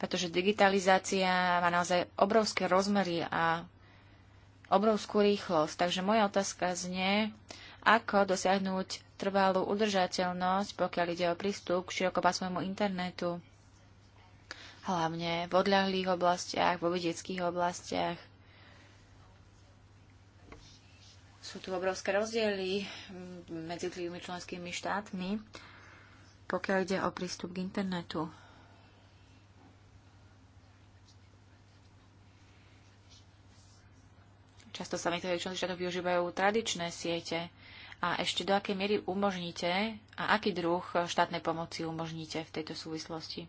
Pretože digitalizácia má naozaj obrovské rozmery a obrovskú rýchlosť. Takže moja otázka znie, ako dosiahnuť trvalú udržateľnosť, pokiaľ ide o prístup k širokopásmovému internetu, hlavne v odľahlých oblastiach, vo vidieckých oblastiach. Sú tu obrovské rozdiely mm, medzi tými členskými štátmi, pokiaľ ide o prístup k internetu. Často sa niektoré členské štáty využívajú tradičné siete, a ešte do akej miery umožníte a aký druh štátnej pomoci umožníte v tejto súvislosti?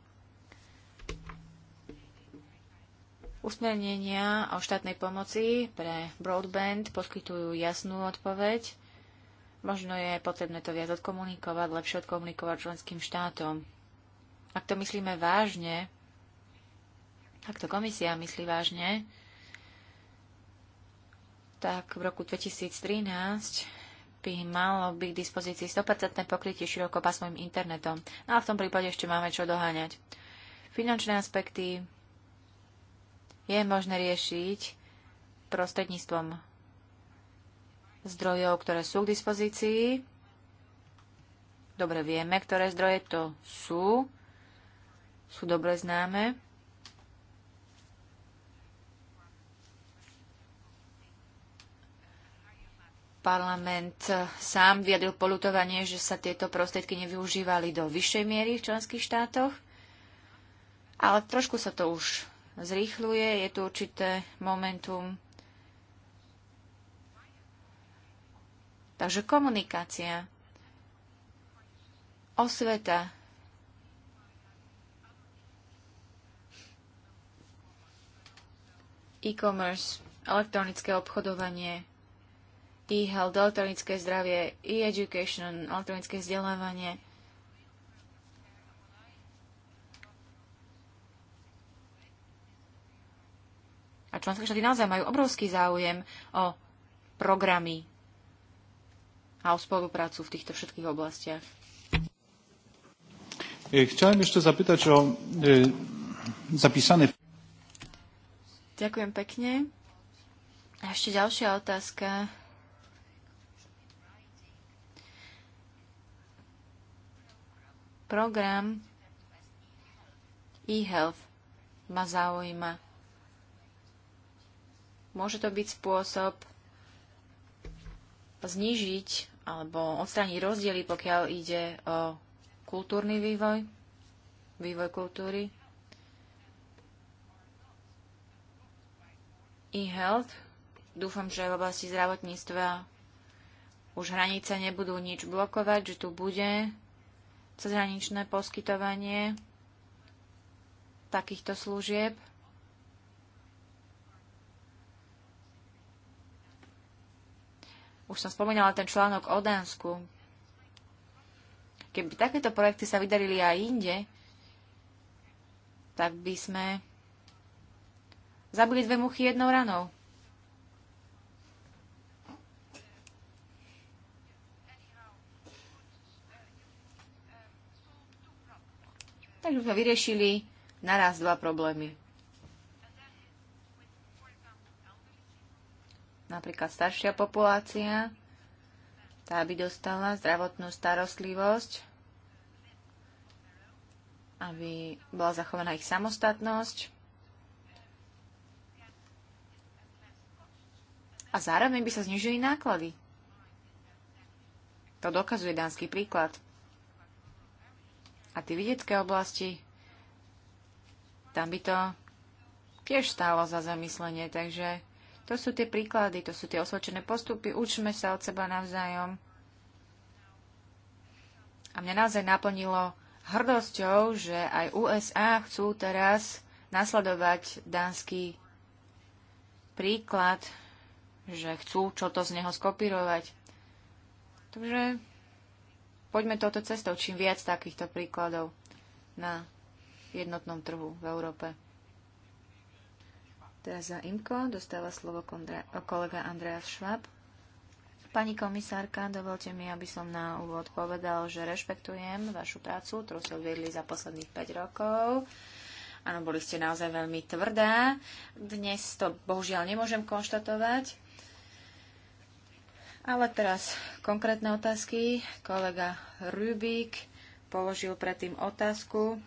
Usmernenia o štátnej pomoci pre broadband poskytujú jasnú odpoveď. Možno je potrebné to viac odkomunikovať, lepšie odkomunikovať členským štátom. Ak to myslíme vážne, ak to komisia myslí vážne, tak v roku 2013 by malo byť k dispozícii 100% pokrytie širokopásmovým internetom. No a v tom prípade ešte máme čo doháňať. Finančné aspekty je možné riešiť prostredníctvom zdrojov, ktoré sú k dispozícii. Dobre vieme, ktoré zdroje to sú. Sú dobre známe. Parlament eh, sám vyjadril polutovanie, že sa tieto prostriedky nevyužívali do vyššej miery v členských štátoch, ale trošku sa to už zrýchluje, je tu určité momentum. Takže komunikácia, osveta, e-commerce, elektronické obchodovanie, e-health, elektronické zdravie, e-education, elektronické vzdelávanie. A členské štáty naozaj majú obrovský záujem o programy a o spoluprácu v týchto všetkých oblastiach. E, Chcem ešte zapýtať o e, zapísané. Ďakujem pekne. A ešte ďalšia otázka Program e-health ma zaujíma. Môže to byť spôsob znižiť alebo odstrániť rozdiely, pokiaľ ide o kultúrny vývoj, vývoj kultúry. E-health, dúfam, že v oblasti zdravotníctva už hranice nebudú nič blokovať, že tu bude cezhraničné poskytovanie takýchto služieb. Už som spomínala ten článok o Dánsku. Keby takéto projekty sa vydarili aj inde, tak by sme zabili dve muchy jednou ranou. Takže sme vyriešili naraz dva problémy. Napríklad staršia populácia, tá by dostala zdravotnú starostlivosť, aby bola zachovaná ich samostatnosť a zároveň by sa znižili náklady. To dokazuje dánsky príklad. A tie vidiecké oblasti, tam by to tiež stálo za zamyslenie. Takže to sú tie príklady, to sú tie osvedčené postupy, učme sa od seba navzájom. A mňa naozaj naplnilo hrdosťou, že aj USA chcú teraz nasledovať dánsky príklad, že chcú čo to z neho skopírovať. Takže Poďme touto cestou, čím viac takýchto príkladov na jednotnom trhu v Európe. Teraz za IMKO dostáva slovo kolega Andreas Schwab. Pani komisárka, dovolte mi, aby som na úvod povedal, že rešpektujem vašu prácu, ktorú ste odviedli za posledných 5 rokov. Áno, boli ste naozaj veľmi tvrdá. Dnes to bohužiaľ nemôžem konštatovať, ale teraz konkrétne otázky. Kolega Rubík položil predtým otázku,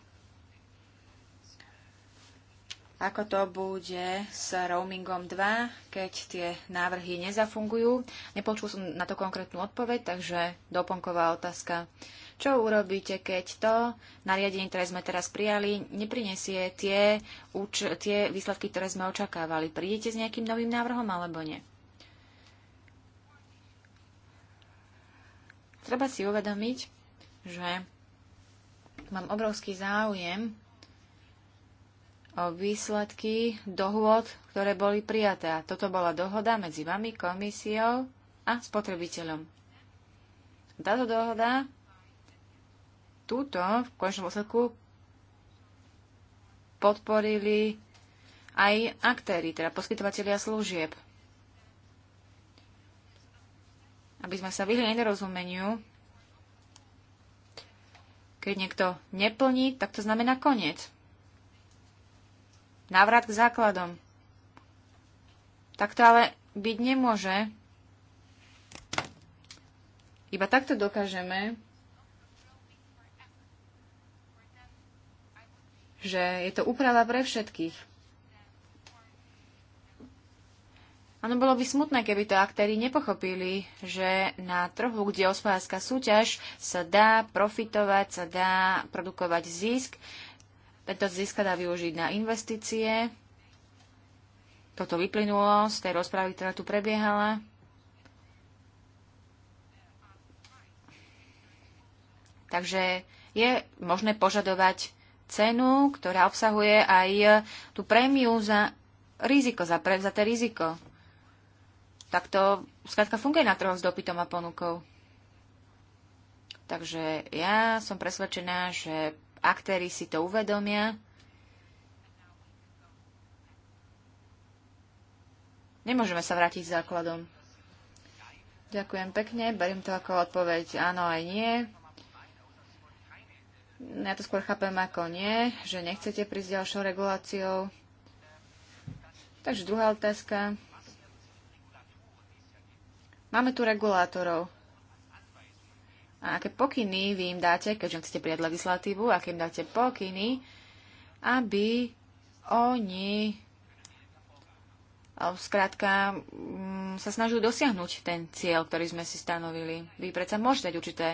ako to bude s roamingom 2, keď tie návrhy nezafungujú. Nepočul som na to konkrétnu odpoveď, takže doplnková otázka. Čo urobíte, keď to nariadenie, ktoré sme teraz prijali, neprinesie tie, tie výsledky, ktoré sme očakávali? Prídete s nejakým novým návrhom alebo nie? Treba si uvedomiť, že mám obrovský záujem o výsledky dohôd, ktoré boli prijaté. A toto bola dohoda medzi vami, komisiou a spotrebiteľom. Táto dohoda túto v končnom dôsledku podporili aj aktéry, teda poskytovateľia služieb. aby sme sa vyhli nerozumeniu. keď niekto neplní, tak to znamená koniec. Návrat k základom. Tak to ale byť nemôže. Iba takto dokážeme že je to úprava pre všetkých. Áno, bolo by smutné, keby to aktéry nepochopili, že na trhu, kde je hospodárska súťaž, sa dá profitovať, sa dá produkovať zisk. Tento zisk dá využiť na investície. Toto vyplynulo z tej rozprávy, ktorá tu prebiehala. Takže je možné požadovať cenu, ktorá obsahuje aj tú prémiu za riziko, za, pre, za to riziko tak to skrátka funguje na trhu s dopytom a ponukou. Takže ja som presvedčená, že aktéry si to uvedomia. Nemôžeme sa vrátiť základom. Ďakujem pekne, beriem to ako odpoveď áno aj nie. Ja to skôr chápem ako nie, že nechcete prísť ďalšou reguláciou. Takže druhá otázka. Máme tu regulátorov. A aké pokyny vy im dáte, keďže chcete prijať legislatívu, aké im dáte pokyny, aby oni zkrátka mm, sa snažujú dosiahnuť ten cieľ, ktorý sme si stanovili. Vy predsa môžete dať určité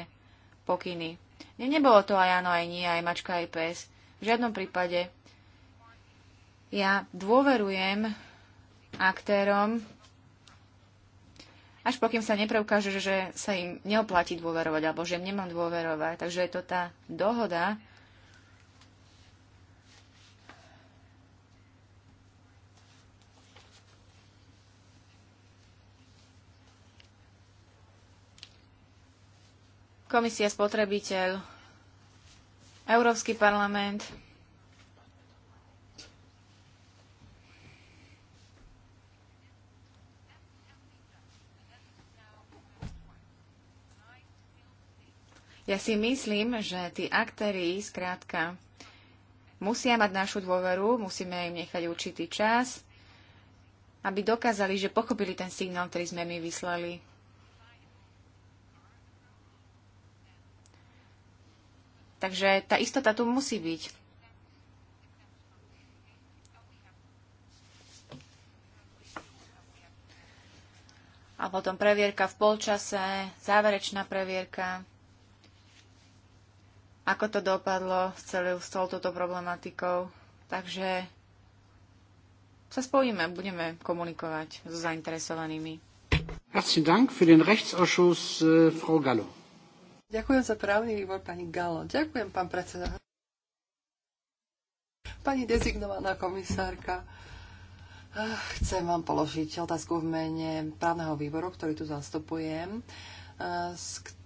pokyny. Nie, nebolo to aj áno, aj nie, aj mačka, aj pes. V žiadnom prípade. Ja dôverujem aktérom, až pokým sa nepreukáže, že sa im neoplatí dôverovať, alebo že im nemám dôverovať. Takže je to tá dohoda, Komisia spotrebiteľ, Európsky parlament, Ja si myslím, že tí aktéry zkrátka musia mať našu dôveru, musíme im nechať určitý čas, aby dokázali, že pochopili ten signál, ktorý sme my vyslali. Takže tá istota tu musí byť. A potom previerka v polčase, záverečná previerka ako to dopadlo s celou, s touto problematikou. Takže sa spojíme, budeme komunikovať so zainteresovanými. Herzlichen Dank für den Rechtsausschuss, äh, Frau Gallo. Ďakujem za právny výbor pani Gallo. Ďakujem, pán predseda. Pani dezignovaná komisárka, eh, chcem vám položiť otázku v mene právneho výboru, ktorý tu zastupujem, z eh,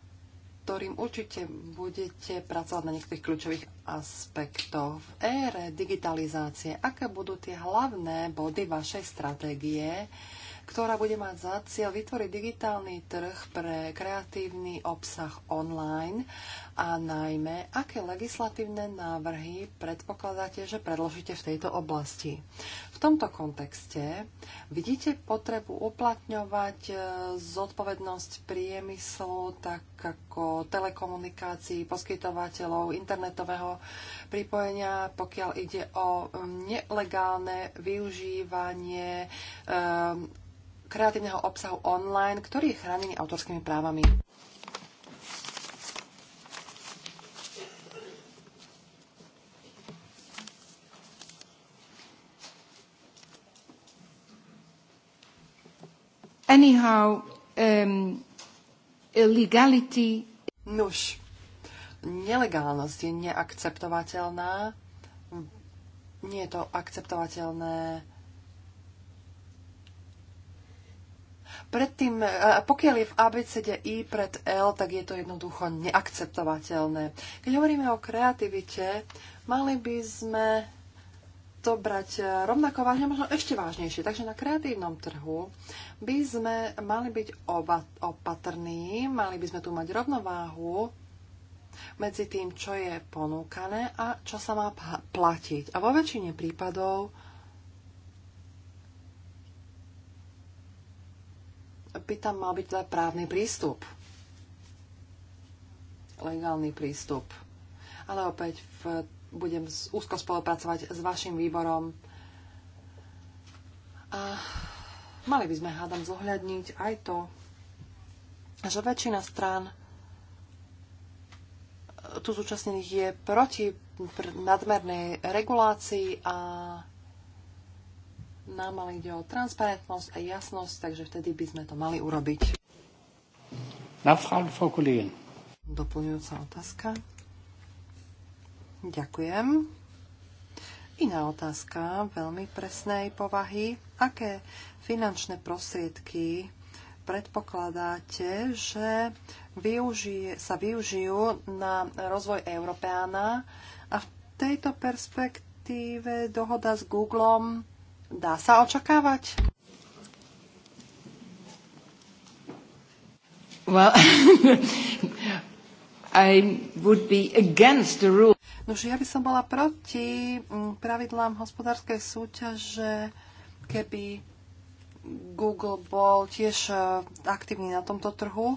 ktorým určite budete pracovať na niektorých kľúčových aspektoch. V ére digitalizácie, aké budú tie hlavné body vašej stratégie, ktorá bude mať za cieľ vytvoriť digitálny trh pre kreatívny obsah online a najmä, aké legislatívne návrhy predpokladáte, že predložíte v tejto oblasti. V tomto kontexte vidíte potrebu uplatňovať e, zodpovednosť priemyslu, tak ako telekomunikácií, poskytovateľov internetového pripojenia, pokiaľ ide o nelegálne využívanie um, kreatívneho obsahu online, ktorý je chránený autorskými právami. Anyhow, um, illegality... Nuž, nelegálnosť je neakceptovateľná. Nie je to akceptovateľné Predtým, e, pokiaľ je v I pred L, tak je to jednoducho neakceptovateľné. Keď hovoríme o kreativite, mali by sme to brať e, rovnako vážne, možno ešte vážnejšie. Takže na kreatívnom trhu by sme mali byť opatrní, mali by sme tu mať rovnováhu medzi tým, čo je ponúkané a čo sa má platiť. A vo väčšine prípadov by tam mal byť teda právny prístup. Legálny prístup. Ale opäť v, budem úzko spolupracovať s vašim výborom. A mali by sme, hádam, zohľadniť aj to, že väčšina strán e, tu zúčastnených je proti nadmernej regulácii a nám ale ide o transparentnosť a jasnosť, takže vtedy by sme to mali urobiť. Doplňujúca otázka. Ďakujem. Iná otázka veľmi presnej povahy. Aké finančné prostriedky predpokladáte, že využije, sa využijú na rozvoj Európeána a v tejto perspektíve dohoda s Googlem Dá sa očakávať? Well, <laughs> I would be against the rule. No, ja by som bola proti mm, pravidlám hospodárskej súťaže, keby Google bol tiež e, aktívny na tomto trhu.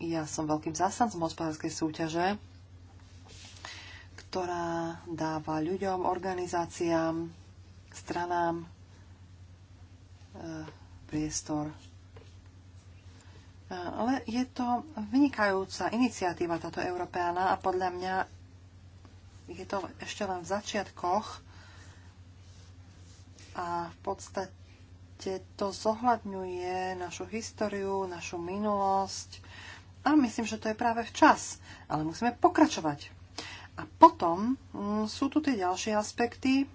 Ja som veľkým zástancom hospodárskej súťaže ktorá dáva ľuďom, organizáciám, stranám e, priestor. E, ale je to vynikajúca iniciatíva táto Európeana a podľa mňa je to ešte len v začiatkoch a v podstate to zohľadňuje našu históriu, našu minulosť a myslím, že to je práve včas. Ale musíme pokračovať. A potom mm, sú tu tie ďalšie aspekty,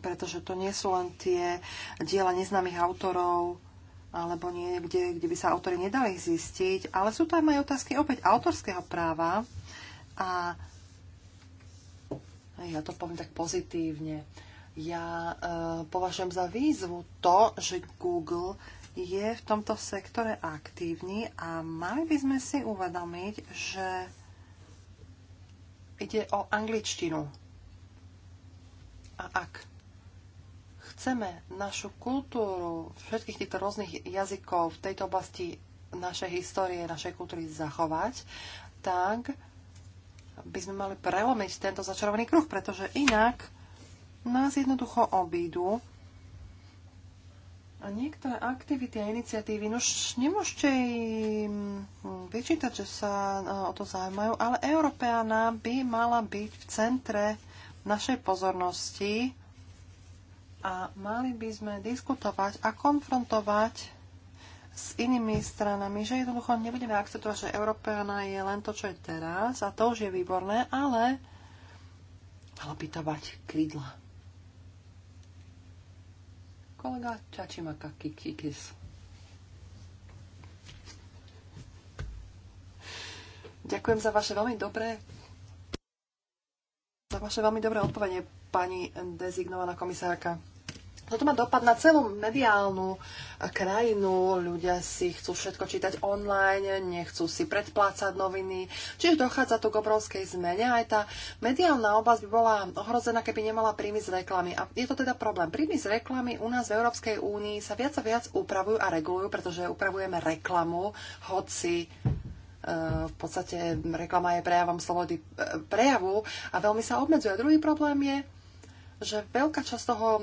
pretože to nie sú len tie diela neznámych autorov, alebo niekde, kde by sa autory nedali zistiť, ale sú tam aj otázky opäť autorského práva a ja to poviem tak pozitívne. Ja e, považujem za výzvu to, že Google je v tomto sektore aktívny a mali by sme si uvedomiť, že ide o angličtinu. A ak chceme našu kultúru všetkých týchto rôznych jazykov v tejto oblasti našej histórie, našej kultúry zachovať, tak by sme mali prelomiť tento začarovaný kruh, pretože inak nás jednoducho obídu a niektoré aktivity a iniciatívy, už no nemôžete im vyčítať, že sa e, o to zaujímajú, ale Európeana by mala byť v centre našej pozornosti a mali by sme diskutovať a konfrontovať s inými stranami, že jednoducho nebudeme akceptovať, že Európeana je len to, čo je teraz a to už je výborné, ale mala by to mať krídla. Kolega Čačimaka Kikikis. Ďakujem za vaše veľmi dobré za vaše veľmi dobré odpovede, pani dezignovaná komisárka toto má dopad na celú mediálnu eh, krajinu. Ľudia si chcú všetko čítať online, nechcú si predplácať noviny. Čiže dochádza tu k obrovskej zmene. Aj tá mediálna oblasť by bola ohrozená, keby nemala príjmy z reklamy. A je to teda problém. Príjmy z reklamy u nás v Európskej únii sa viac a viac upravujú a regulujú, pretože upravujeme reklamu, hoci eh, v podstate reklama je prejavom slobody eh, prejavu a veľmi sa obmedzuje. Druhý problém je, že veľká časť toho e,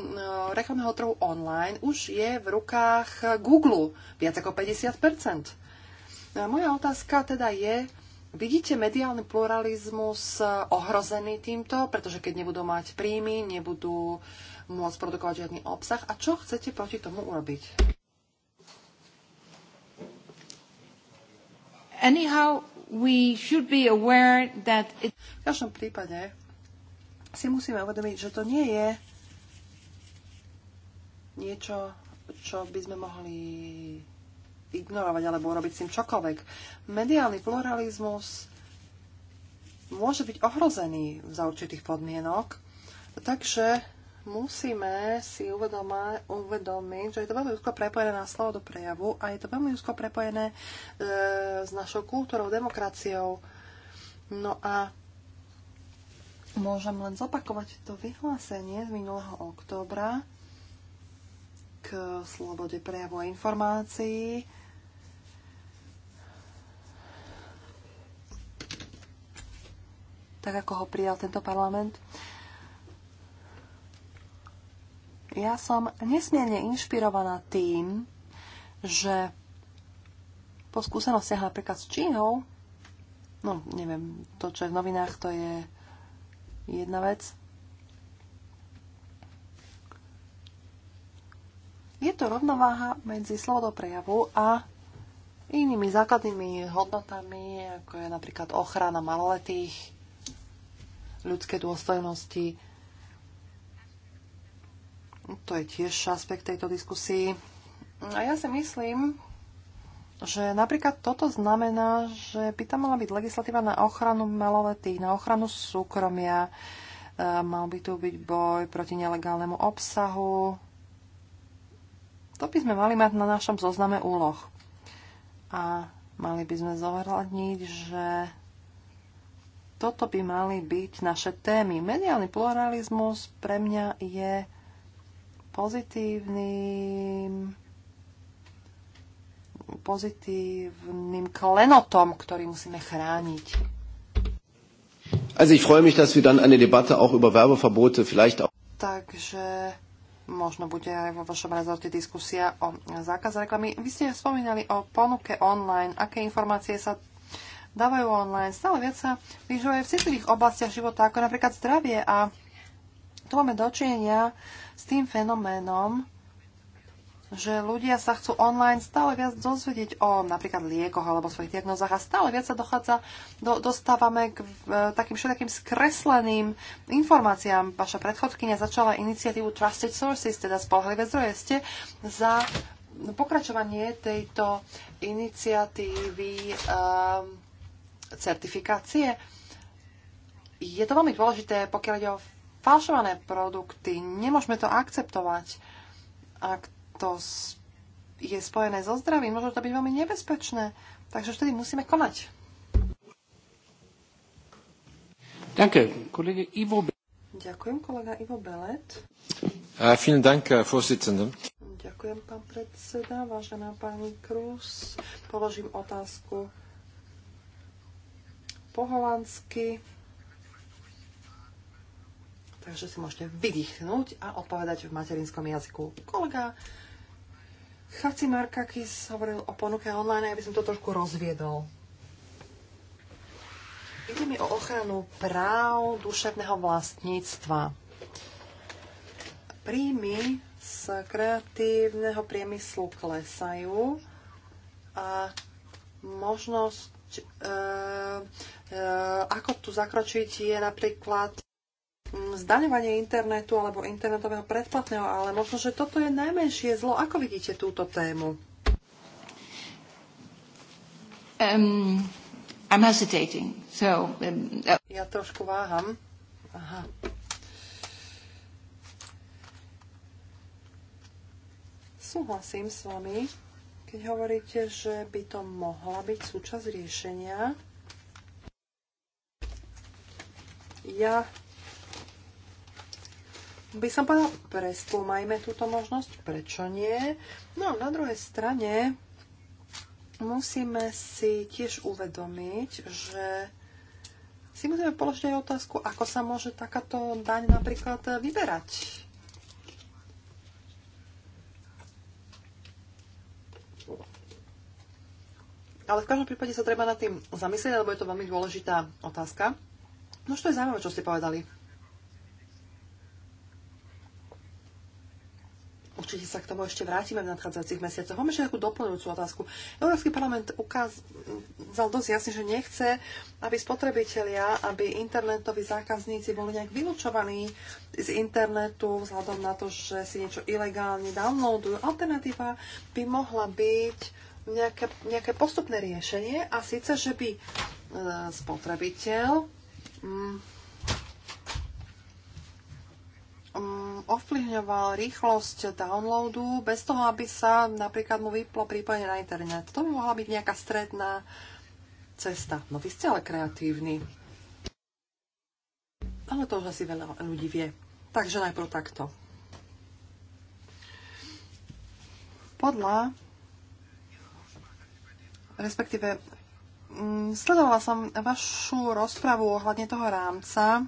reklamného trhu online už je v rukách Google, viac ako 50 A e, moja otázka teda je, vidíte mediálny pluralizmus e, ohrozený týmto, pretože keď nebudú mať príjmy, nebudú môcť produkovať žiadny obsah. A čo chcete proti tomu urobiť? Anyhow, we should be aware that it... V každom prípade si musíme uvedomiť, že to nie je niečo, čo by sme mohli ignorovať alebo robiť s tým čokoľvek. Mediálny pluralizmus môže byť ohrozený za určitých podmienok, takže musíme si uvedoma, uvedomiť, že je to veľmi úzko prepojené na slovo do prejavu a je to veľmi úzko prepojené e, s našou kultúrou, demokraciou. No a Môžem len zopakovať to vyhlásenie z minulého októbra k slobode prejavu a informácií. Tak ako ho prijal tento parlament. Ja som nesmierne inšpirovaná tým, že po skúsenostiach napríklad s Čínou, no neviem, to, čo je v novinách, to je jedna vec. Je to rovnováha medzi slobodou prejavu a inými základnými hodnotami, ako je napríklad ochrana maloletých, ľudské dôstojnosti. To je tiež aspekt tejto diskusii. A ja si myslím, že napríklad toto znamená, že by tam mala byť legislatíva na ochranu maloletých, na ochranu súkromia, e, mal by tu byť boj proti nelegálnemu obsahu. To by sme mali mať na našom zozname úloh. A mali by sme zohľadniť, že toto by mali byť naše témy. Mediálny pluralizmus pre mňa je pozitívnym pozitívnym klenotom, ktorý musíme chrániť. Also ich freue mich, dass wir dann eine Debatte auch über Werbeverbote vielleicht auch. Takže možno bude aj vo vašom rezorte diskusia o zákaz reklamy. Vy ste spomínali o ponuke online, aké informácie sa dávajú online. Stále viac sa vyžuje v citlivých oblastiach života, ako napríklad zdravie a tu máme dočinenia s tým fenoménom, že ľudia sa chcú online stále viac dozvedieť o napríklad liekoch alebo svojich diagnózach a stále viac sa dochádza, do, dostávame k e, takým všetkým skresleným informáciám. Vaša predchodkynia začala iniciatívu Trusted Sources, teda spolhlivé zdroje. Ste za pokračovanie tejto iniciatívy e, certifikácie. Je to veľmi dôležité, pokiaľ ide o falšované produkty. Nemôžeme to akceptovať. Ak to je spojené so zdravím, môže to byť veľmi nebezpečné. Takže vtedy musíme konať. Ďakujem, kolega Ivo Ďakujem, kolega Ivo Belet. A, vielen Dank, Ďakujem, pán predseda. Vážená pani Krus, položím otázku po holandsky. Takže si môžete vydýchnuť a odpovedať v materinskom jazyku. Kolega Chaci Markakis hovoril o ponuke online, aby som to trošku rozviedol. Ide mi o ochranu práv duševného vlastníctva. Príjmy z kreatívneho priemyslu klesajú a možnosť, e, e, ako tu zakročiť, je napríklad Mm, zdaňovanie internetu alebo internetového predplatného, ale možno, že toto je najmenšie zlo. Ako vidíte túto tému? Um, I'm hesitating, so... Um, uh... Ja trošku váham. Aha. Súhlasím s vami, keď hovoríte, že by to mohla byť súčasť riešenia. Ja by som povedal, preskúmajme túto možnosť, prečo nie. No na druhej strane musíme si tiež uvedomiť, že si musíme položiť aj otázku, ako sa môže takáto daň napríklad vyberať. Ale v každom prípade sa treba nad tým zamyslieť, lebo je to veľmi dôležitá otázka. No čo je zaujímavé, čo ste povedali. určite sa k tomu ešte vrátime v nadchádzajúcich mesiacoch. Máme ešte takú doplňujúcu otázku. Európsky parlament ukázal dosť jasne, že nechce, aby spotrebitelia, aby internetoví zákazníci boli nejak vylúčovaní z internetu vzhľadom na to, že si niečo ilegálne downloadujú. Alternatíva by mohla byť nejaké, nejaké postupné riešenie a síce, že by e, spotrebiteľ mm, Mm, ovplyvňoval rýchlosť downloadu bez toho, aby sa napríklad mu vyplo prípadne na internet. To by mohla byť nejaká stredná cesta. No vy ste ale kreatívni. Ale to už asi veľa ľudí vie. Takže najprv takto. Podľa respektíve mm, sledovala som vašu rozpravu ohľadne toho rámca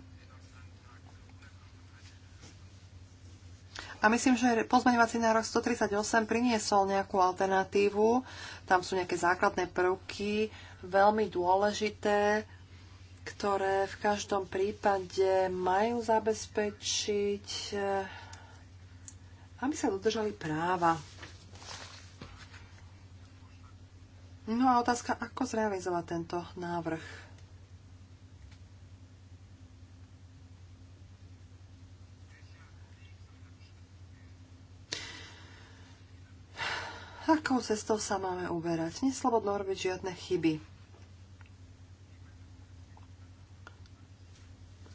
A myslím, že pozmeňovací nárok 138 priniesol nejakú alternatívu. Tam sú nejaké základné prvky, veľmi dôležité, ktoré v každom prípade majú zabezpečiť, eh, aby sa dodržali práva. No a otázka, ako zrealizovať tento návrh? akou cestou sa máme uberať. Neslobodno robiť žiadne chyby.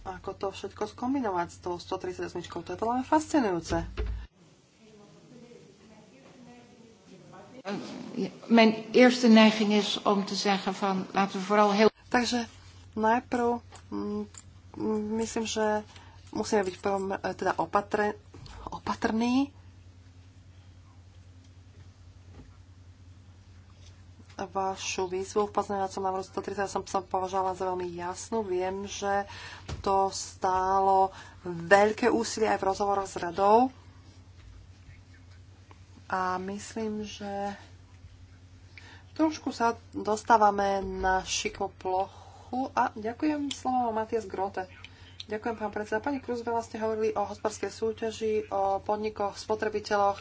Ako to všetko skombinovať s tou 138, to je to len fascinujúce. Mijn eerste neiging is om te zeggen van laten we vooral heel. Takže najprv mm, mm, myslím, že musíme byť prvom, eh, teda opatre, opatrní vašu výzvu v pozmeňovacom návrhu ja som sa považovala za veľmi jasnú. Viem, že to stálo veľké úsilie aj v rozhovoroch s radou. A myslím, že trošku sa dostávame na šikmo plochu. A ďakujem slovo Matias Grote. Ďakujem, pán predseda. Pani Kruz, ste hovorili o hospodárskej súťaži, o podnikoch, spotrebiteľoch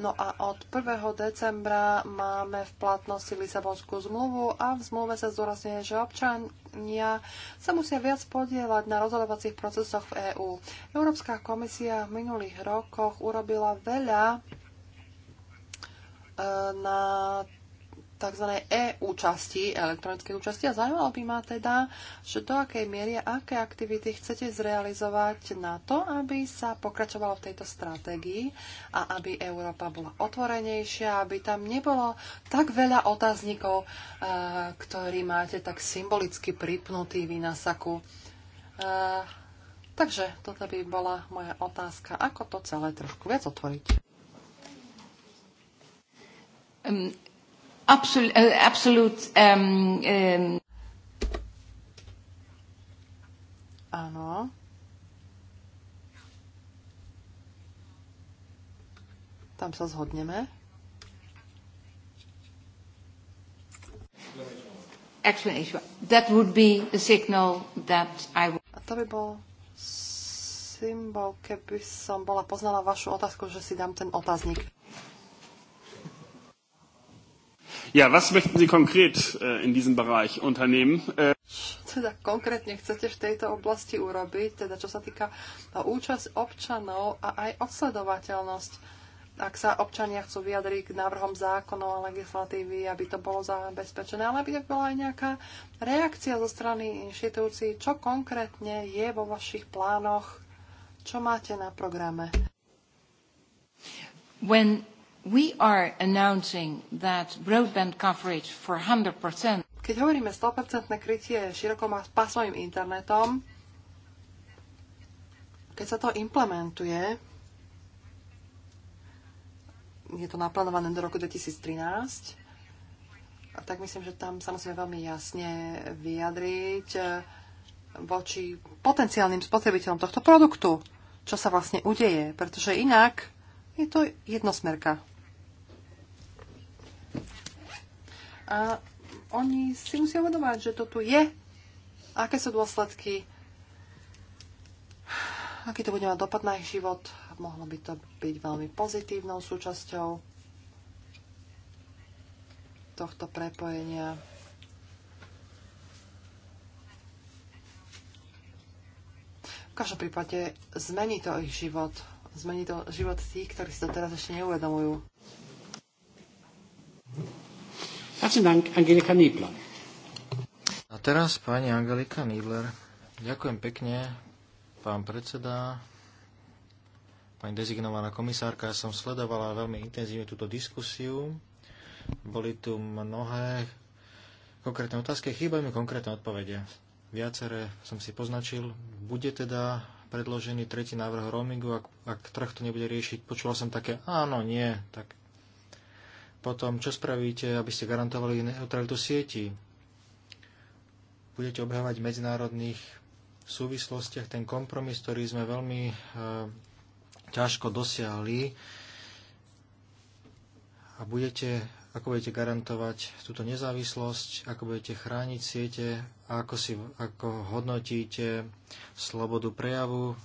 No a od 1. decembra máme v platnosti Lisabonskú zmluvu a v zmluve sa zdôrazňuje, že občania sa musia viac podielať na rozhodovacích procesoch v EÚ. Európska komisia v minulých rokoch urobila veľa e, na tzv. e-účasti, elektronickej účasti a zaujímalo by ma teda, že do akej miery a aké aktivity chcete zrealizovať na to, aby sa pokračovalo v tejto stratégii a aby Európa bola otvorenejšia, aby tam nebolo tak veľa otáznikov, eh, ktorí máte tak symbolicky pripnutý vy na saku. Eh, takže toto by bola moja otázka, ako to celé trošku viac otvoriť. Eh, absolute, ehm, ehm. Áno. Tam sa zhodneme. That would be the signal that I would... A to by bol symbol, keby som bola poznala vašu otázku, že si dám ten otáznik. Ja, was möchten Sie konkret äh, in diesem Bereich unternehmen? Äh... Teda konkrétne chcete v tejto oblasti urobiť, teda čo sa týka no, účasť občanov a aj odsledovateľnosť, ak sa občania chcú vyjadriť k návrhom zákonov a legislatívy, aby to bolo zabezpečené, ale aby to bola aj nejaká reakcia zo strany inštitúcií, čo konkrétne je vo vašich plánoch, čo máte na programe. When We are announcing that broadband coverage for 100%. Keď hovoríme 100% krytie širokopásmovým internetom, keď sa to implementuje, je to naplánované do roku 2013, tak myslím, že tam sa musíme veľmi jasne vyjadriť eh, voči potenciálnym spotrebiteľom tohto produktu, čo sa vlastne udeje, pretože inak je to jednosmerka. A oni si musia uvedovať, že to tu je. Aké sú dôsledky? Aký to bude mať dopad na ich život? Mohlo by to byť veľmi pozitívnou súčasťou tohto prepojenia. V každom prípade zmení to ich život. Zmení to život tých, ktorí si to teraz ešte neuvedomujú. Herzlichen Dank, Angelika Niebler. A teraz pani Angelika Niebler. Ďakujem pekne, pán predseda, pani dezignovaná komisárka. Ja som sledovala veľmi intenzívne túto diskusiu. Boli tu mnohé konkrétne otázky, chýbajú mi konkrétne odpovede. Viaceré som si poznačil. Bude teda predložený tretí návrh roamingu, ak, ak trh to nebude riešiť. Počula som také áno, nie, tak potom, čo spravíte, aby ste garantovali neutralitu sieti? Budete obhávať v medzinárodných súvislostiach ten kompromis, ktorý sme veľmi e, ťažko dosiahli a budete, ako budete garantovať túto nezávislosť, ako budete chrániť siete a ako, si, ako hodnotíte slobodu prejavu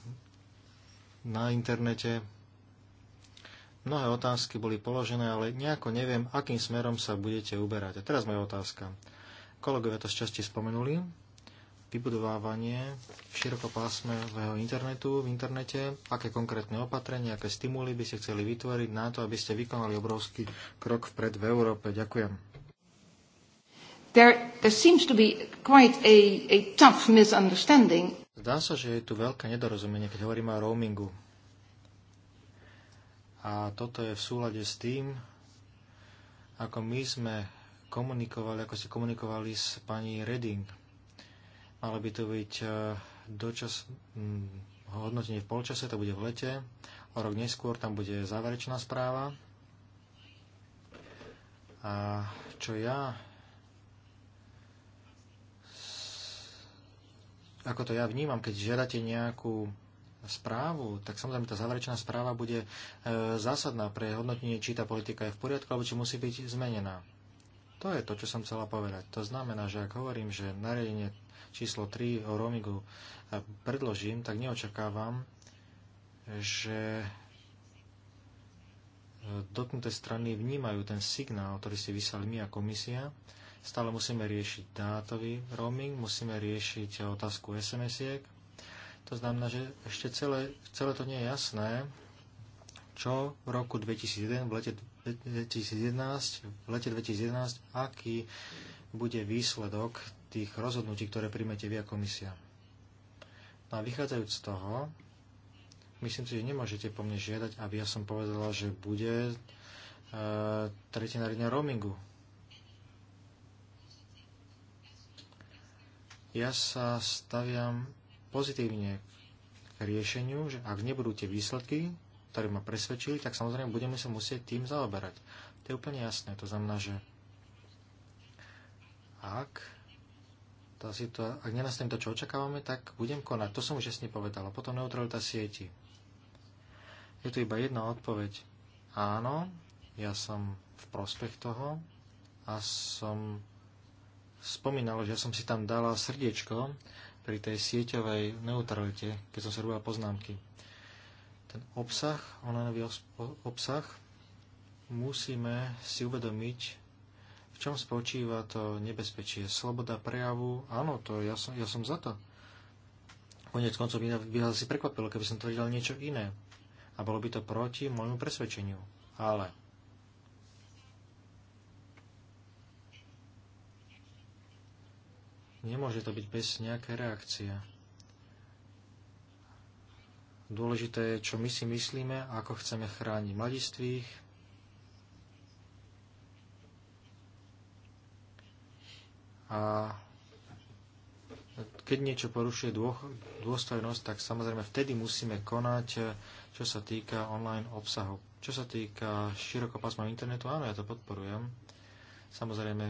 na internete, Mnohé otázky boli položené, ale nejako neviem, akým smerom sa budete uberať. A teraz moja otázka. Kolegovia to z časti spomenuli. Vybudovávanie širokopásmeho internetu v internete, aké konkrétne opatrenia, aké stimuly by ste chceli vytvoriť na to, aby ste vykonali obrovský krok vpred v Európe. Ďakujem. There, there seems to be quite a, a tough misunderstanding. Zdá sa, že je tu veľké nedorozumenie, keď hovoríme o roamingu a toto je v súlade s tým, ako my sme komunikovali, ako ste komunikovali s pani Reding. Malo by to byť e, dočas mm, hodnotenie v polčase, to bude v lete. O rok neskôr tam bude záverečná správa. A čo ja ako to ja vnímam, keď žiadate nejakú správu, tak samozrejme tá záverečná správa bude e, zásadná pre hodnotenie, či tá politika je v poriadku, alebo či musí byť zmenená. To je to, čo som chcela povedať. To znamená, že ak hovorím, že nariadenie číslo 3 o roamingu e, predložím, tak neočakávam, že e, dotknuté strany vnímajú ten signál, ktorý si vyslali my a komisia. Stále musíme riešiť dátový roaming, musíme riešiť otázku SMS-iek, to znamená, že ešte celé, celé to nie je jasné, čo v roku 2001, v lete 2011, v lete 2011, aký bude výsledok tých rozhodnutí, ktoré príjmete vy a komisia. No a vychádzajúc z toho, myslím si, že nemôžete po mne žiadať, aby ja som povedala, že bude e, tretina riadne roamingu. Ja sa staviam pozitívne k riešeniu, že ak nebudú tie výsledky, ktoré ma presvedčili, tak samozrejme budeme sa musieť tým zaoberať. To je úplne jasné. To znamená, že ak, tá situá- ak nenastane to, čo očakávame, tak budem konať. To som už jasne a Potom neutralita sieti. Je tu iba jedna odpoveď. Áno, ja som v prospech toho a som spomínal, že som si tam dala srdiečko pri tej sieťovej neutralite, keď som si robil poznámky. Ten obsah, onlineový obsah, musíme si uvedomiť, v čom spočíva to nebezpečie. Sloboda prejavu, áno, to ja som, ja som za to. Konec koncov by, by asi prekvapilo, keby som tvrdil niečo iné. A bolo by to proti môjmu presvedčeniu. Ale Nemôže to byť bez nejaké reakcie. Dôležité je, čo my si myslíme, ako chceme chrániť mladistvých. A keď niečo porušuje dôstojnosť, tak samozrejme vtedy musíme konať, čo sa týka online obsahu. Čo sa týka širokopásma internetu, áno, ja to podporujem. Samozrejme,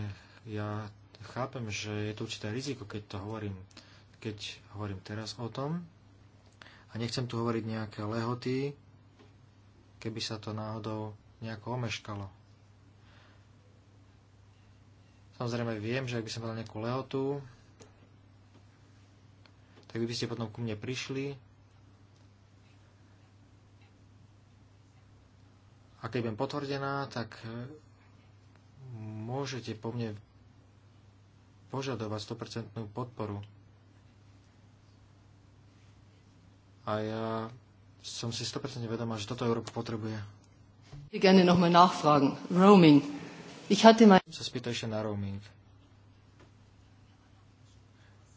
ja chápem, že je to určité riziko, keď to hovorím, keď hovorím teraz o tom. A nechcem tu hovoriť nejaké lehoty, keby sa to náhodou nejako omeškalo. Samozrejme viem, že ak by som mal nejakú lehotu, tak by ste potom ku mne prišli a keď budem potvrdená, tak môžete po mne požadovať 100% podporu. A ja som si 100% vedomá, že toto Európa potrebuje. Roaming. Ich hatte Sa spýta ešte na roaming.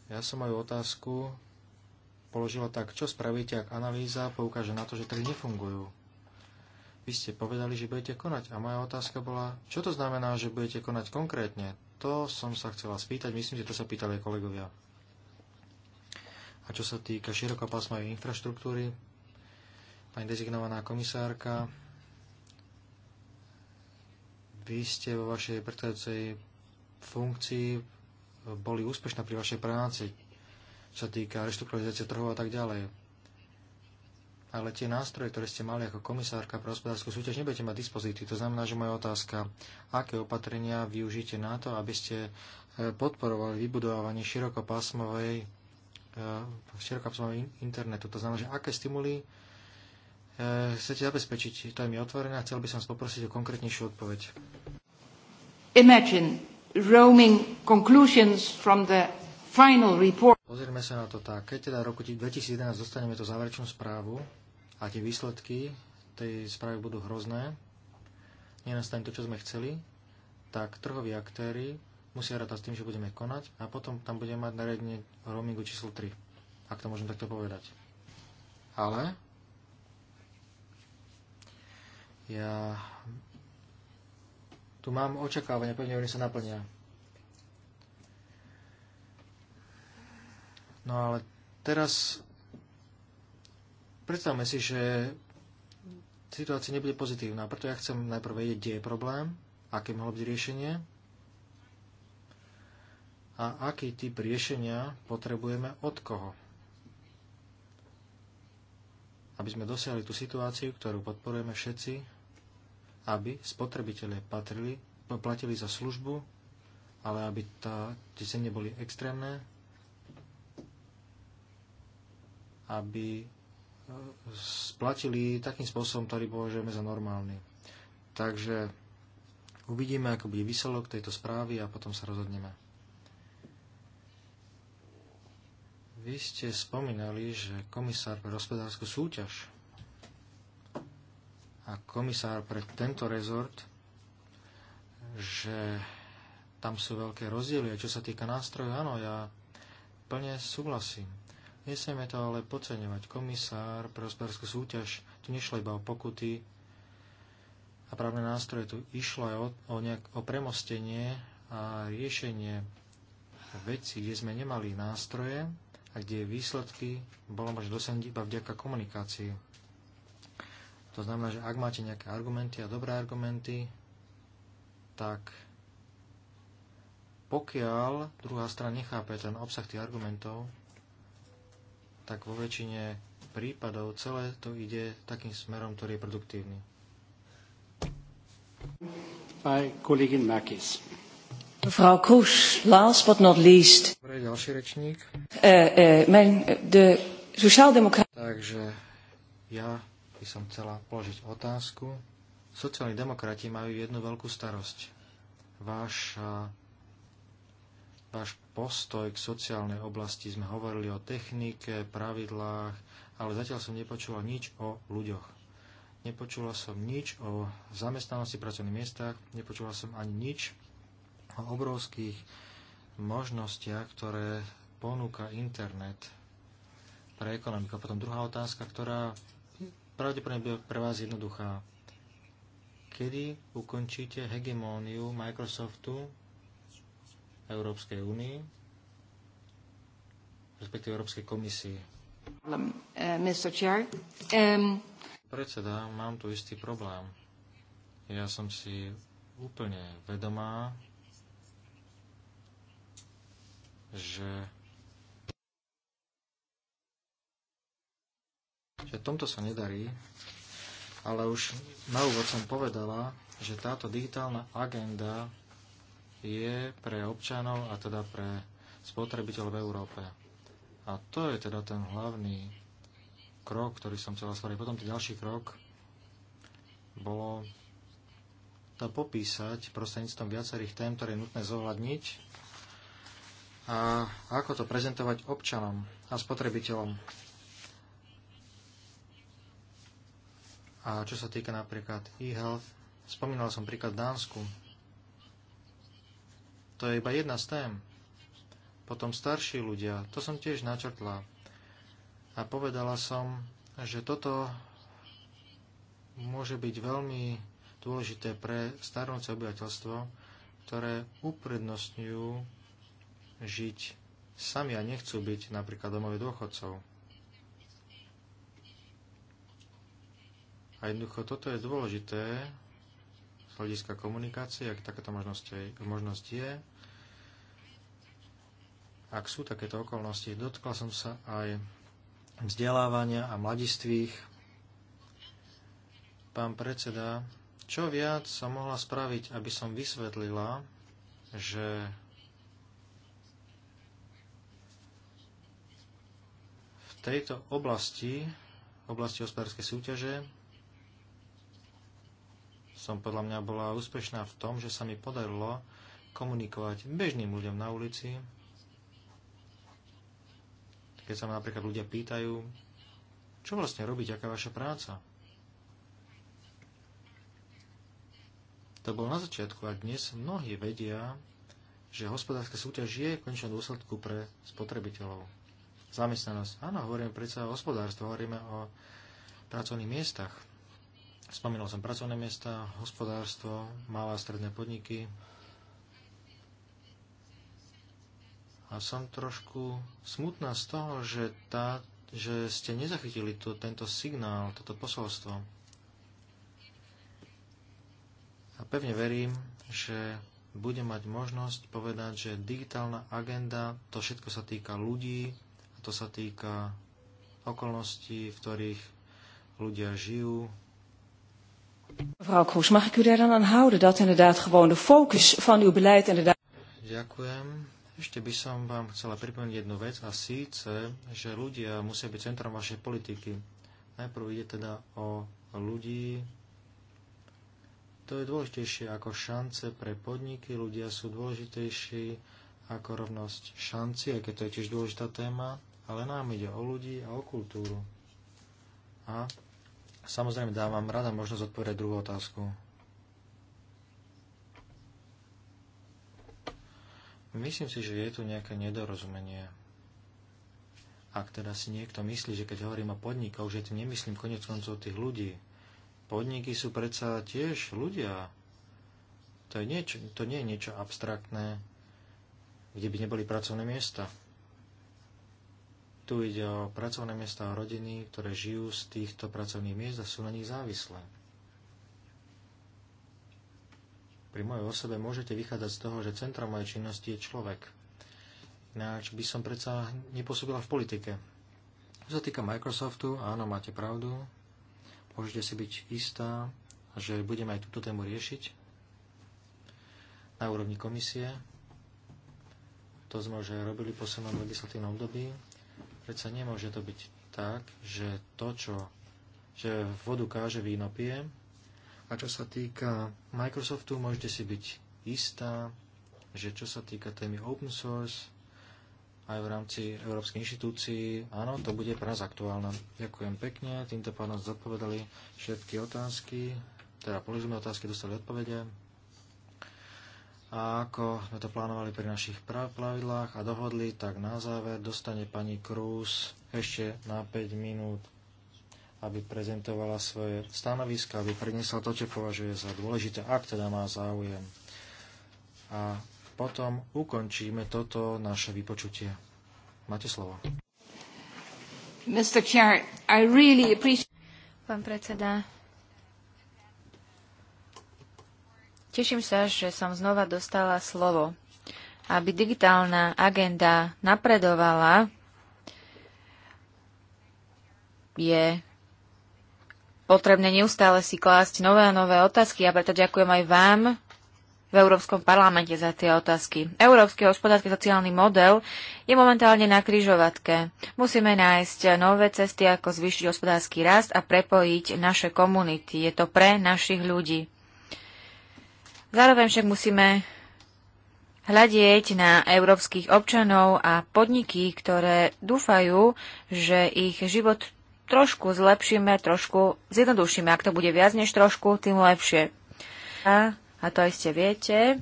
Ja som moju otázku položila tak, čo spravíte, ak analýza poukáže na to, že trhy nefungujú. Vy ste povedali, že budete konať a moja otázka bola, čo to znamená, že budete konať konkrétne? to som sa chcela spýtať, myslím, že to sa pýtali aj kolegovia. A čo sa týka širokopásmovej infraštruktúry, pani dezignovaná komisárka, vy ste vo vašej predchádzajúcej funkcii boli úspešná pri vašej práci, čo sa týka reštrukturalizácie trhov a tak ďalej ale tie nástroje, ktoré ste mali ako komisárka pre hospodárskú súťaž, nebudete mať dispozíty. To znamená, že moja otázka, aké opatrenia využite na to, aby ste e, podporovali vybudovanie širokopásmovej, e, širokopásmovej internetu. To znamená, že aké stimuly e, chcete zabezpečiť. To je mi otvorené a chcel by som vás poprosiť o konkrétnejšiu odpoveď. Imagine roaming conclusions from the final report. Pozrieme sa na to tak. Keď teda v roku 2011 dostaneme tú záverečnú správu, a tie výsledky tej správy budú hrozné, nenastane to, čo sme chceli, tak trhoví aktéry musia rátať s tým, že budeme konať a potom tam budeme mať nariadenie roamingu číslo 3, ak to môžem takto povedať. Ale ja tu mám očakávania, pevne oni sa naplnia. No ale teraz Predstavme si, že situácia nebude pozitívna, preto ja chcem najprv vedieť, kde je problém, aké mohlo byť riešenie a aký typ riešenia potrebujeme od koho. Aby sme dosiahli tú situáciu, ktorú podporujeme všetci, aby spotrebitelia patrili, platili za službu, ale aby tá, tie ceny neboli extrémne, aby splatili takým spôsobom, ktorý považujeme za normálny. Takže uvidíme, ako bude výsledok tejto správy a potom sa rozhodneme. Vy ste spomínali, že komisár pre hospodárskú súťaž a komisár pre tento rezort, že tam sú veľké rozdiely. A čo sa týka nástrojov, áno, ja plne súhlasím. Nesieme to ale podceňovať. Komisár pre hospodárskú súťaž, tu nešlo iba o pokuty a právne nástroje, tu išlo aj o, o, nejak, o premostenie a riešenie vecí, kde sme nemali nástroje a kde výsledky bolo možno dosiahnuť iba vďaka komunikácii. To znamená, že ak máte nejaké argumenty a dobré argumenty, tak pokiaľ druhá strana nechápe ten obsah tých argumentov, tak vo väčšine prípadov celé to ide takým smerom, ktorý je produktívny. Pán kolegin Makis. Frau Kusch, last but not least. Dobre, ďalší rečník. Uh, uh, de Takže ja by som chcela položiť otázku. Sociálni demokrati majú jednu veľkú starosť. Váša váš postoj k sociálnej oblasti. Sme hovorili o technike, pravidlách, ale zatiaľ som nepočula nič o ľuďoch. Nepočula som nič o zamestnanosti v pracovných miestach, nepočula som ani nič o obrovských možnostiach, ktoré ponúka internet pre ekonomiku. A potom druhá otázka, ktorá pravdepodobne bude pre vás jednoduchá. Kedy ukončíte hegemóniu Microsoftu Európskej únii, respektíve Európskej komisii. Um, uh, um, Predseda, mám tu istý problém. Ja som si úplne vedomá, že že tomto sa nedarí, ale už na úvod som povedala, že táto digitálna agenda je pre občanov a teda pre spotrebiteľov v Európe. A to je teda ten hlavný krok, ktorý som chcel spraviť. Potom ten ďalší krok bolo to popísať prostredníctvom viacerých tém, ktoré je nutné zohľadniť a ako to prezentovať občanom a spotrebiteľom. A čo sa týka napríklad e-health, spomínal som príklad Dánsku, to je iba jedna z tém. Potom starší ľudia, to som tiež načrtla. A povedala som, že toto môže byť veľmi dôležité pre starnúce obyvateľstvo, ktoré uprednostňujú žiť sami a nechcú byť napríklad domové dôchodcov. A jednoducho toto je dôležité hľadiska komunikácie, ak takáto možnosť je, možnosť je. Ak sú takéto okolnosti, dotkla som sa aj vzdelávania a mladistvých. Pán predseda, čo viac som mohla spraviť, aby som vysvetlila, že v tejto oblasti, oblasti hospodárskej súťaže, som podľa mňa bola úspešná v tom, že sa mi podarilo komunikovať bežným ľuďom na ulici. Keď sa ma napríklad ľudia pýtajú, čo vlastne robíte, aká je vaša práca? To bolo na začiatku a dnes mnohí vedia, že hospodárska súťaž je v končnom dôsledku pre spotrebiteľov. Zamestnanosť. Áno, hovoríme predsa o hospodárstve, hovoríme o pracovných miestach. Spomínal som pracovné miesta, hospodárstvo, malé a stredné podniky. A som trošku smutná z toho, že, tá, že ste nezachytili to, tento signál, toto posolstvo. A pevne verím, že bude mať možnosť povedať, že digitálna agenda, to všetko sa týka ľudí, to sa týka okolností, v ktorých ľudia žijú, Mevrouw Kroes, mag ik u daar dan aan houden dat inderdaad gewoon de focus van uw beleid inderdaad... Ďakujem. Ešte by som vám chcela pripomenúť jednu vec a síce, že ľudia musia byť centrom vašej politiky. Najprv ide teda o ľudí. To je dôležitejšie ako šance pre podniky. Ľudia sú dôležitejší ako rovnosť šanci, aj keď to je tiež dôležitá téma, ale nám ide o ľudí a o kultúru. A Samozrejme, dávam rada možnosť odpovedať druhú otázku. Myslím si, že je tu nejaké nedorozumenie. Ak teda si niekto myslí, že keď hovorím o podnikoch, že tým nemyslím konec koncov tých ľudí. Podniky sú predsa tiež ľudia. To, je niečo, to nie je niečo abstraktné, kde by neboli pracovné miesta. Tu ide o pracovné miesta a rodiny, ktoré žijú z týchto pracovných miest a sú na nich závislé. Pri mojej osobe môžete vychádzať z toho, že centra mojej činnosti je človek. Ináč by som predsa nepôsobila v politike. Čo sa týka Microsoftu, áno, máte pravdu. Môžete si byť istá, že budeme aj túto tému riešiť na úrovni komisie. To sme už robili v poslednom legislatívnom období. Veď sa nemôže to byť tak, že to, čo že vodu káže víno pijem. A čo sa týka Microsoftu, môžete si byť istá, že čo sa týka témy open source, aj v rámci Európskej inštitúcií. Áno, to bude pre nás aktuálne. Ďakujem pekne, týmto pánom zodpovedali všetky otázky, teda položíme otázky, dostali odpovede. A ako sme to plánovali pri našich pravidlách a dohodli, tak na záver dostane pani Krús ešte na 5 minút, aby prezentovala svoje stanoviska, aby prednesla to, čo považuje za dôležité, ak teda má záujem. A potom ukončíme toto naše vypočutie. Máte slovo. Mr. Chair, I really appreciate... Pán predseda, Teším sa, že som znova dostala slovo. Aby digitálna agenda napredovala, je potrebné neustále si klásť nové a nové otázky a preto ďakujem aj vám v Európskom parlamente za tie otázky. Európsky hospodársky sociálny model je momentálne na kryžovatke. Musíme nájsť nové cesty, ako zvýšiť hospodársky rast a prepojiť naše komunity. Je to pre našich ľudí. Zároveň však musíme hľadieť na európskych občanov a podniky, ktoré dúfajú, že ich život trošku zlepšíme, trošku zjednodušíme. Ak to bude viac než trošku, tým lepšie. A, a to ešte viete,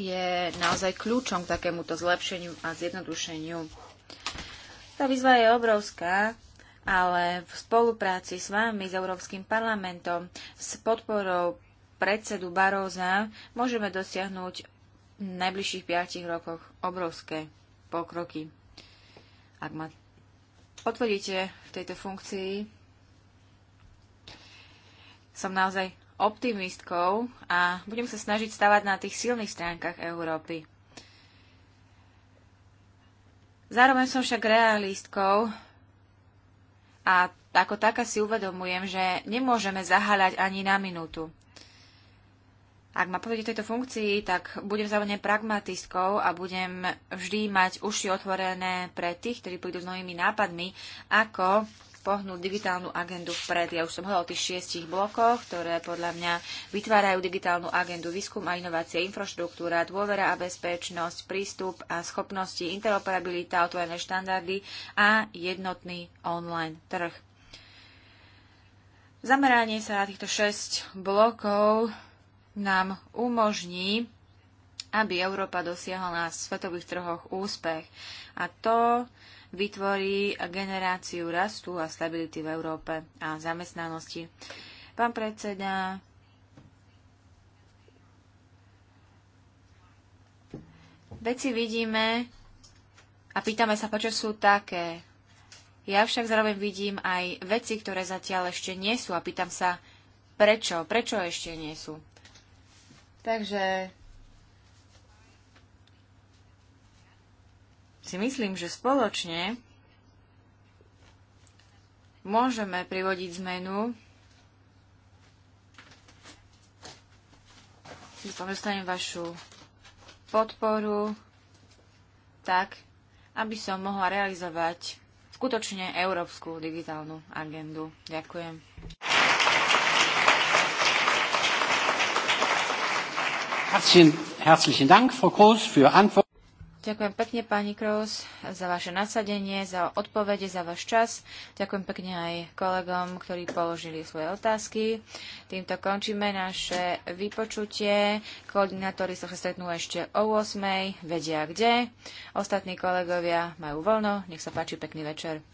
je naozaj kľúčom k takémuto zlepšeniu a zjednodušeniu. Tá výzva je obrovská, ale v spolupráci s vami, s Európskym parlamentom, s podporou predsedu Baróza môžeme dosiahnuť v najbližších 5 rokoch obrovské pokroky. Ak ma potvrdíte v tejto funkcii, som naozaj optimistkou a budem sa snažiť stavať na tých silných stránkach Európy. Zároveň som však realistkou a ako taká si uvedomujem, že nemôžeme zaháľať ani na minútu. Ak ma povedie tejto funkcii, tak budem zároveň pragmatistkou a budem vždy mať uši otvorené pre tých, ktorí prídu s novými nápadmi, ako pohnúť digitálnu agendu vpred. Ja už som hovorila o tých šiestich blokoch, ktoré podľa mňa vytvárajú digitálnu agendu výskum a inovácie, infraštruktúra, dôvera a bezpečnosť, prístup a schopnosti, interoperabilita, otvorené štandardy a jednotný online trh. Zameranie sa na týchto šesť blokov nám umožní, aby Európa dosiahla na svetových trhoch úspech. A to vytvorí generáciu rastu a stability v Európe a zamestnanosti. Pán predseda, veci vidíme a pýtame sa, prečo sú také. Ja však zároveň vidím aj veci, ktoré zatiaľ ešte nie sú a pýtam sa, prečo, prečo ešte nie sú. Takže si myslím, že spoločne môžeme privodiť zmenu. Dúfam, dostanem vašu podporu tak, aby som mohla realizovať skutočne európsku digitálnu agendu. Ďakujem. Ďakujem pekne, pani Kroos, za vaše nasadenie, za odpovede, za váš čas. Ďakujem pekne aj kolegom, ktorí položili svoje otázky. Týmto končíme naše vypočutie. Koordinátori sa stretnú ešte o 8. Vedia kde. Ostatní kolegovia majú voľno. Nech sa páči, pekný večer.